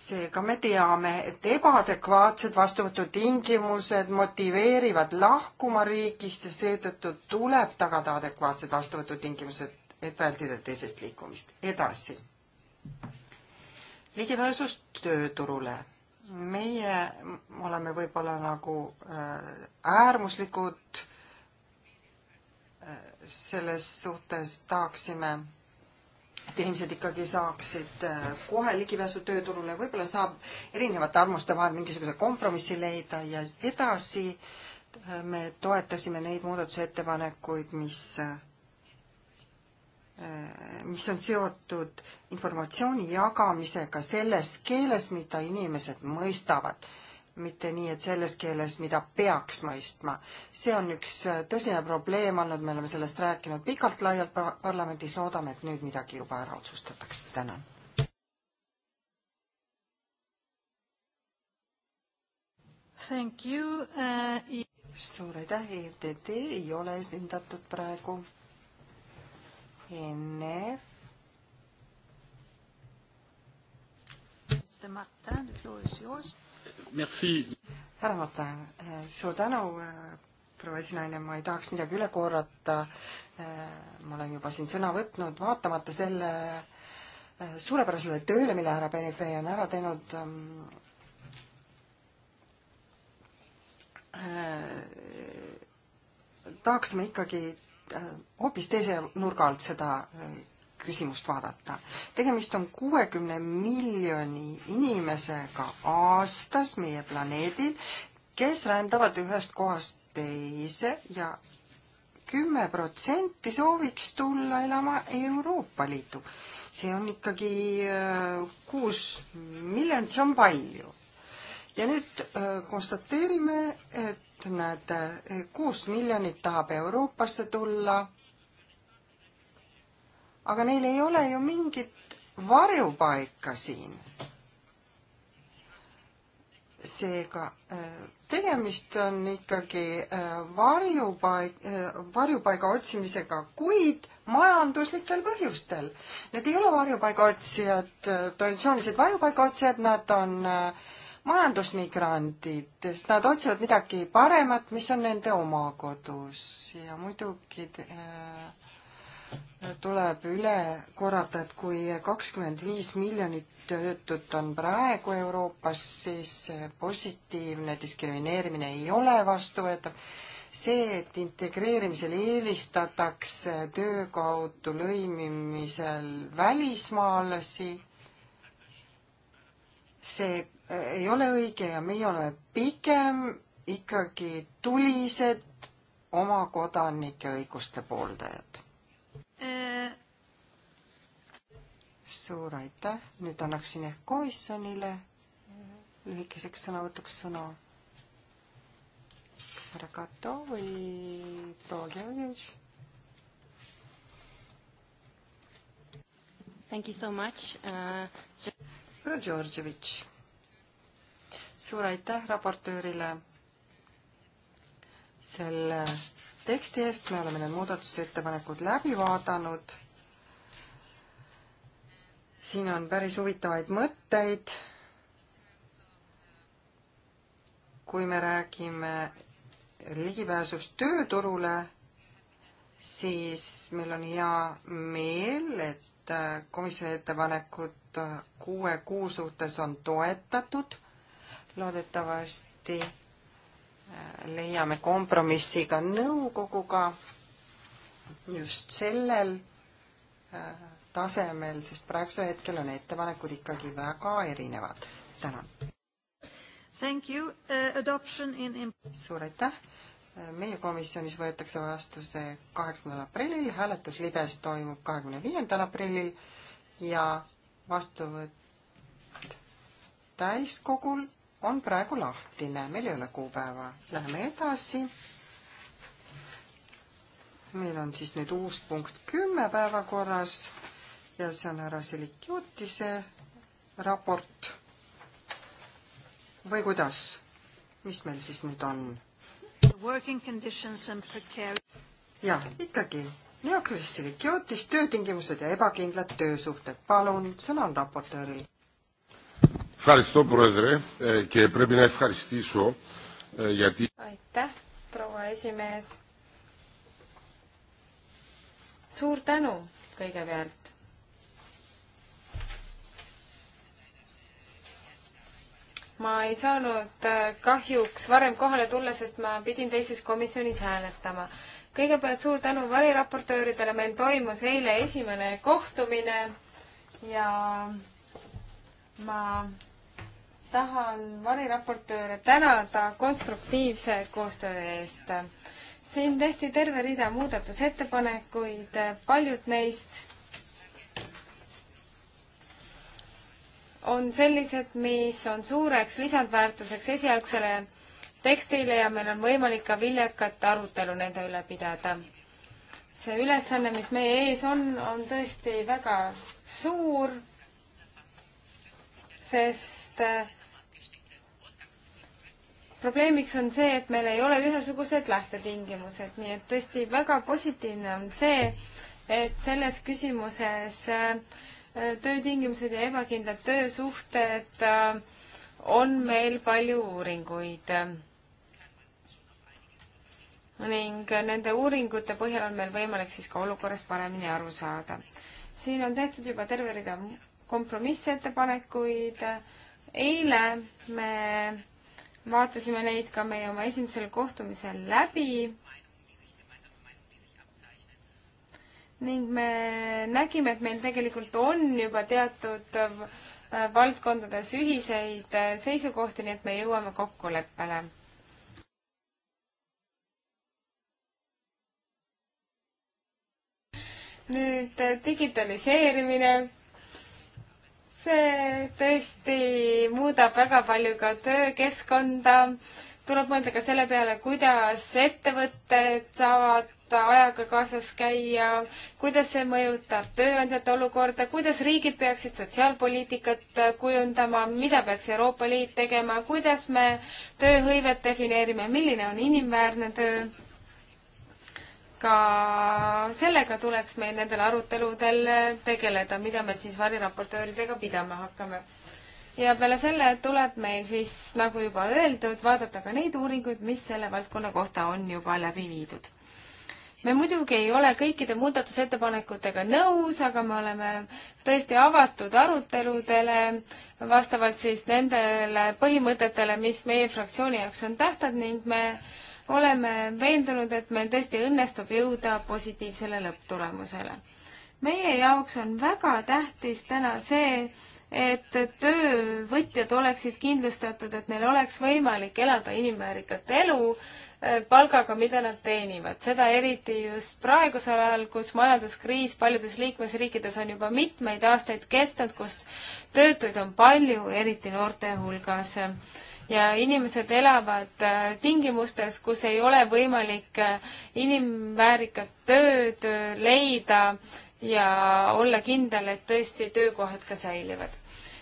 seega me teame, et ebaadekvaatsed vastuvõtutingimused motiveerivad lahkuma riigist ja seetõttu tuleb tagada adekvaatsed vastuvõtutingimused, et vältida teisest liikumist. edasi. ligipääsust tööturule meie oleme võib-olla nagu äh, äärmuslikud äh, selles suhtes, tahaksime, et inimesed ikkagi saaksid äh, kohe ligipääsu tööturule, võib-olla saab erinevate armuste vahel mingisuguse kompromissi leida ja edasi me toetasime neid muudatusettepanekuid, mis mis on seotud informatsiooni jagamisega selles keeles, mida inimesed mõistavad, mitte nii, et selles keeles, mida peaks mõistma. see on üks äh, tõsine probleem olnud, me oleme sellest rääkinud pikalt-laialt parlamendis, loodame, et nüüd midagi juba ära otsustatakse. tänan Thank you uh,. suur aitäh, EFTT ei ole esindatud praegu. NF. härra Martin, eh, suur tänu, eh, proua esinaine, ma ei tahaks midagi üle korrata. Eh, ma olen juba siin sõna võtnud, vaatamata selle suurepärasele tööle, mille härra Benifei on ära teinud äh,. tahaksime ikkagi Äh, hoopis teise nurga alt seda äh, küsimust vaadata. tegemist on kuuekümne miljoni inimesega aastas meie planeedil, kes rändavad ühest kohast teise ja kümme protsenti sooviks tulla elama Euroopa Liitu. see on ikkagi äh, kuus miljonit, see on palju. ja nüüd konstateerime, et näete, eh, kuus miljonit tahab Euroopasse tulla. aga neil ei ole ju mingit varjupaika siin. seega eh, tegemist on ikkagi eh, varjupaik, varjupaiga otsimisega, kuid majanduslikel põhjustel. Need ei ole varjupaiga otsijad, traditsioonilised varjupaiga otsijad, nad on äh, majandusmigrandid, sest nad otsivad midagi paremat, mis on nende oma kodus ja muidugi äh, tuleb üle korrata, et kui kakskümmend viis miljonit töötut on praegu Euroopas, siis positiivne diskrimineerimine ei ole vastuvõetav. see, et integreerimisel eelistatakse töö kaudu lõimimisel välismaalasi see äh, ei ole õige ja meie oleme pigem ikkagi tulised oma kodanike õiguste pooldajad äh.. suur aitäh, nüüd annaksin ehk komisjonile lühikeseks sõnavõtuks sõna. kas härra Kato või proua Georgiev? Thank you so much uh, proua Georgievitš. suur aitäh raportöörile selle teksti eest, me oleme need muudatusettepanekud läbi vaadanud. siin on päris huvitavaid mõtteid. kui me räägime ligipääsust tööturule, siis meil on hea meel, et et äh, komisjoni ettepanekut äh, kuue kuu suhtes on toetatud. loodetavasti äh, leiame kompromissi ka nõukoguga just sellel tasemel, sest praegusel hetkel on ettepanekud ikkagi väga erinevad. tänan. Thank you uh,. Adoption in. suur aitäh meie komisjonis võetakse vastu see kaheksandal aprillil, hääletus libes toimub kahekümne viiendal aprillil ja vastuvõtt täiskogul on praegu lahtine, meil ei ole kuupäeva. Läheme edasi. meil on siis nüüd uus punkt kümme päevakorras ja see on härra Selikiotise raport. või kuidas? mis meil siis nüüd on? jah, ikkagi. Leo Krissili, Kyotis töötingimused ja ebakindlad töösuhted. palun, sõna on raportööril. aitäh, proua esimees. suur tänu kõigepealt ma ei saanud äh, kahjuks varem kohale tulla, sest ma pidin teises komisjonis hääletama. kõigepealt suur tänu variraportööridele, meil toimus eile esimene kohtumine ja ma tahan variraportööre tänada konstruktiivse koostöö eest. siin tehti terve rida muudatusettepanekuid, paljud neist on sellised, mis on suureks lisandväärtuseks esialgsele tekstile ja meil on võimalik ka viljakat arutelu nende üle pidada. see ülesanne, mis meie ees on, on tõesti väga suur, sest eh, probleemiks on see, et meil ei ole ühesugused lähtetingimused, nii et tõesti väga positiivne on see, et selles küsimuses äh, töötingimused ja ebakindlad töösuhted, äh, on meil palju uuringuid. ning nende uuringute põhjal on meil võimalik siis ka olukorrast paremini aru saada. siin on tehtud juba terve rida kompromissettepanekuid. eile me vaatasime neid ka meie oma esimesel kohtumisel läbi ning me nägime, et meil tegelikult on juba teatud äh, valdkondades ühiseid äh, seisukohti, nii et me jõuame kokkuleppele. nüüd äh, digitaliseerimine. see tõesti muudab väga palju ka töökeskkonda tuleb mõelda ka selle peale, kuidas ettevõtted saavad ajaga kaasas käia, kuidas see mõjutab tööandjate olukorda, kuidas riigid peaksid sotsiaalpoliitikat kujundama, mida peaks Euroopa Liit tegema, kuidas me tööhõivet defineerime, milline on inimväärne töö. ka sellega tuleks meil nendel aruteludel tegeleda, mida me siis variraportööridega pidama hakkame ja peale selle tuleb meil siis, nagu juba öeldud, vaadata ka neid uuringuid, mis selle valdkonna kohta on juba läbi viidud me muidugi ei ole kõikide muudatusettepanekutega nõus, aga me oleme tõesti avatud aruteludele vastavalt siis nendele põhimõtetele, mis meie fraktsiooni jaoks on tähtad ning me oleme veendunud, et meil tõesti õnnestub jõuda positiivsele lõpptulemusele. meie jaoks on väga tähtis täna see, et töövõtjad oleksid kindlustatud, et neil oleks võimalik elada inimväärikat elu Äh, palgaga, mida nad teenivad. seda eriti just praegusel ajal, kus majanduskriis paljudes liikmesriikides on juba mitmeid aastaid kestnud, kus töötuid on palju, eriti noorte hulgas. ja inimesed elavad äh, tingimustes, kus ei ole võimalik äh, inimväärikat tööd leida ja olla kindel, et tõesti töökohad ka säilivad.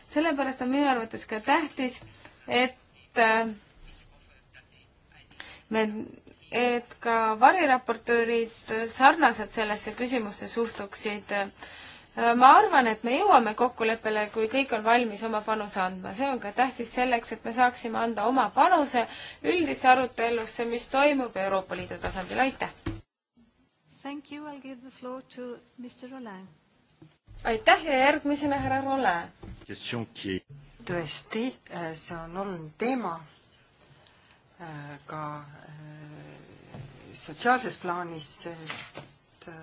sellepärast on minu arvates ka tähtis, et me, et ka variraportöörid sarnaselt sellesse küsimusse suhtuksid. ma arvan, et me jõuame kokkuleppele, kui kõik on valmis oma panuse andma. see on ka tähtis selleks, et me saaksime anda oma panuse üldisse arutelusse, mis toimub Euroopa Liidu tasandil. aitäh! Thank you. I'll give the floor to Mr. Roland. aitäh ja järgmisena härra Role. tõesti, äh, see on oluline teema ka äh, sotsiaalses plaanis, sest äh,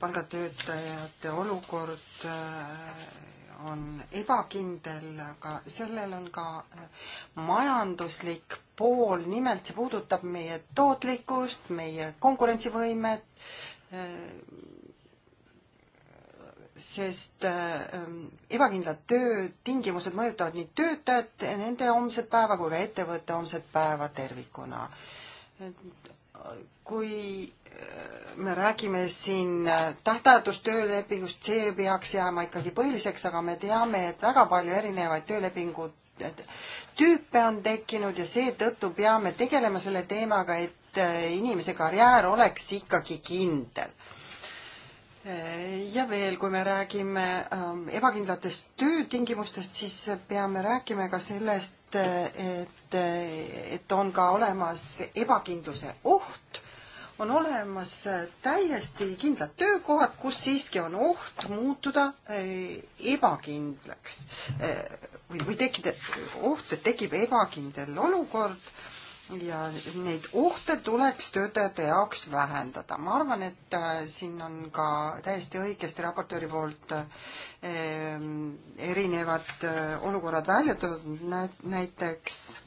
palgatöötajate olukord äh, on ebakindel, aga sellel on ka majanduslik pool, nimelt see puudutab meie tootlikkust, meie konkurentsivõimet, sest äh, ähm, ebakindlad töötingimused mõjutavad nii töötajat, nende homset päeva kui ka ettevõtte homset päeva tervikuna. Äh, kui äh, me räägime siin tähtajatust töölepingust, see peaks jääma ikkagi põhiliseks, aga me teame, et väga palju erinevaid töölepinguid tüüpe on tekkinud ja seetõttu peame tegelema selle teemaga, et inimese karjäär oleks ikkagi kindel ja veel, kui me räägime ähm, ebakindlatest töötingimustest, siis peame rääkima ka sellest, et, et on ka olemas ebakindluse oht, on olemas täiesti kindlad töökohad, kus siiski on oht muutuda äh, ebakindlaks äh, või, või tekkida oht, et tekib ebakindel olukord ja neid ohte tuleks töötajate jaoks vähendada. ma arvan, et äh, siin on ka täiesti õigesti raportööri poolt ähm, erinevad äh, olukorrad välja toodud, näiteks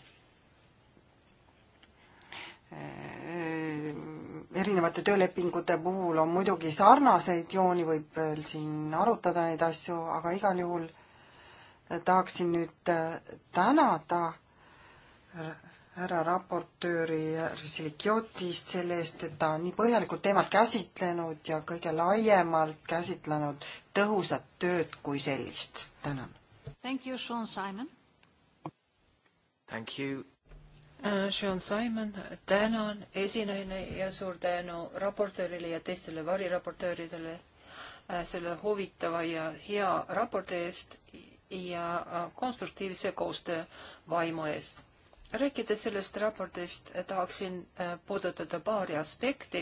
äh, erinevate töölepingute puhul on muidugi sarnaseid jooni, võib veel siin arutada neid asju, aga igal juhul tahaksin nüüd tänada härra raportööri Silikiotist selle eest, et ta on nii põhjalikult teemat käsitlenud ja kõige laiemalt käsitlenud tõhusat tööd kui sellist. tänan. Thank you, Sean Simon. Thank you. Äh, Sean Simon, tänan esinaine ja suur tänu raportöörile ja teistele variraportööridele äh, selle huvitava ja hea raporti eest ja äh, konstruktiivse koostöö vaimu eest Rääkides sellest raportist, eh, tahaksin eh, puudutada paari aspekti,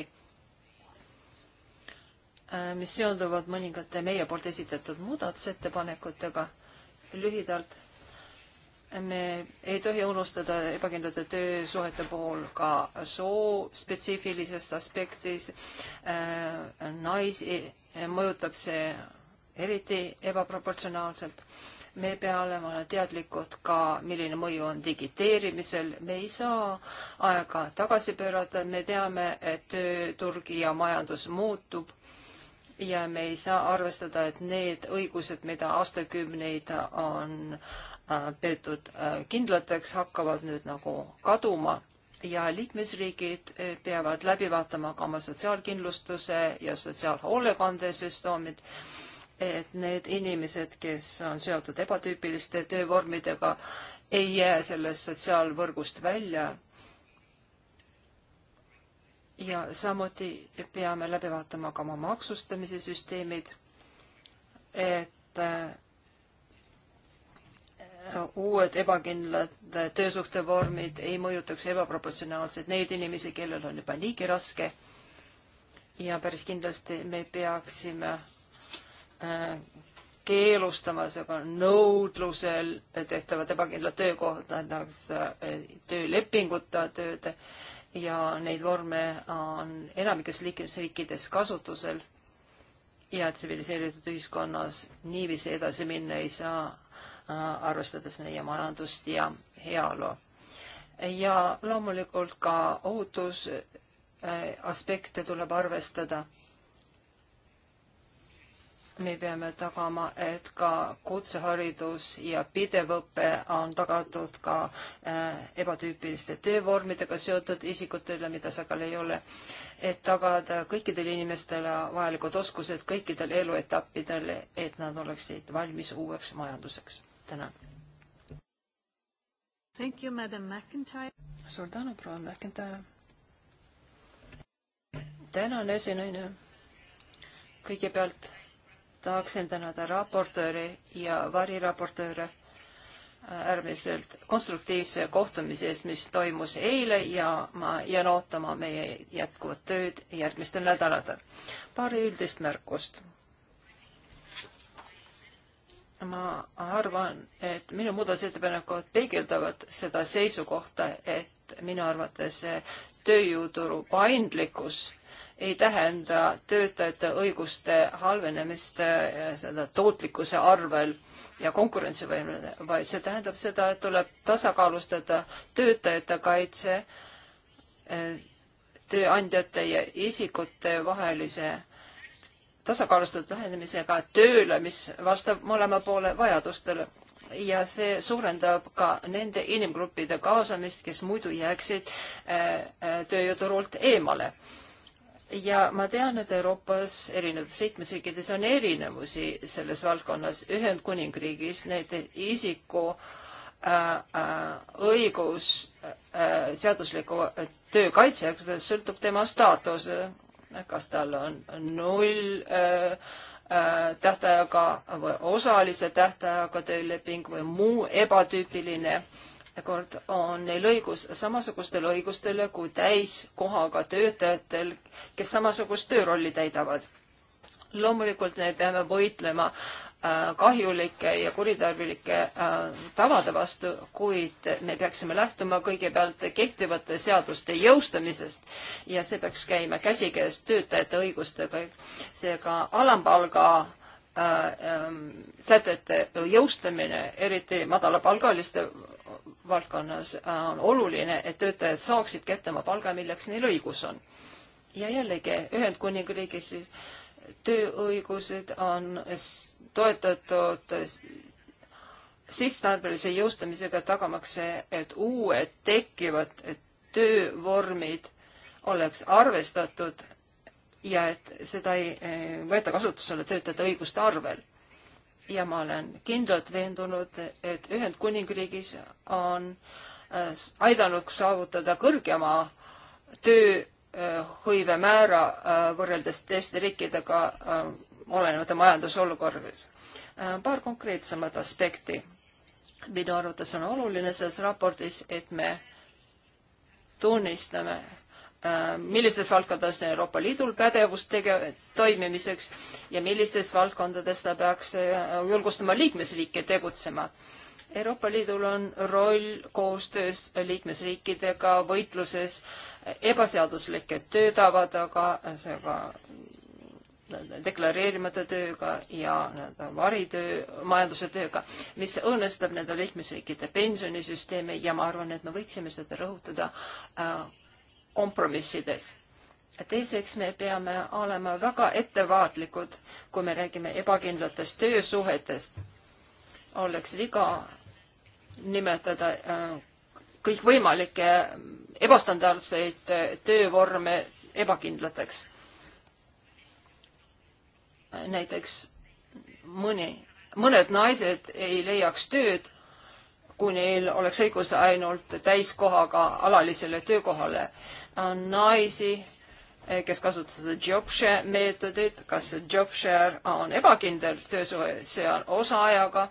eh, mis seonduvad mõningate meie poolt esitatud muudatusettepanekutega. Lühidalt me ei tohi unustada ebakindlate töösuhete puhul ka soo spetsiifilisest aspektist. Naisi mõjutab see eriti ebaproportsionaalselt me peame olema teadlikud ka, milline mõju on digiteerimisel, me ei saa aega tagasi pöörata, me teame, et tööturg ja majandus muutub ja me ei saa arvestada, et need õigused, mida aastakümneid on äh, peetud äh, kindlateks, hakkavad nüüd nagu kaduma ja liikmesriigid äh, peavad läbi vaatama ka oma sotsiaalkindlustuse ja sotsiaalhoolekande süsteemid et need inimesed, kes on seotud ebatüüpiliste töövormidega, ei jää sellest sotsiaalvõrgust välja. ja samuti peame läbi vaatama ka oma maksustamise süsteemid, et äh, uued ebakindlad töösuhtevormid ei mõjutaks ebaproportsionaalselt neid inimesi, kellel on juba niigi raske. ja päris kindlasti me peaksime Äh, keelustamas aga nõudlusel tehtavad ebakindlad töökohtad, äh, töölepinguta tööd ja neid vorme on enamikes liikmesriikides kasutusel ja tsiviliseeritud ühiskonnas niiviisi edasi minna ei saa, äh, arvestades meie majandust ja heaolu. ja loomulikult ka ohutusaspekte tuleb arvestada me peame tagama, et ka kutseharidus ja pidev õpe on tagatud ka äh, ebatüüpiliste töövormidega seotud isikutele, mida sageli ei ole, et tagada kõikidele inimestele vajalikud oskused kõikidel eluetappidel, et nad oleksid valmis uueks majanduseks. tänan. Thank you, madam McIntyre. suur tänu, proua McIntyre. tänan, esinaine. kõigepealt tahaksin tänada raportööri ja variraportööre äh, äärmiselt konstruktiivse kohtumise eest, mis toimus eile ja ma jään ootama meie jätkuvat tööd järgmistel nädalatel. paari üldist märkust. ma arvan, et minu muudatusettepanekud peegeldavad seda seisukohta, et minu arvates tööjõuturu paindlikkus äh, ei tähenda töötajate õiguste halvenemist eh, seda tootlikkuse arvel ja konkurentsivõimeline, vaid see tähendab seda, et tuleb tasakaalustada töötajate kaitse eh, tööandjate ja isikute vahelise tasakaalustatud lähenemisega tööle, mis vastab mõlema poole vajadustele ja see suurendab ka nende inimgruppide kaasamist, kes muidu jääksid eh, tööjõuturult eemale ja ma tean, et Euroopas erinevates liikmesriikides on erinevusi selles valdkonnas. Ühendkuningriigis näiteks isiku äh, äh, õigus äh, seadusliku äh, töö kaitsjaks sõltub tema staatus, kas tal on null äh, äh, tähtajaga või osalise tähtajaga tööleping või muu ebatüüpiline äh, kord on neil õigus samasugustele õigustele kui täiskohaga töötajatel, kes samasugust töörolli täidavad. loomulikult me peame võitlema äh, kahjulike ja kuritarvilike äh, tavade vastu, kuid me peaksime lähtuma kõigepealt kehtivate seaduste jõustamisest ja see peaks käima käsikäes töötajate õigustega. seega alampalga äh, ähm, sätete jõustamine, eriti madalapalgaliste valdkonnas äh, on oluline, et töötajad saaksid kätte oma palga, milleks neil õigus on. ja jällegi Ühendkuningriigis tööõigused on toetatud sihtarbelise jõustamisega tagamaks see, et uued tekkivad töövormid oleks arvestatud ja et seda ei võeta kasutusele töötajate õiguste arvel ja ma olen kindlalt veendunud, et Ühendkuningriigis on äh, aidanud saavutada kõrgema tööhõive äh, määra äh, võrreldes teiste riikidega olenevate majandusolukorras. paar konkreetsemat aspekti. minu arvates on oluline selles raportis, et me tunnistame Äh, millistes valdkondades on Euroopa Liidul pädevus tege-, toimimiseks ja millistes valdkondades ta peaks äh, julgustama liikmesriike tegutsema. Euroopa Liidul on roll koostöös liikmesriikidega võitluses ebaseaduslike töötavadega, seega deklareerimata tööga ja nii-öelda varitöö, majanduse tööga, mis õõnestab nende liikmesriikide pensionisüsteemi ja ma arvan, et me võiksime seda rõhutada äh, kompromissides. teiseks, me peame olema väga ettevaatlikud, kui me räägime ebakindlatest töösuhetest. oleks viga nimetada äh, kõikvõimalikke ebastandardseid äh, töövorme ebakindlateks. näiteks mõni, mõned naised ei leiaks tööd, kui neil oleks õigus ainult täiskohaga alalisele töökohale on naisi, eh, kes kasutavad jobshare meetodit, kas jobshare on ebakindel töösuhe, see on osaajaga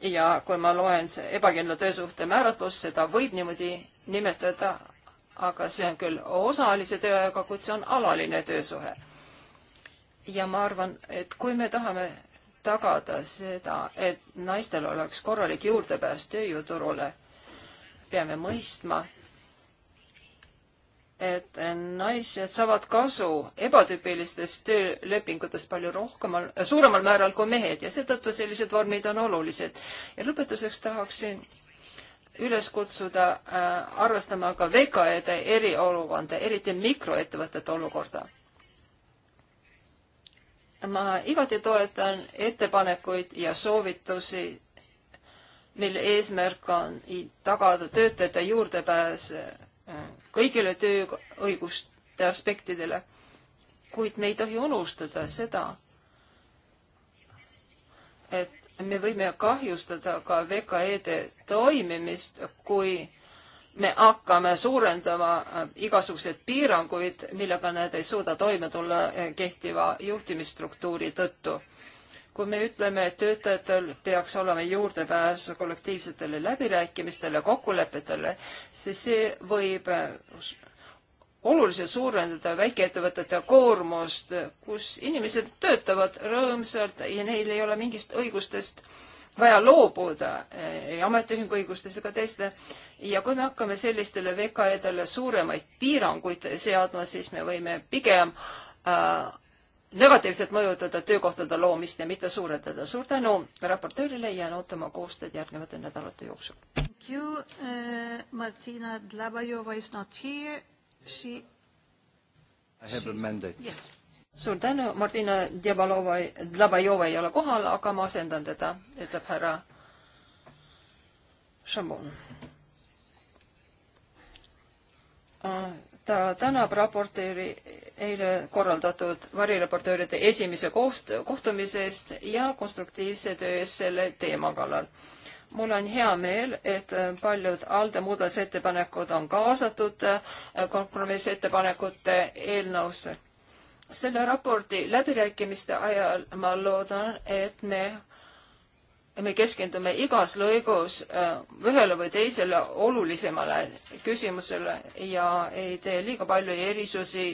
ja kui ma loen see ebakindla töösuhte määratlus, seda võib niimoodi nimetada, aga see on küll osalise tööajaga, kuid see on alaline töösuhe. ja ma arvan, et kui me tahame tagada seda, et naistel oleks korralik juurdepääs tööjõuturule, peame mõistma, et naised saavad kasu ebatüüpilistest töölepingutest palju rohkemal, suuremal määral kui mehed ja seetõttu sellised vormid on olulised. ja lõpetuseks tahaksin üles kutsuda äh, arvestama ka VKE-de eriolukande, eriti mikroettevõtete olukorda. ma igati toetan ettepanekuid ja soovitusi, mille eesmärk on tagada töötajate juurdepääs kõigile tööõiguste aspektidele, kuid me ei tohi unustada seda, et me võime kahjustada ka VKE-de toimimist, kui me hakkame suurendama igasuguseid piiranguid, millega nad ei suuda toime tulla kehtiva juhtimisstruktuuri tõttu kui me ütleme, et töötajatel peaks olema juurdepääs kollektiivsetele läbirääkimistele, kokkulepetele, siis see võib äh, oluliselt suurendada väikeettevõtete koormust, kus inimesed töötavad rõõmsalt ja neil ei ole mingist õigustest vaja loobuda, ei ametiühingu õigustes ega teiste. ja kui me hakkame sellistele VKE-dele suuremaid piiranguid seadma, siis me võime pigem äh, negatiivselt mõjutada töökohtade loomist ja mitte suurendada. suur tänu raportöörile, jään ootama koostööd järgnevate nädalate jooksul. Thank you uh,, Martina Dlabajova is not here, she I have she... a mandate yes.. suur tänu, Martina Djabalova, Dlabajova ei ole kohal, aga ma asendan teda, ütleb härra Šambon uh, ta tänab raportööri eile korraldatud varireportööride esimese koht, kohtumise eest ja konstruktiivse töö eest selle teema kallal. mul on hea meel, et paljud ALDE muudatusettepanekud on kaasatud kompromissettepanekute eelnõusse. selle raporti läbirääkimiste ajal ma loodan, et me me keskendume igas lõigus äh, ühele või teisele olulisemale küsimusele ja ei tee liiga palju erisusi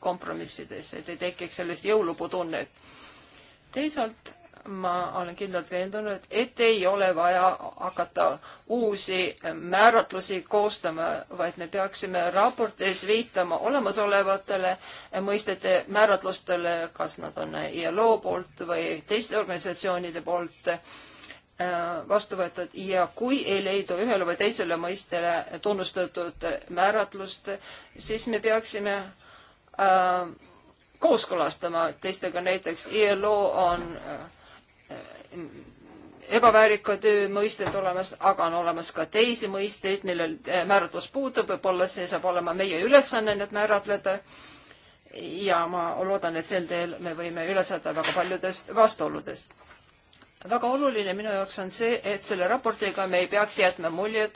kompromissides, et ei tekiks sellist jõulupuu tunnet. teisalt ma olen kindlalt veendunud, et ei ole vaja hakata uusi määratlusi koostama, vaid me peaksime raportis viitama olemasolevatele mõistete määratlustele, kas nad on ILO poolt või teiste organisatsioonide poolt vastu võetud ja kui ei leidu ühele või teisele mõistele tunnustatud määratlust, siis me peaksime äh, kooskõlastama teistega, näiteks ILO on äh, ebaväärika töö mõisted olemas, aga on olemas ka teisi mõisteid, millel äh, määratlus puudub, võib-olla see saab olema meie ülesanne need määratleda. ja ma loodan, et sel teel me võime üle saada väga paljudest vastuoludest väga oluline minu jaoks on see, et selle raportiga me ei peaks jätma muljet,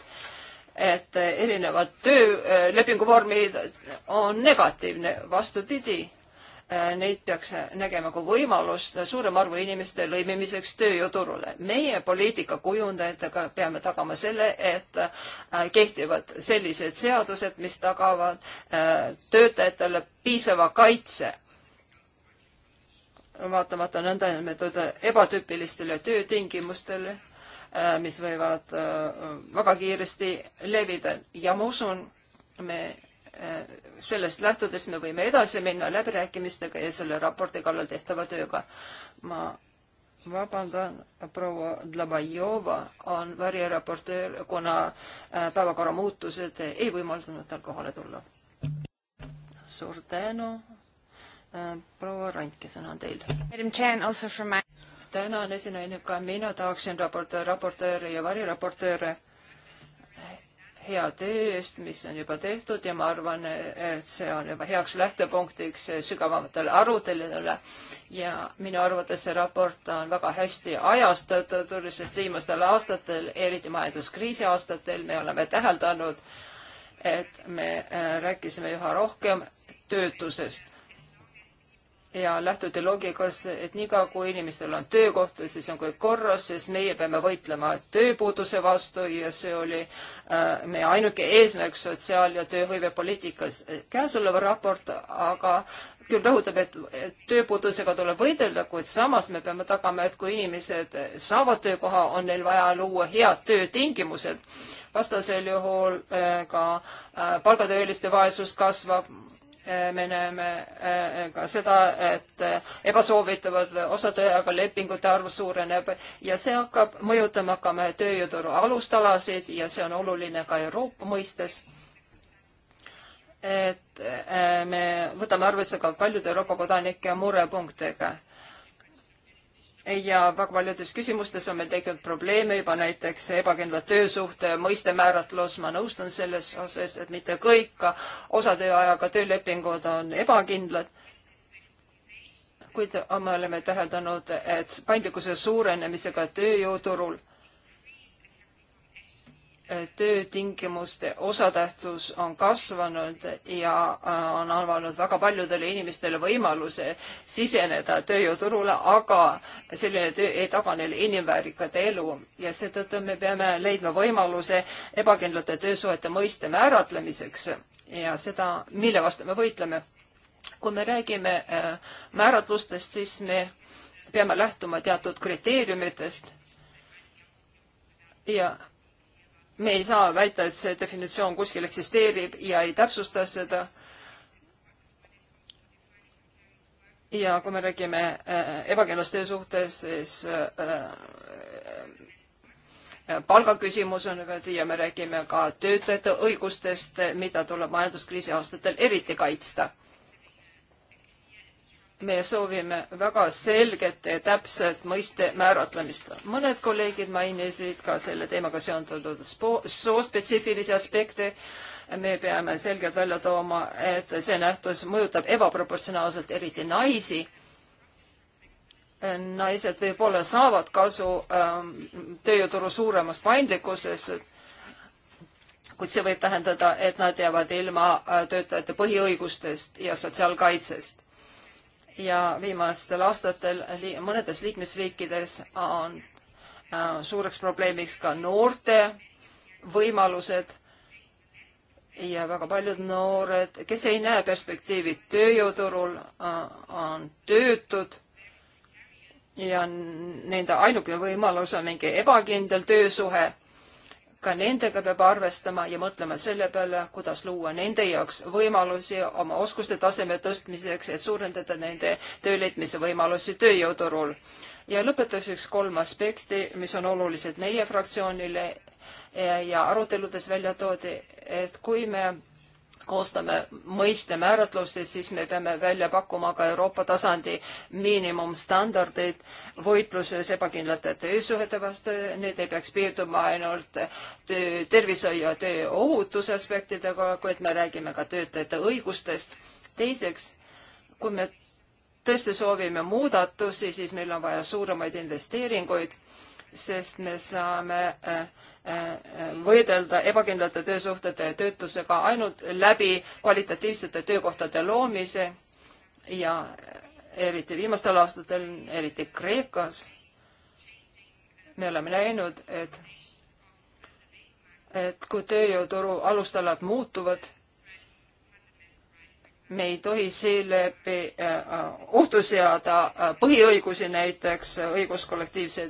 et eh, erinevad töölepingu eh, vormid on negatiivne, vastupidi, eh, neid peaks nägema kui võimalust suurema arvu inimeste lõimimiseks tööjõuturule. meie poliitikakujundajatega peame tagama selle, et kehtivad sellised seadused, mis tagavad töötajatele piisava kaitse vaatamata nõndanimetatud ebatüüpilistele töötingimustele, äh, mis võivad äh, väga kiiresti levida ja ma usun, me äh, sellest lähtudes me võime edasi minna läbirääkimistega ja selle raporti kallal tehtava tööga. ma vabandan, proua Dlabajova on variraportöör, kuna päevakorra muutused ei võimaldanud tal kohale tulla. suur tänu, Äh, proua Randke, sõna on teil. tänan, esinaine, ka mina tahaksin raportöör, raportööre ja variraportööre hea töö eest, mis on juba tehtud ja ma arvan, et see on juba heaks lähtepunktiks sügavamatele aruteludele. ja minu arvates see raport on väga hästi ajastatud, sest viimastel aastatel, eriti majanduskriisi aastatel, me oleme täheldanud, et me äh, rääkisime üha rohkem töötusest ja lähtuti loogikast, et niikaua kui inimestel on töökoht, siis on kõik korras, sest meie peame võitlema tööpuuduse vastu ja see oli äh, meie ainuke eesmärk sotsiaal- ja tööhõivepoliitikas. käesolev raport aga küll rõhutab, et tööpuudusega tuleb võidelda, kuid samas me peame tagama, et kui inimesed saavad töökoha, on neil vaja luua head töötingimused. vastasel juhul äh, ka äh, palgatööliste vaesus kasvab me näeme äh, ka seda, et ebasoovitavad osatööajaga lepingute arv suureneb ja see hakkab mõjutama ka meie tööjõuturu alustalasid ja see on oluline ka Euroopa mõistes et äh, me võtame arvesse ka paljude Euroopa kodanike murepunktidega ja väga paljudes küsimustes on meil tekkinud probleeme juba näiteks ebakindla töösuhte mõiste määratlus, ma nõustun selles osas, et mitte kõik osatööajaga töölepingud on ebakindlad. kuid me oleme täheldanud, et paindlikkuse suurenemisega tööjõuturul töötingimuste osatähtsus on kasvanud ja äh, on avanud väga paljudele inimestele võimaluse siseneda tööjõuturule, aga selline töö ei taga neile inimväärikat elu ja seetõttu me peame leidma võimaluse ebakindlate töösuhete mõiste määratlemiseks ja seda, mille vastu me võitleme. kui me räägime äh, määratlustest, siis me peame lähtuma teatud kriteeriumitest ja me ei saa väita, et see definitsioon kuskil eksisteerib ja ei täpsusta seda. ja kui me räägime äh, ebakindlustöö suhtes, siis äh, äh, palgaküsimus on, ja me räägime ka töötajate õigustest, mida tuleb majanduskriisi aastatel eriti kaitsta me soovime väga selget ja täpset mõiste määratlemist. mõned kolleegid mainisid ka selle teemaga seondunud soospetsiifilisi aspekte. me peame selgelt välja tooma, et see nähtus mõjutab ebaproportsionaalselt eriti naisi naised võib-olla saavad kasu ähm, tööjõuturu suuremast paindlikkusest, kuid see võib tähendada, et nad jäävad ilma äh, töötajate põhiõigustest ja sotsiaalkaitsest ja viimastel aastatel li mõnedes liikmesriikides on äh, suureks probleemiks ka noorte võimalused ja väga paljud noored, kes ei näe perspektiivi tööjõuturul äh,, on töötud ja nende ainukene võimalus on mingi ebakindel töösuhe ka nendega peab arvestama ja mõtlema selle peale, kuidas luua nende jaoks võimalusi oma oskuste taseme tõstmiseks, et suurendada nende tööleidmise võimalusi tööjõuturul. ja lõpetuseks kolm aspekti, mis on olulised meie fraktsioonile ja aruteludes välja toodi, et kui me koostame mõiste määratlusi, siis me peame välja pakkuma ka Euroopa tasandi miinimumstandardeid võitluses ebakindlate töösuhete vastu. Need ei peaks piirduma ainult töö, tervishoiu ja tööohutuse aspektidega, kuid me räägime ka töötajate õigustest. teiseks, kui me tõesti soovime muudatusi, siis meil on vaja suuremaid investeeringuid, sest me saame äh, võidelda ebakindlate töösuhtede ja töötusega ainult läbi kvalitatiivsete töökohtade loomise ja eriti viimastel aastatel, eriti Kreekas, me oleme näinud, et, et kui tööjõuturu alustalad muutuvad me ei tohi seeläbi äh, ohtu seada äh, põhiõigusi, näiteks äh, õigus kollektiivse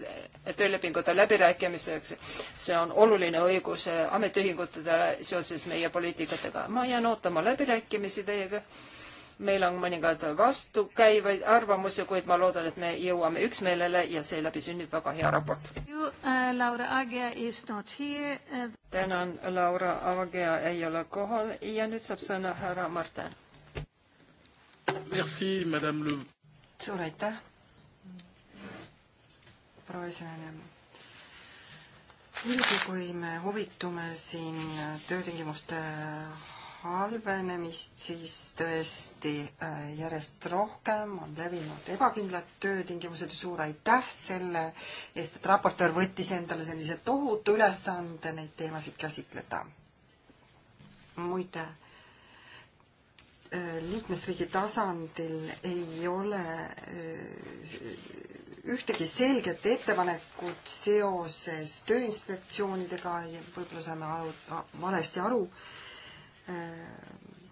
töölepingute läbirääkimiseks. see on oluline õigus ametiühingutele seoses meie poliitikatega. ma jään ootama läbirääkimisi teiega. meil on mõningad vastukäivaid arvamusi, kuid ma loodan, et me jõuame üksmeelele ja seeläbi sünnib väga hea raport. Uh, uh, tänan, Laura Agea ei ole kohal ja nüüd saab sõna härra Marten Merci, madame Le. suur aitäh, proua esineja. muidugi, kui me huvitume siin töötingimuste halvenemist, siis tõesti äh, järjest rohkem on levinud ebakindlad töötingimused ja suur aitäh selle eest, et raportöör võttis endale sellise tohutu ülesande neid teemasid käsitleda. muide, liikmesriigi tasandil ei ole eh, ühtegi selget ettepanekut seoses tööinspektsioonidega ja võib-olla saame aru, valesti aru. Eh,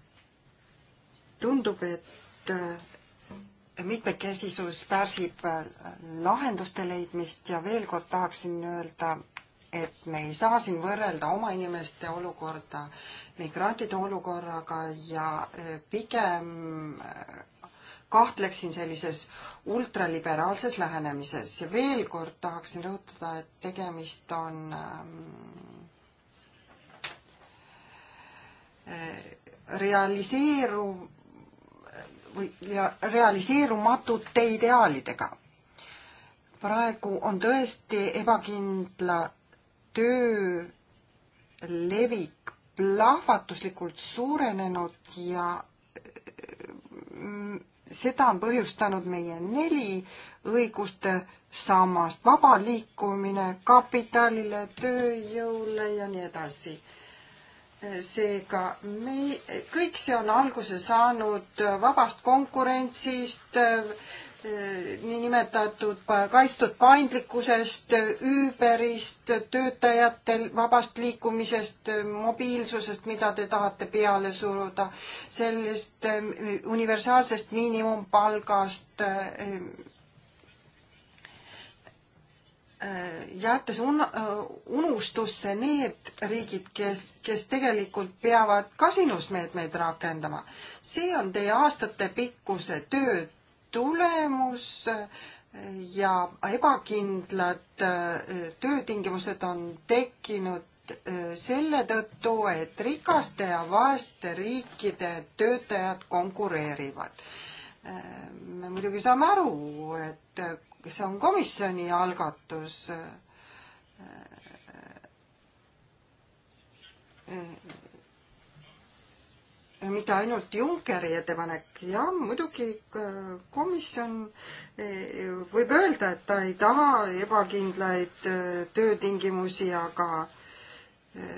tundub, et eh, mitmekesisus pärsib lahenduste leidmist ja veel kord tahaksin öelda, et me ei saa siin võrrelda oma inimeste olukorda migrantide olukorraga ja eh, pigem eh, kahtleksin sellises ultraliberaalses lähenemises ja veel kord tahaksin rõhutada, et tegemist on ehm, eh, realiseeru või realiseerumatute ideaalidega. praegu on tõesti ebakindla töö levik plahvatuslikult suurenenud ja mm, seda on põhjustanud meie neli õiguste sammast, vaba liikumine kapitalile, tööjõule ja nii edasi. seega me, kõik see on alguse saanud vabast konkurentsist, Eh, niinimetatud kaitstud paindlikkusest, Uberist, töötajatel vabast liikumisest, mobiilsusest, mida te tahate peale suruda, sellest eh, universaalsest miinimumpalgast. Eh, jättes un-, unustusse need riigid, kes, kes tegelikult peavad kasinusmeetmeid rakendama. see on teie aastatepikkuse töö tulemus ja ebakindlad äh, töötingimused on tekkinud äh, selle tõttu, et rikaste ja vaeste riikide töötajad konkureerivad. Äh, me muidugi saame aru, et see on komisjoni algatus mitte ainult Junckeri ettepanek, jah, muidugi komisjon e, võib öelda, et ta ei taha ebakindlaid e, töötingimusi, aga e,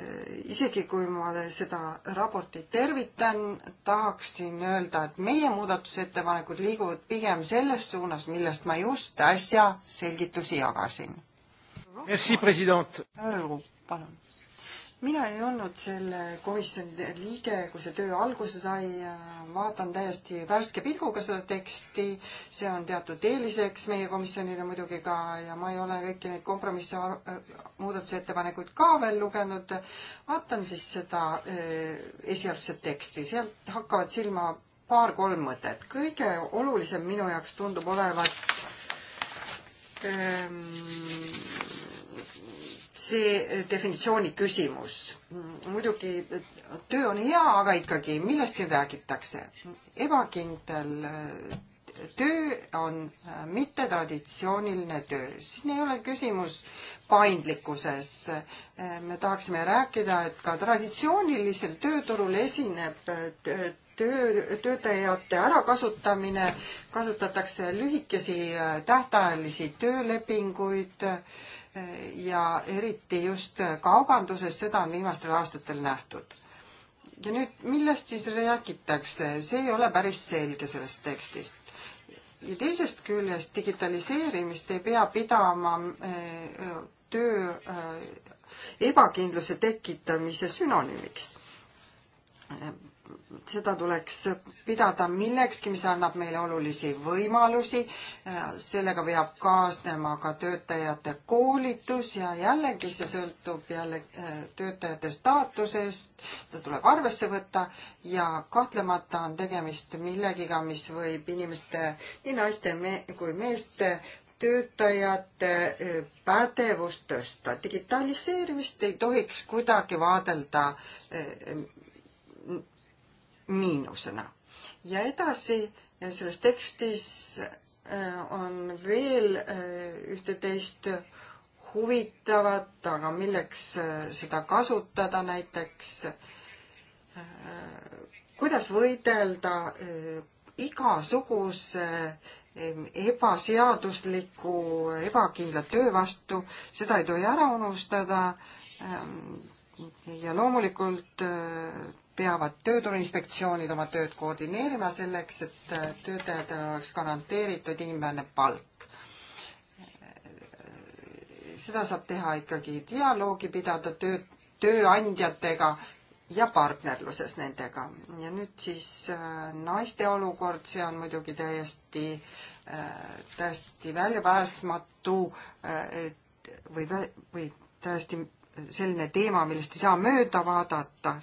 isegi kui ma seda raportit tervitan, tahaksin öelda, et meie muudatusettepanekud liiguvad pigem selles suunas, millest ma just äsja selgitusi jagasin. palun mina ei olnud selle komisjoni liige, kui see töö alguse sai, vaatan täiesti värske pilguga seda teksti, see on teatud eeliseks meie komisjonile muidugi ka ja ma ei ole kõiki neid kompromisse, äh, muudatusettepanekuid ka veel lugenud. vaatan siis seda äh, esialgset teksti, sealt hakkavad silma paar-kolm mõtet. kõige olulisem minu jaoks tundub olevat ähm, see eh, definitsiooni küsimus. muidugi eh, töö on hea, aga ikkagi, millest siin räägitakse? ebakindel eh, töö on mittetraditsiooniline töö. siin ei ole küsimus paindlikkuses. me tahaksime rääkida, et ka traditsioonilisel tööturul esineb töö, töötajate ärakasutamine, kasutatakse lühikesi tähtajalisi töölepinguid ja eriti just kaubanduses, seda on viimastel aastatel nähtud. ja nüüd, millest siis räägitakse, see ei ole päris selge sellest tekstist. ja teisest küljest digitaliseerimist ei pea pidama eh, töö eh, ebakindluse tekitamise sünonüümiks seda tuleks pidada millekski, mis annab meile olulisi võimalusi. sellega peab kaasnema ka töötajate koolitus ja jällegi see sõltub jälle eh, töötajate staatusest, seda tuleb arvesse võtta ja kahtlemata on tegemist millegiga, mis võib inimeste, nii naiste kui meeste töötajate eh, pädevust tõsta. digitaliseerimist ei tohiks kuidagi vaadelda eh, miinusena. ja edasi selles tekstis äh, on veel äh, ühte-teist huvitavat, aga milleks äh, seda kasutada näiteks, kuidas võidelda igasuguse ebaseadusliku, ebakindla töö vastu, seda ei tohi ära unustada. Ähm, ja loomulikult peavad tööturuinspektsioonid oma tööd koordineerima selleks, et äh, töötajatel oleks garanteeritud inimväärne palk. seda saab teha ikkagi dialoogi pidada töö, tööandjatega ja partnerluses nendega. ja nüüd siis äh, naiste olukord, see on muidugi täiesti, äh, täiesti väljapääsmatu või, või täiesti selline teema, millest ei saa mööda vaadata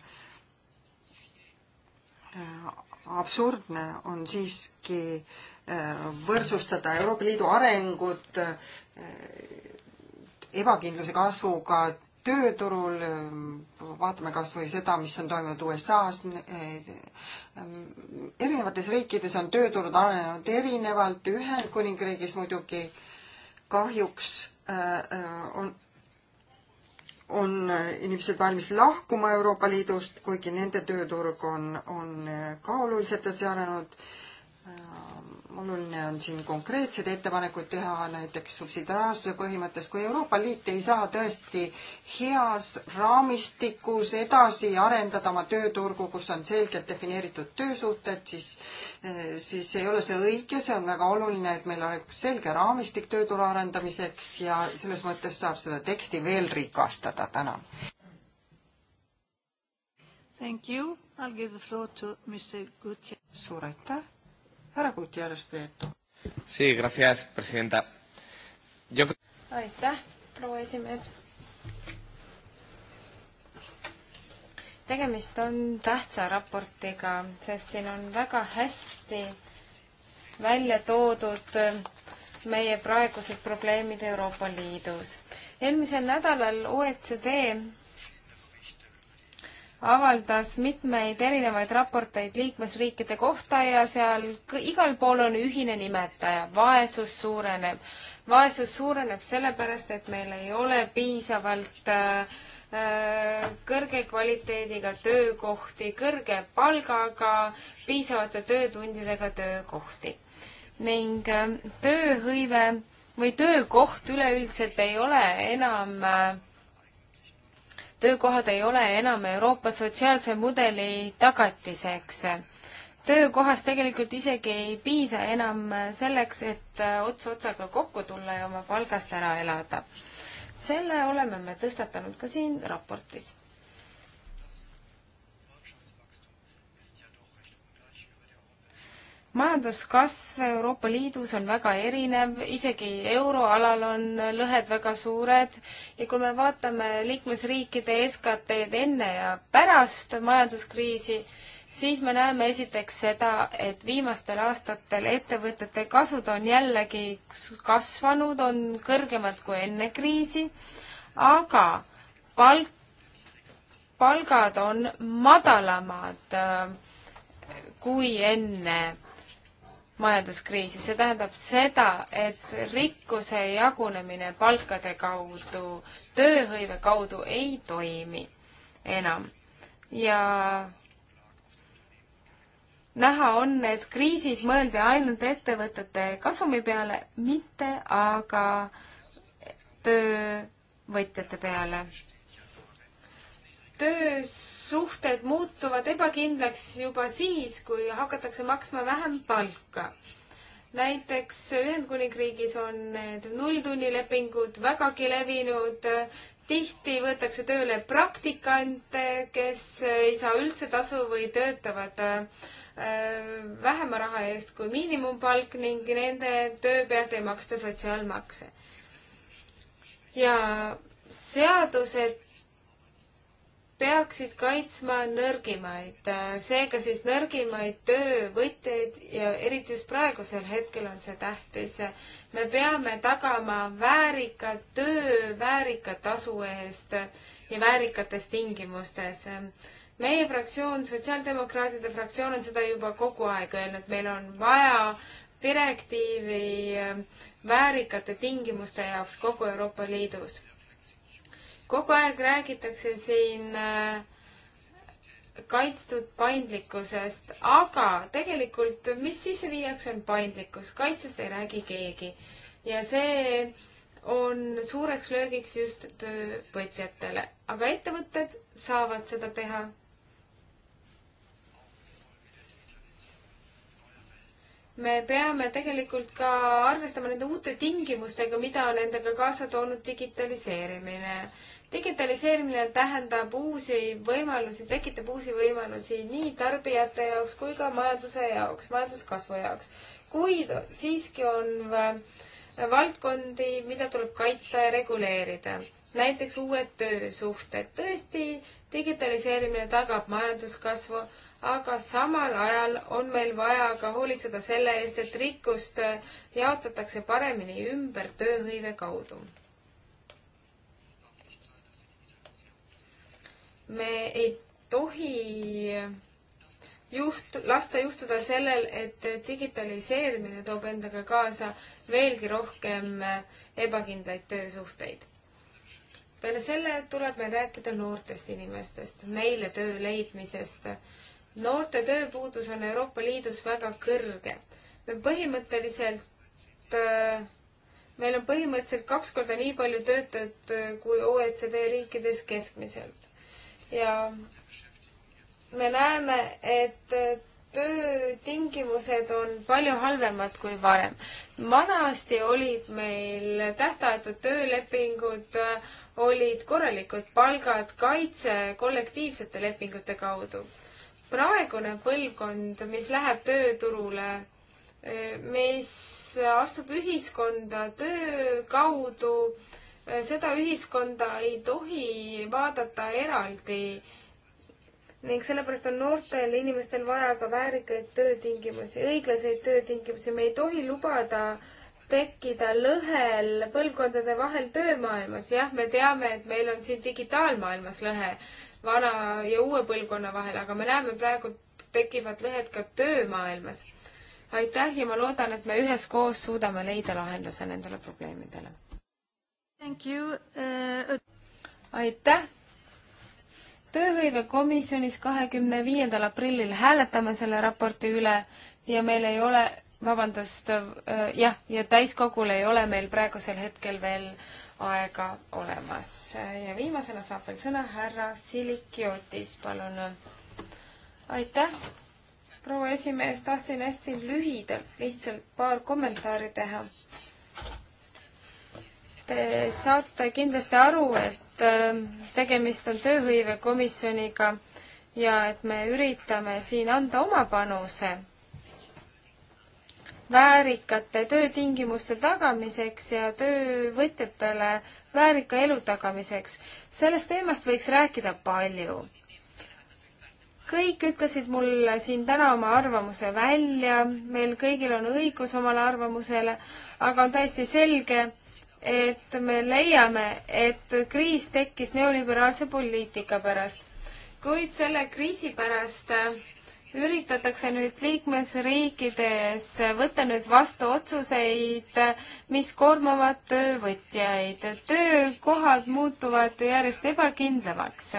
Äh, absurdne on siiski äh, võrdsustada Euroopa Liidu arengut äh, ebakindluse kasvuga tööturul, vaatame kas või seda, mis on toimunud USA-s, erinevates riikides on tööturud arenenud erinevalt, Ühendkuningriigis muidugi kahjuks on on inimesed valmis lahkuma Euroopa Liidust, kuigi nende tööturg on, on ka oluliselt edasi arenenud oluline on äh, siin konkreetseid ettepanekuid teha, näiteks subsidiaarsuse põhimõttes, kui Euroopa Liit ei saa tõesti heas raamistikus edasi arendada oma tööturgu, kus on selgelt defineeritud töösuhted, siis, äh, siis ei ole see õige, see on väga oluline, et meil oleks selge raamistik tööturu arendamiseks ja selles mõttes saab seda teksti veel rikastada, tänan. Thank you, I will give the floor to Mr Gutierrez. suur aitäh härra Gutierrez Prieto. Sí, gracias, presidenta. Yo... aitäh, proua esimees. tegemist on tähtsa raportiga, sest siin on väga hästi välja toodud meie praegused probleemid Euroopa Liidus. eelmisel nädalal OECD avaldas mitmeid erinevaid raporteid liikmesriikide kohta ja seal igal pool on ühine nimetaja, vaesus suureneb. vaesus suureneb sellepärast, et meil ei ole piisavalt äh, äh, kõrge kvaliteediga töökohti, kõrge palgaga, piisavate töötundidega töökohti. ning äh, tööhõive või töökoht üleüldiselt ei ole enam äh, töökohad ei ole enam Euroopa sotsiaalse mudeli tagatiseks. töökohas tegelikult isegi ei piisa enam selleks, et ots otsaga kokku tulla ja oma palgast ära elada. selle oleme me tõstatanud ka siin raportis majanduskasv Euroopa Liidus on väga erinev, isegi euroalal on lõhed väga suured ja kui me vaatame liikmesriikide SKT-d enne ja pärast majanduskriisi, siis me näeme esiteks seda, et viimastel aastatel ettevõtete kasud on jällegi kasvanud, on kõrgemad kui enne kriisi, aga palk, palgad on madalamad äh, kui enne majanduskriisi. see tähendab seda, et rikkuse jagunemine palkade kaudu, tööhõive kaudu ei toimi enam. ja näha on, et kriisis mõeldi ainult ettevõtete kasumi peale, mitte aga töövõtjate peale töösuhted muutuvad ebakindlaks juba siis, kui hakatakse maksma vähem palka. näiteks Ühendkuningriigis on need nulltunnilepingud vägagi levinud, tihti võetakse tööle praktikante, kes ei saa üldse tasu või töötavad äh, vähema raha eest kui miinimumpalk ning nende töö pealt ei maksta sotsiaalmakse. ja seadused peaksid kaitsma nõrgimaid, seega siis nõrgimaid töövõtjaid ja eriti just praegusel hetkel on see tähtis. me peame tagama väärika töö väärika tasu eest ja väärikates tingimustes. meie fraktsioon, Sotsiaaldemokraatide fraktsioon on seda juba kogu aeg öelnud, meil on vaja direktiivi väärikate tingimuste jaoks kogu Euroopa Liidus kogu aeg räägitakse siin äh, kaitstud paindlikkusest, aga tegelikult, mis sisse viiakse, on paindlikkus, kaitsest ei räägi keegi. ja see on suureks löögiks just töövõtjatele, aga ettevõtted saavad seda teha. me peame tegelikult ka arvestama nende uute tingimustega, mida on endaga kaasa toonud digitaliseerimine digitaliseerimine tähendab uusi võimalusi, tekitab uusi võimalusi nii tarbijate jaoks kui ka majanduse jaoks, majanduskasvu jaoks. kuid siiski on valdkondi, mida tuleb kaitsta ja reguleerida. näiteks uued töösuhted. tõesti, digitaliseerimine tagab majanduskasvu, aga samal ajal on meil vaja ka hoolitseda selle eest, et rikkust jaotatakse paremini ümber tööhõive kaudu me ei tohi juht, lasta juhtuda sellel, et digitaliseerimine toob endaga kaasa veelgi rohkem ebakindlaid töösuhteid. peale selle tuleb meil rääkida noortest inimestest, neile töö leidmisest. noorte tööpuudus on Euroopa Liidus väga kõrge. me põhimõtteliselt, meil on põhimõtteliselt kaks korda nii palju töötajaid kui OECD riikides keskmiselt ja me näeme, et töötingimused on palju halvemad kui varem. vanasti olid meil tähtajatud töölepingud, olid korralikud palgad, kaitse kollektiivsete lepingute kaudu. praegune põlvkond, mis läheb tööturule, eh, mis astub ühiskonda töö kaudu, seda ühiskonda ei tohi vaadata eraldi ning sellepärast on noortel inimestel vaja ka väärikaid töötingimusi, õiglaseid töötingimusi, me ei tohi lubada tekkida lõhel põlvkondade vahel töömaailmas, jah, me teame, et meil on siin digitaalmaailmas lõhe vana ja uue põlvkonna vahel, aga me näeme praegu tekivad lõhed ka töömaailmas. aitäh ja ma loodan, et me üheskoos suudame leida lahenduse nendele probleemidele Uh, aitäh! tööhõivekomisjonis kahekümne viiendal aprillil hääletame selle raporti üle ja meil ei ole, vabandust äh,, jah, ja täiskogul ei ole meil praegusel hetkel veel aega olemas. ja viimasena saab veel sõna härra Silikiotis, palun. aitäh, proua esimees, tahtsin hästi lühidalt lihtsalt paar kommentaari teha Te saate kindlasti aru, et ähm, tegemist on tööhõivekomisjoniga ja et me üritame siin anda oma panuse väärikate töötingimuste tagamiseks ja töövõtjatele väärika elu tagamiseks. sellest teemast võiks rääkida palju. kõik ütlesid mulle siin täna oma arvamuse välja, meil kõigil on õigus omale arvamusele, aga on täiesti selge, et me leiame, et kriis tekkis neoliberaalse poliitika pärast. kuid selle kriisi pärast äh, üritatakse nüüd liikmesriikides äh, võtta nüüd vastu otsuseid, äh, mis koormavad töövõtjaid. töökohad muutuvad järjest ebakindlamaks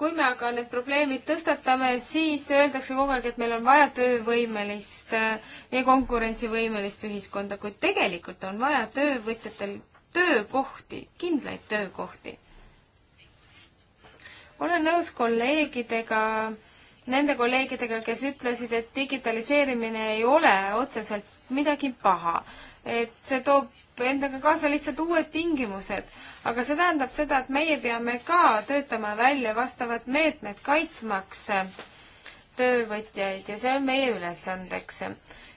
kui me aga need probleemid tõstatame, siis öeldakse kogu aeg, et meil on vaja töövõimelist eh, ja konkurentsivõimelist ühiskonda, kuid tegelikult on vaja töövõtjatel töökohti, kindlaid töökohti. olen nõus kolleegidega, nende kolleegidega, kes ütlesid, et digitaliseerimine ei ole otseselt midagi paha, et see toob endaga kaasa lihtsalt uued tingimused. aga see tähendab seda, et meie peame ka töötama välja vastavad meetmed kaitsmaks töövõtjaid ja see on meie ülesandeks.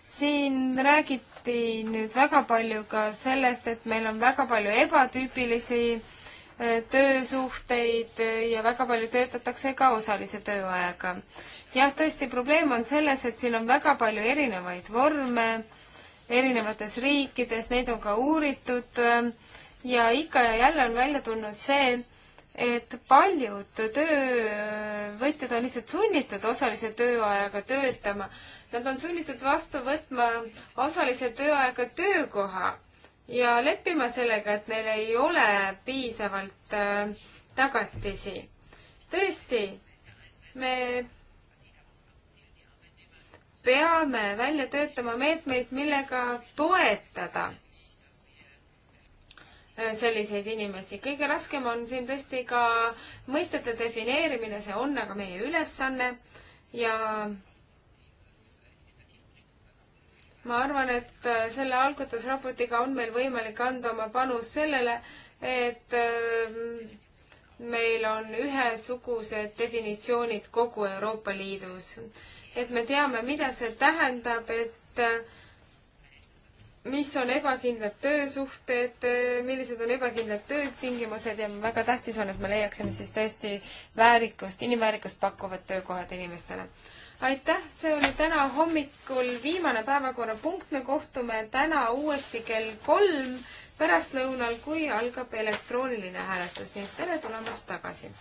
siin räägiti nüüd väga palju ka sellest, et meil on väga palju ebatüüpilisi äh, töösuhteid ja väga palju töötatakse ka osalise tööajaga. jah, tõesti, probleem on selles, et siin on väga palju erinevaid vorme erinevates riikides, neid on ka uuritud ähm, ja ikka ja jälle on välja tulnud see, et paljud töövõtjad on lihtsalt sunnitud osalise tööajaga töötama. Nad on sunnitud vastu võtma osalise tööajaga töökoha ja leppima sellega, et neil ei ole piisavalt äh, tagatisi. tõesti, me peame välja töötama meetmeid, millega toetada äh, selliseid inimesi. kõige raskem on siin tõesti ka mõistete defineerimine, see on aga meie ülesanne ja ma arvan, et äh, selle algatusraportiga on meil võimalik anda oma panus sellele, et äh, meil on ühesugused definitsioonid kogu Euroopa Liidus et me teame, mida see tähendab, et äh, mis on ebakindlad töösuhted, äh, millised on ebakindlad töötingimused ja väga tähtis on, et me leiaksime siis tõesti väärikust, inimväärikust pakkuvad töökohad inimestele. aitäh, see oli täna hommikul viimane päevakorrapunkt, me kohtume täna uuesti kell kolm pärastlõunal, kui algab elektrooniline hääletus, nii et tere tulemast tagasi!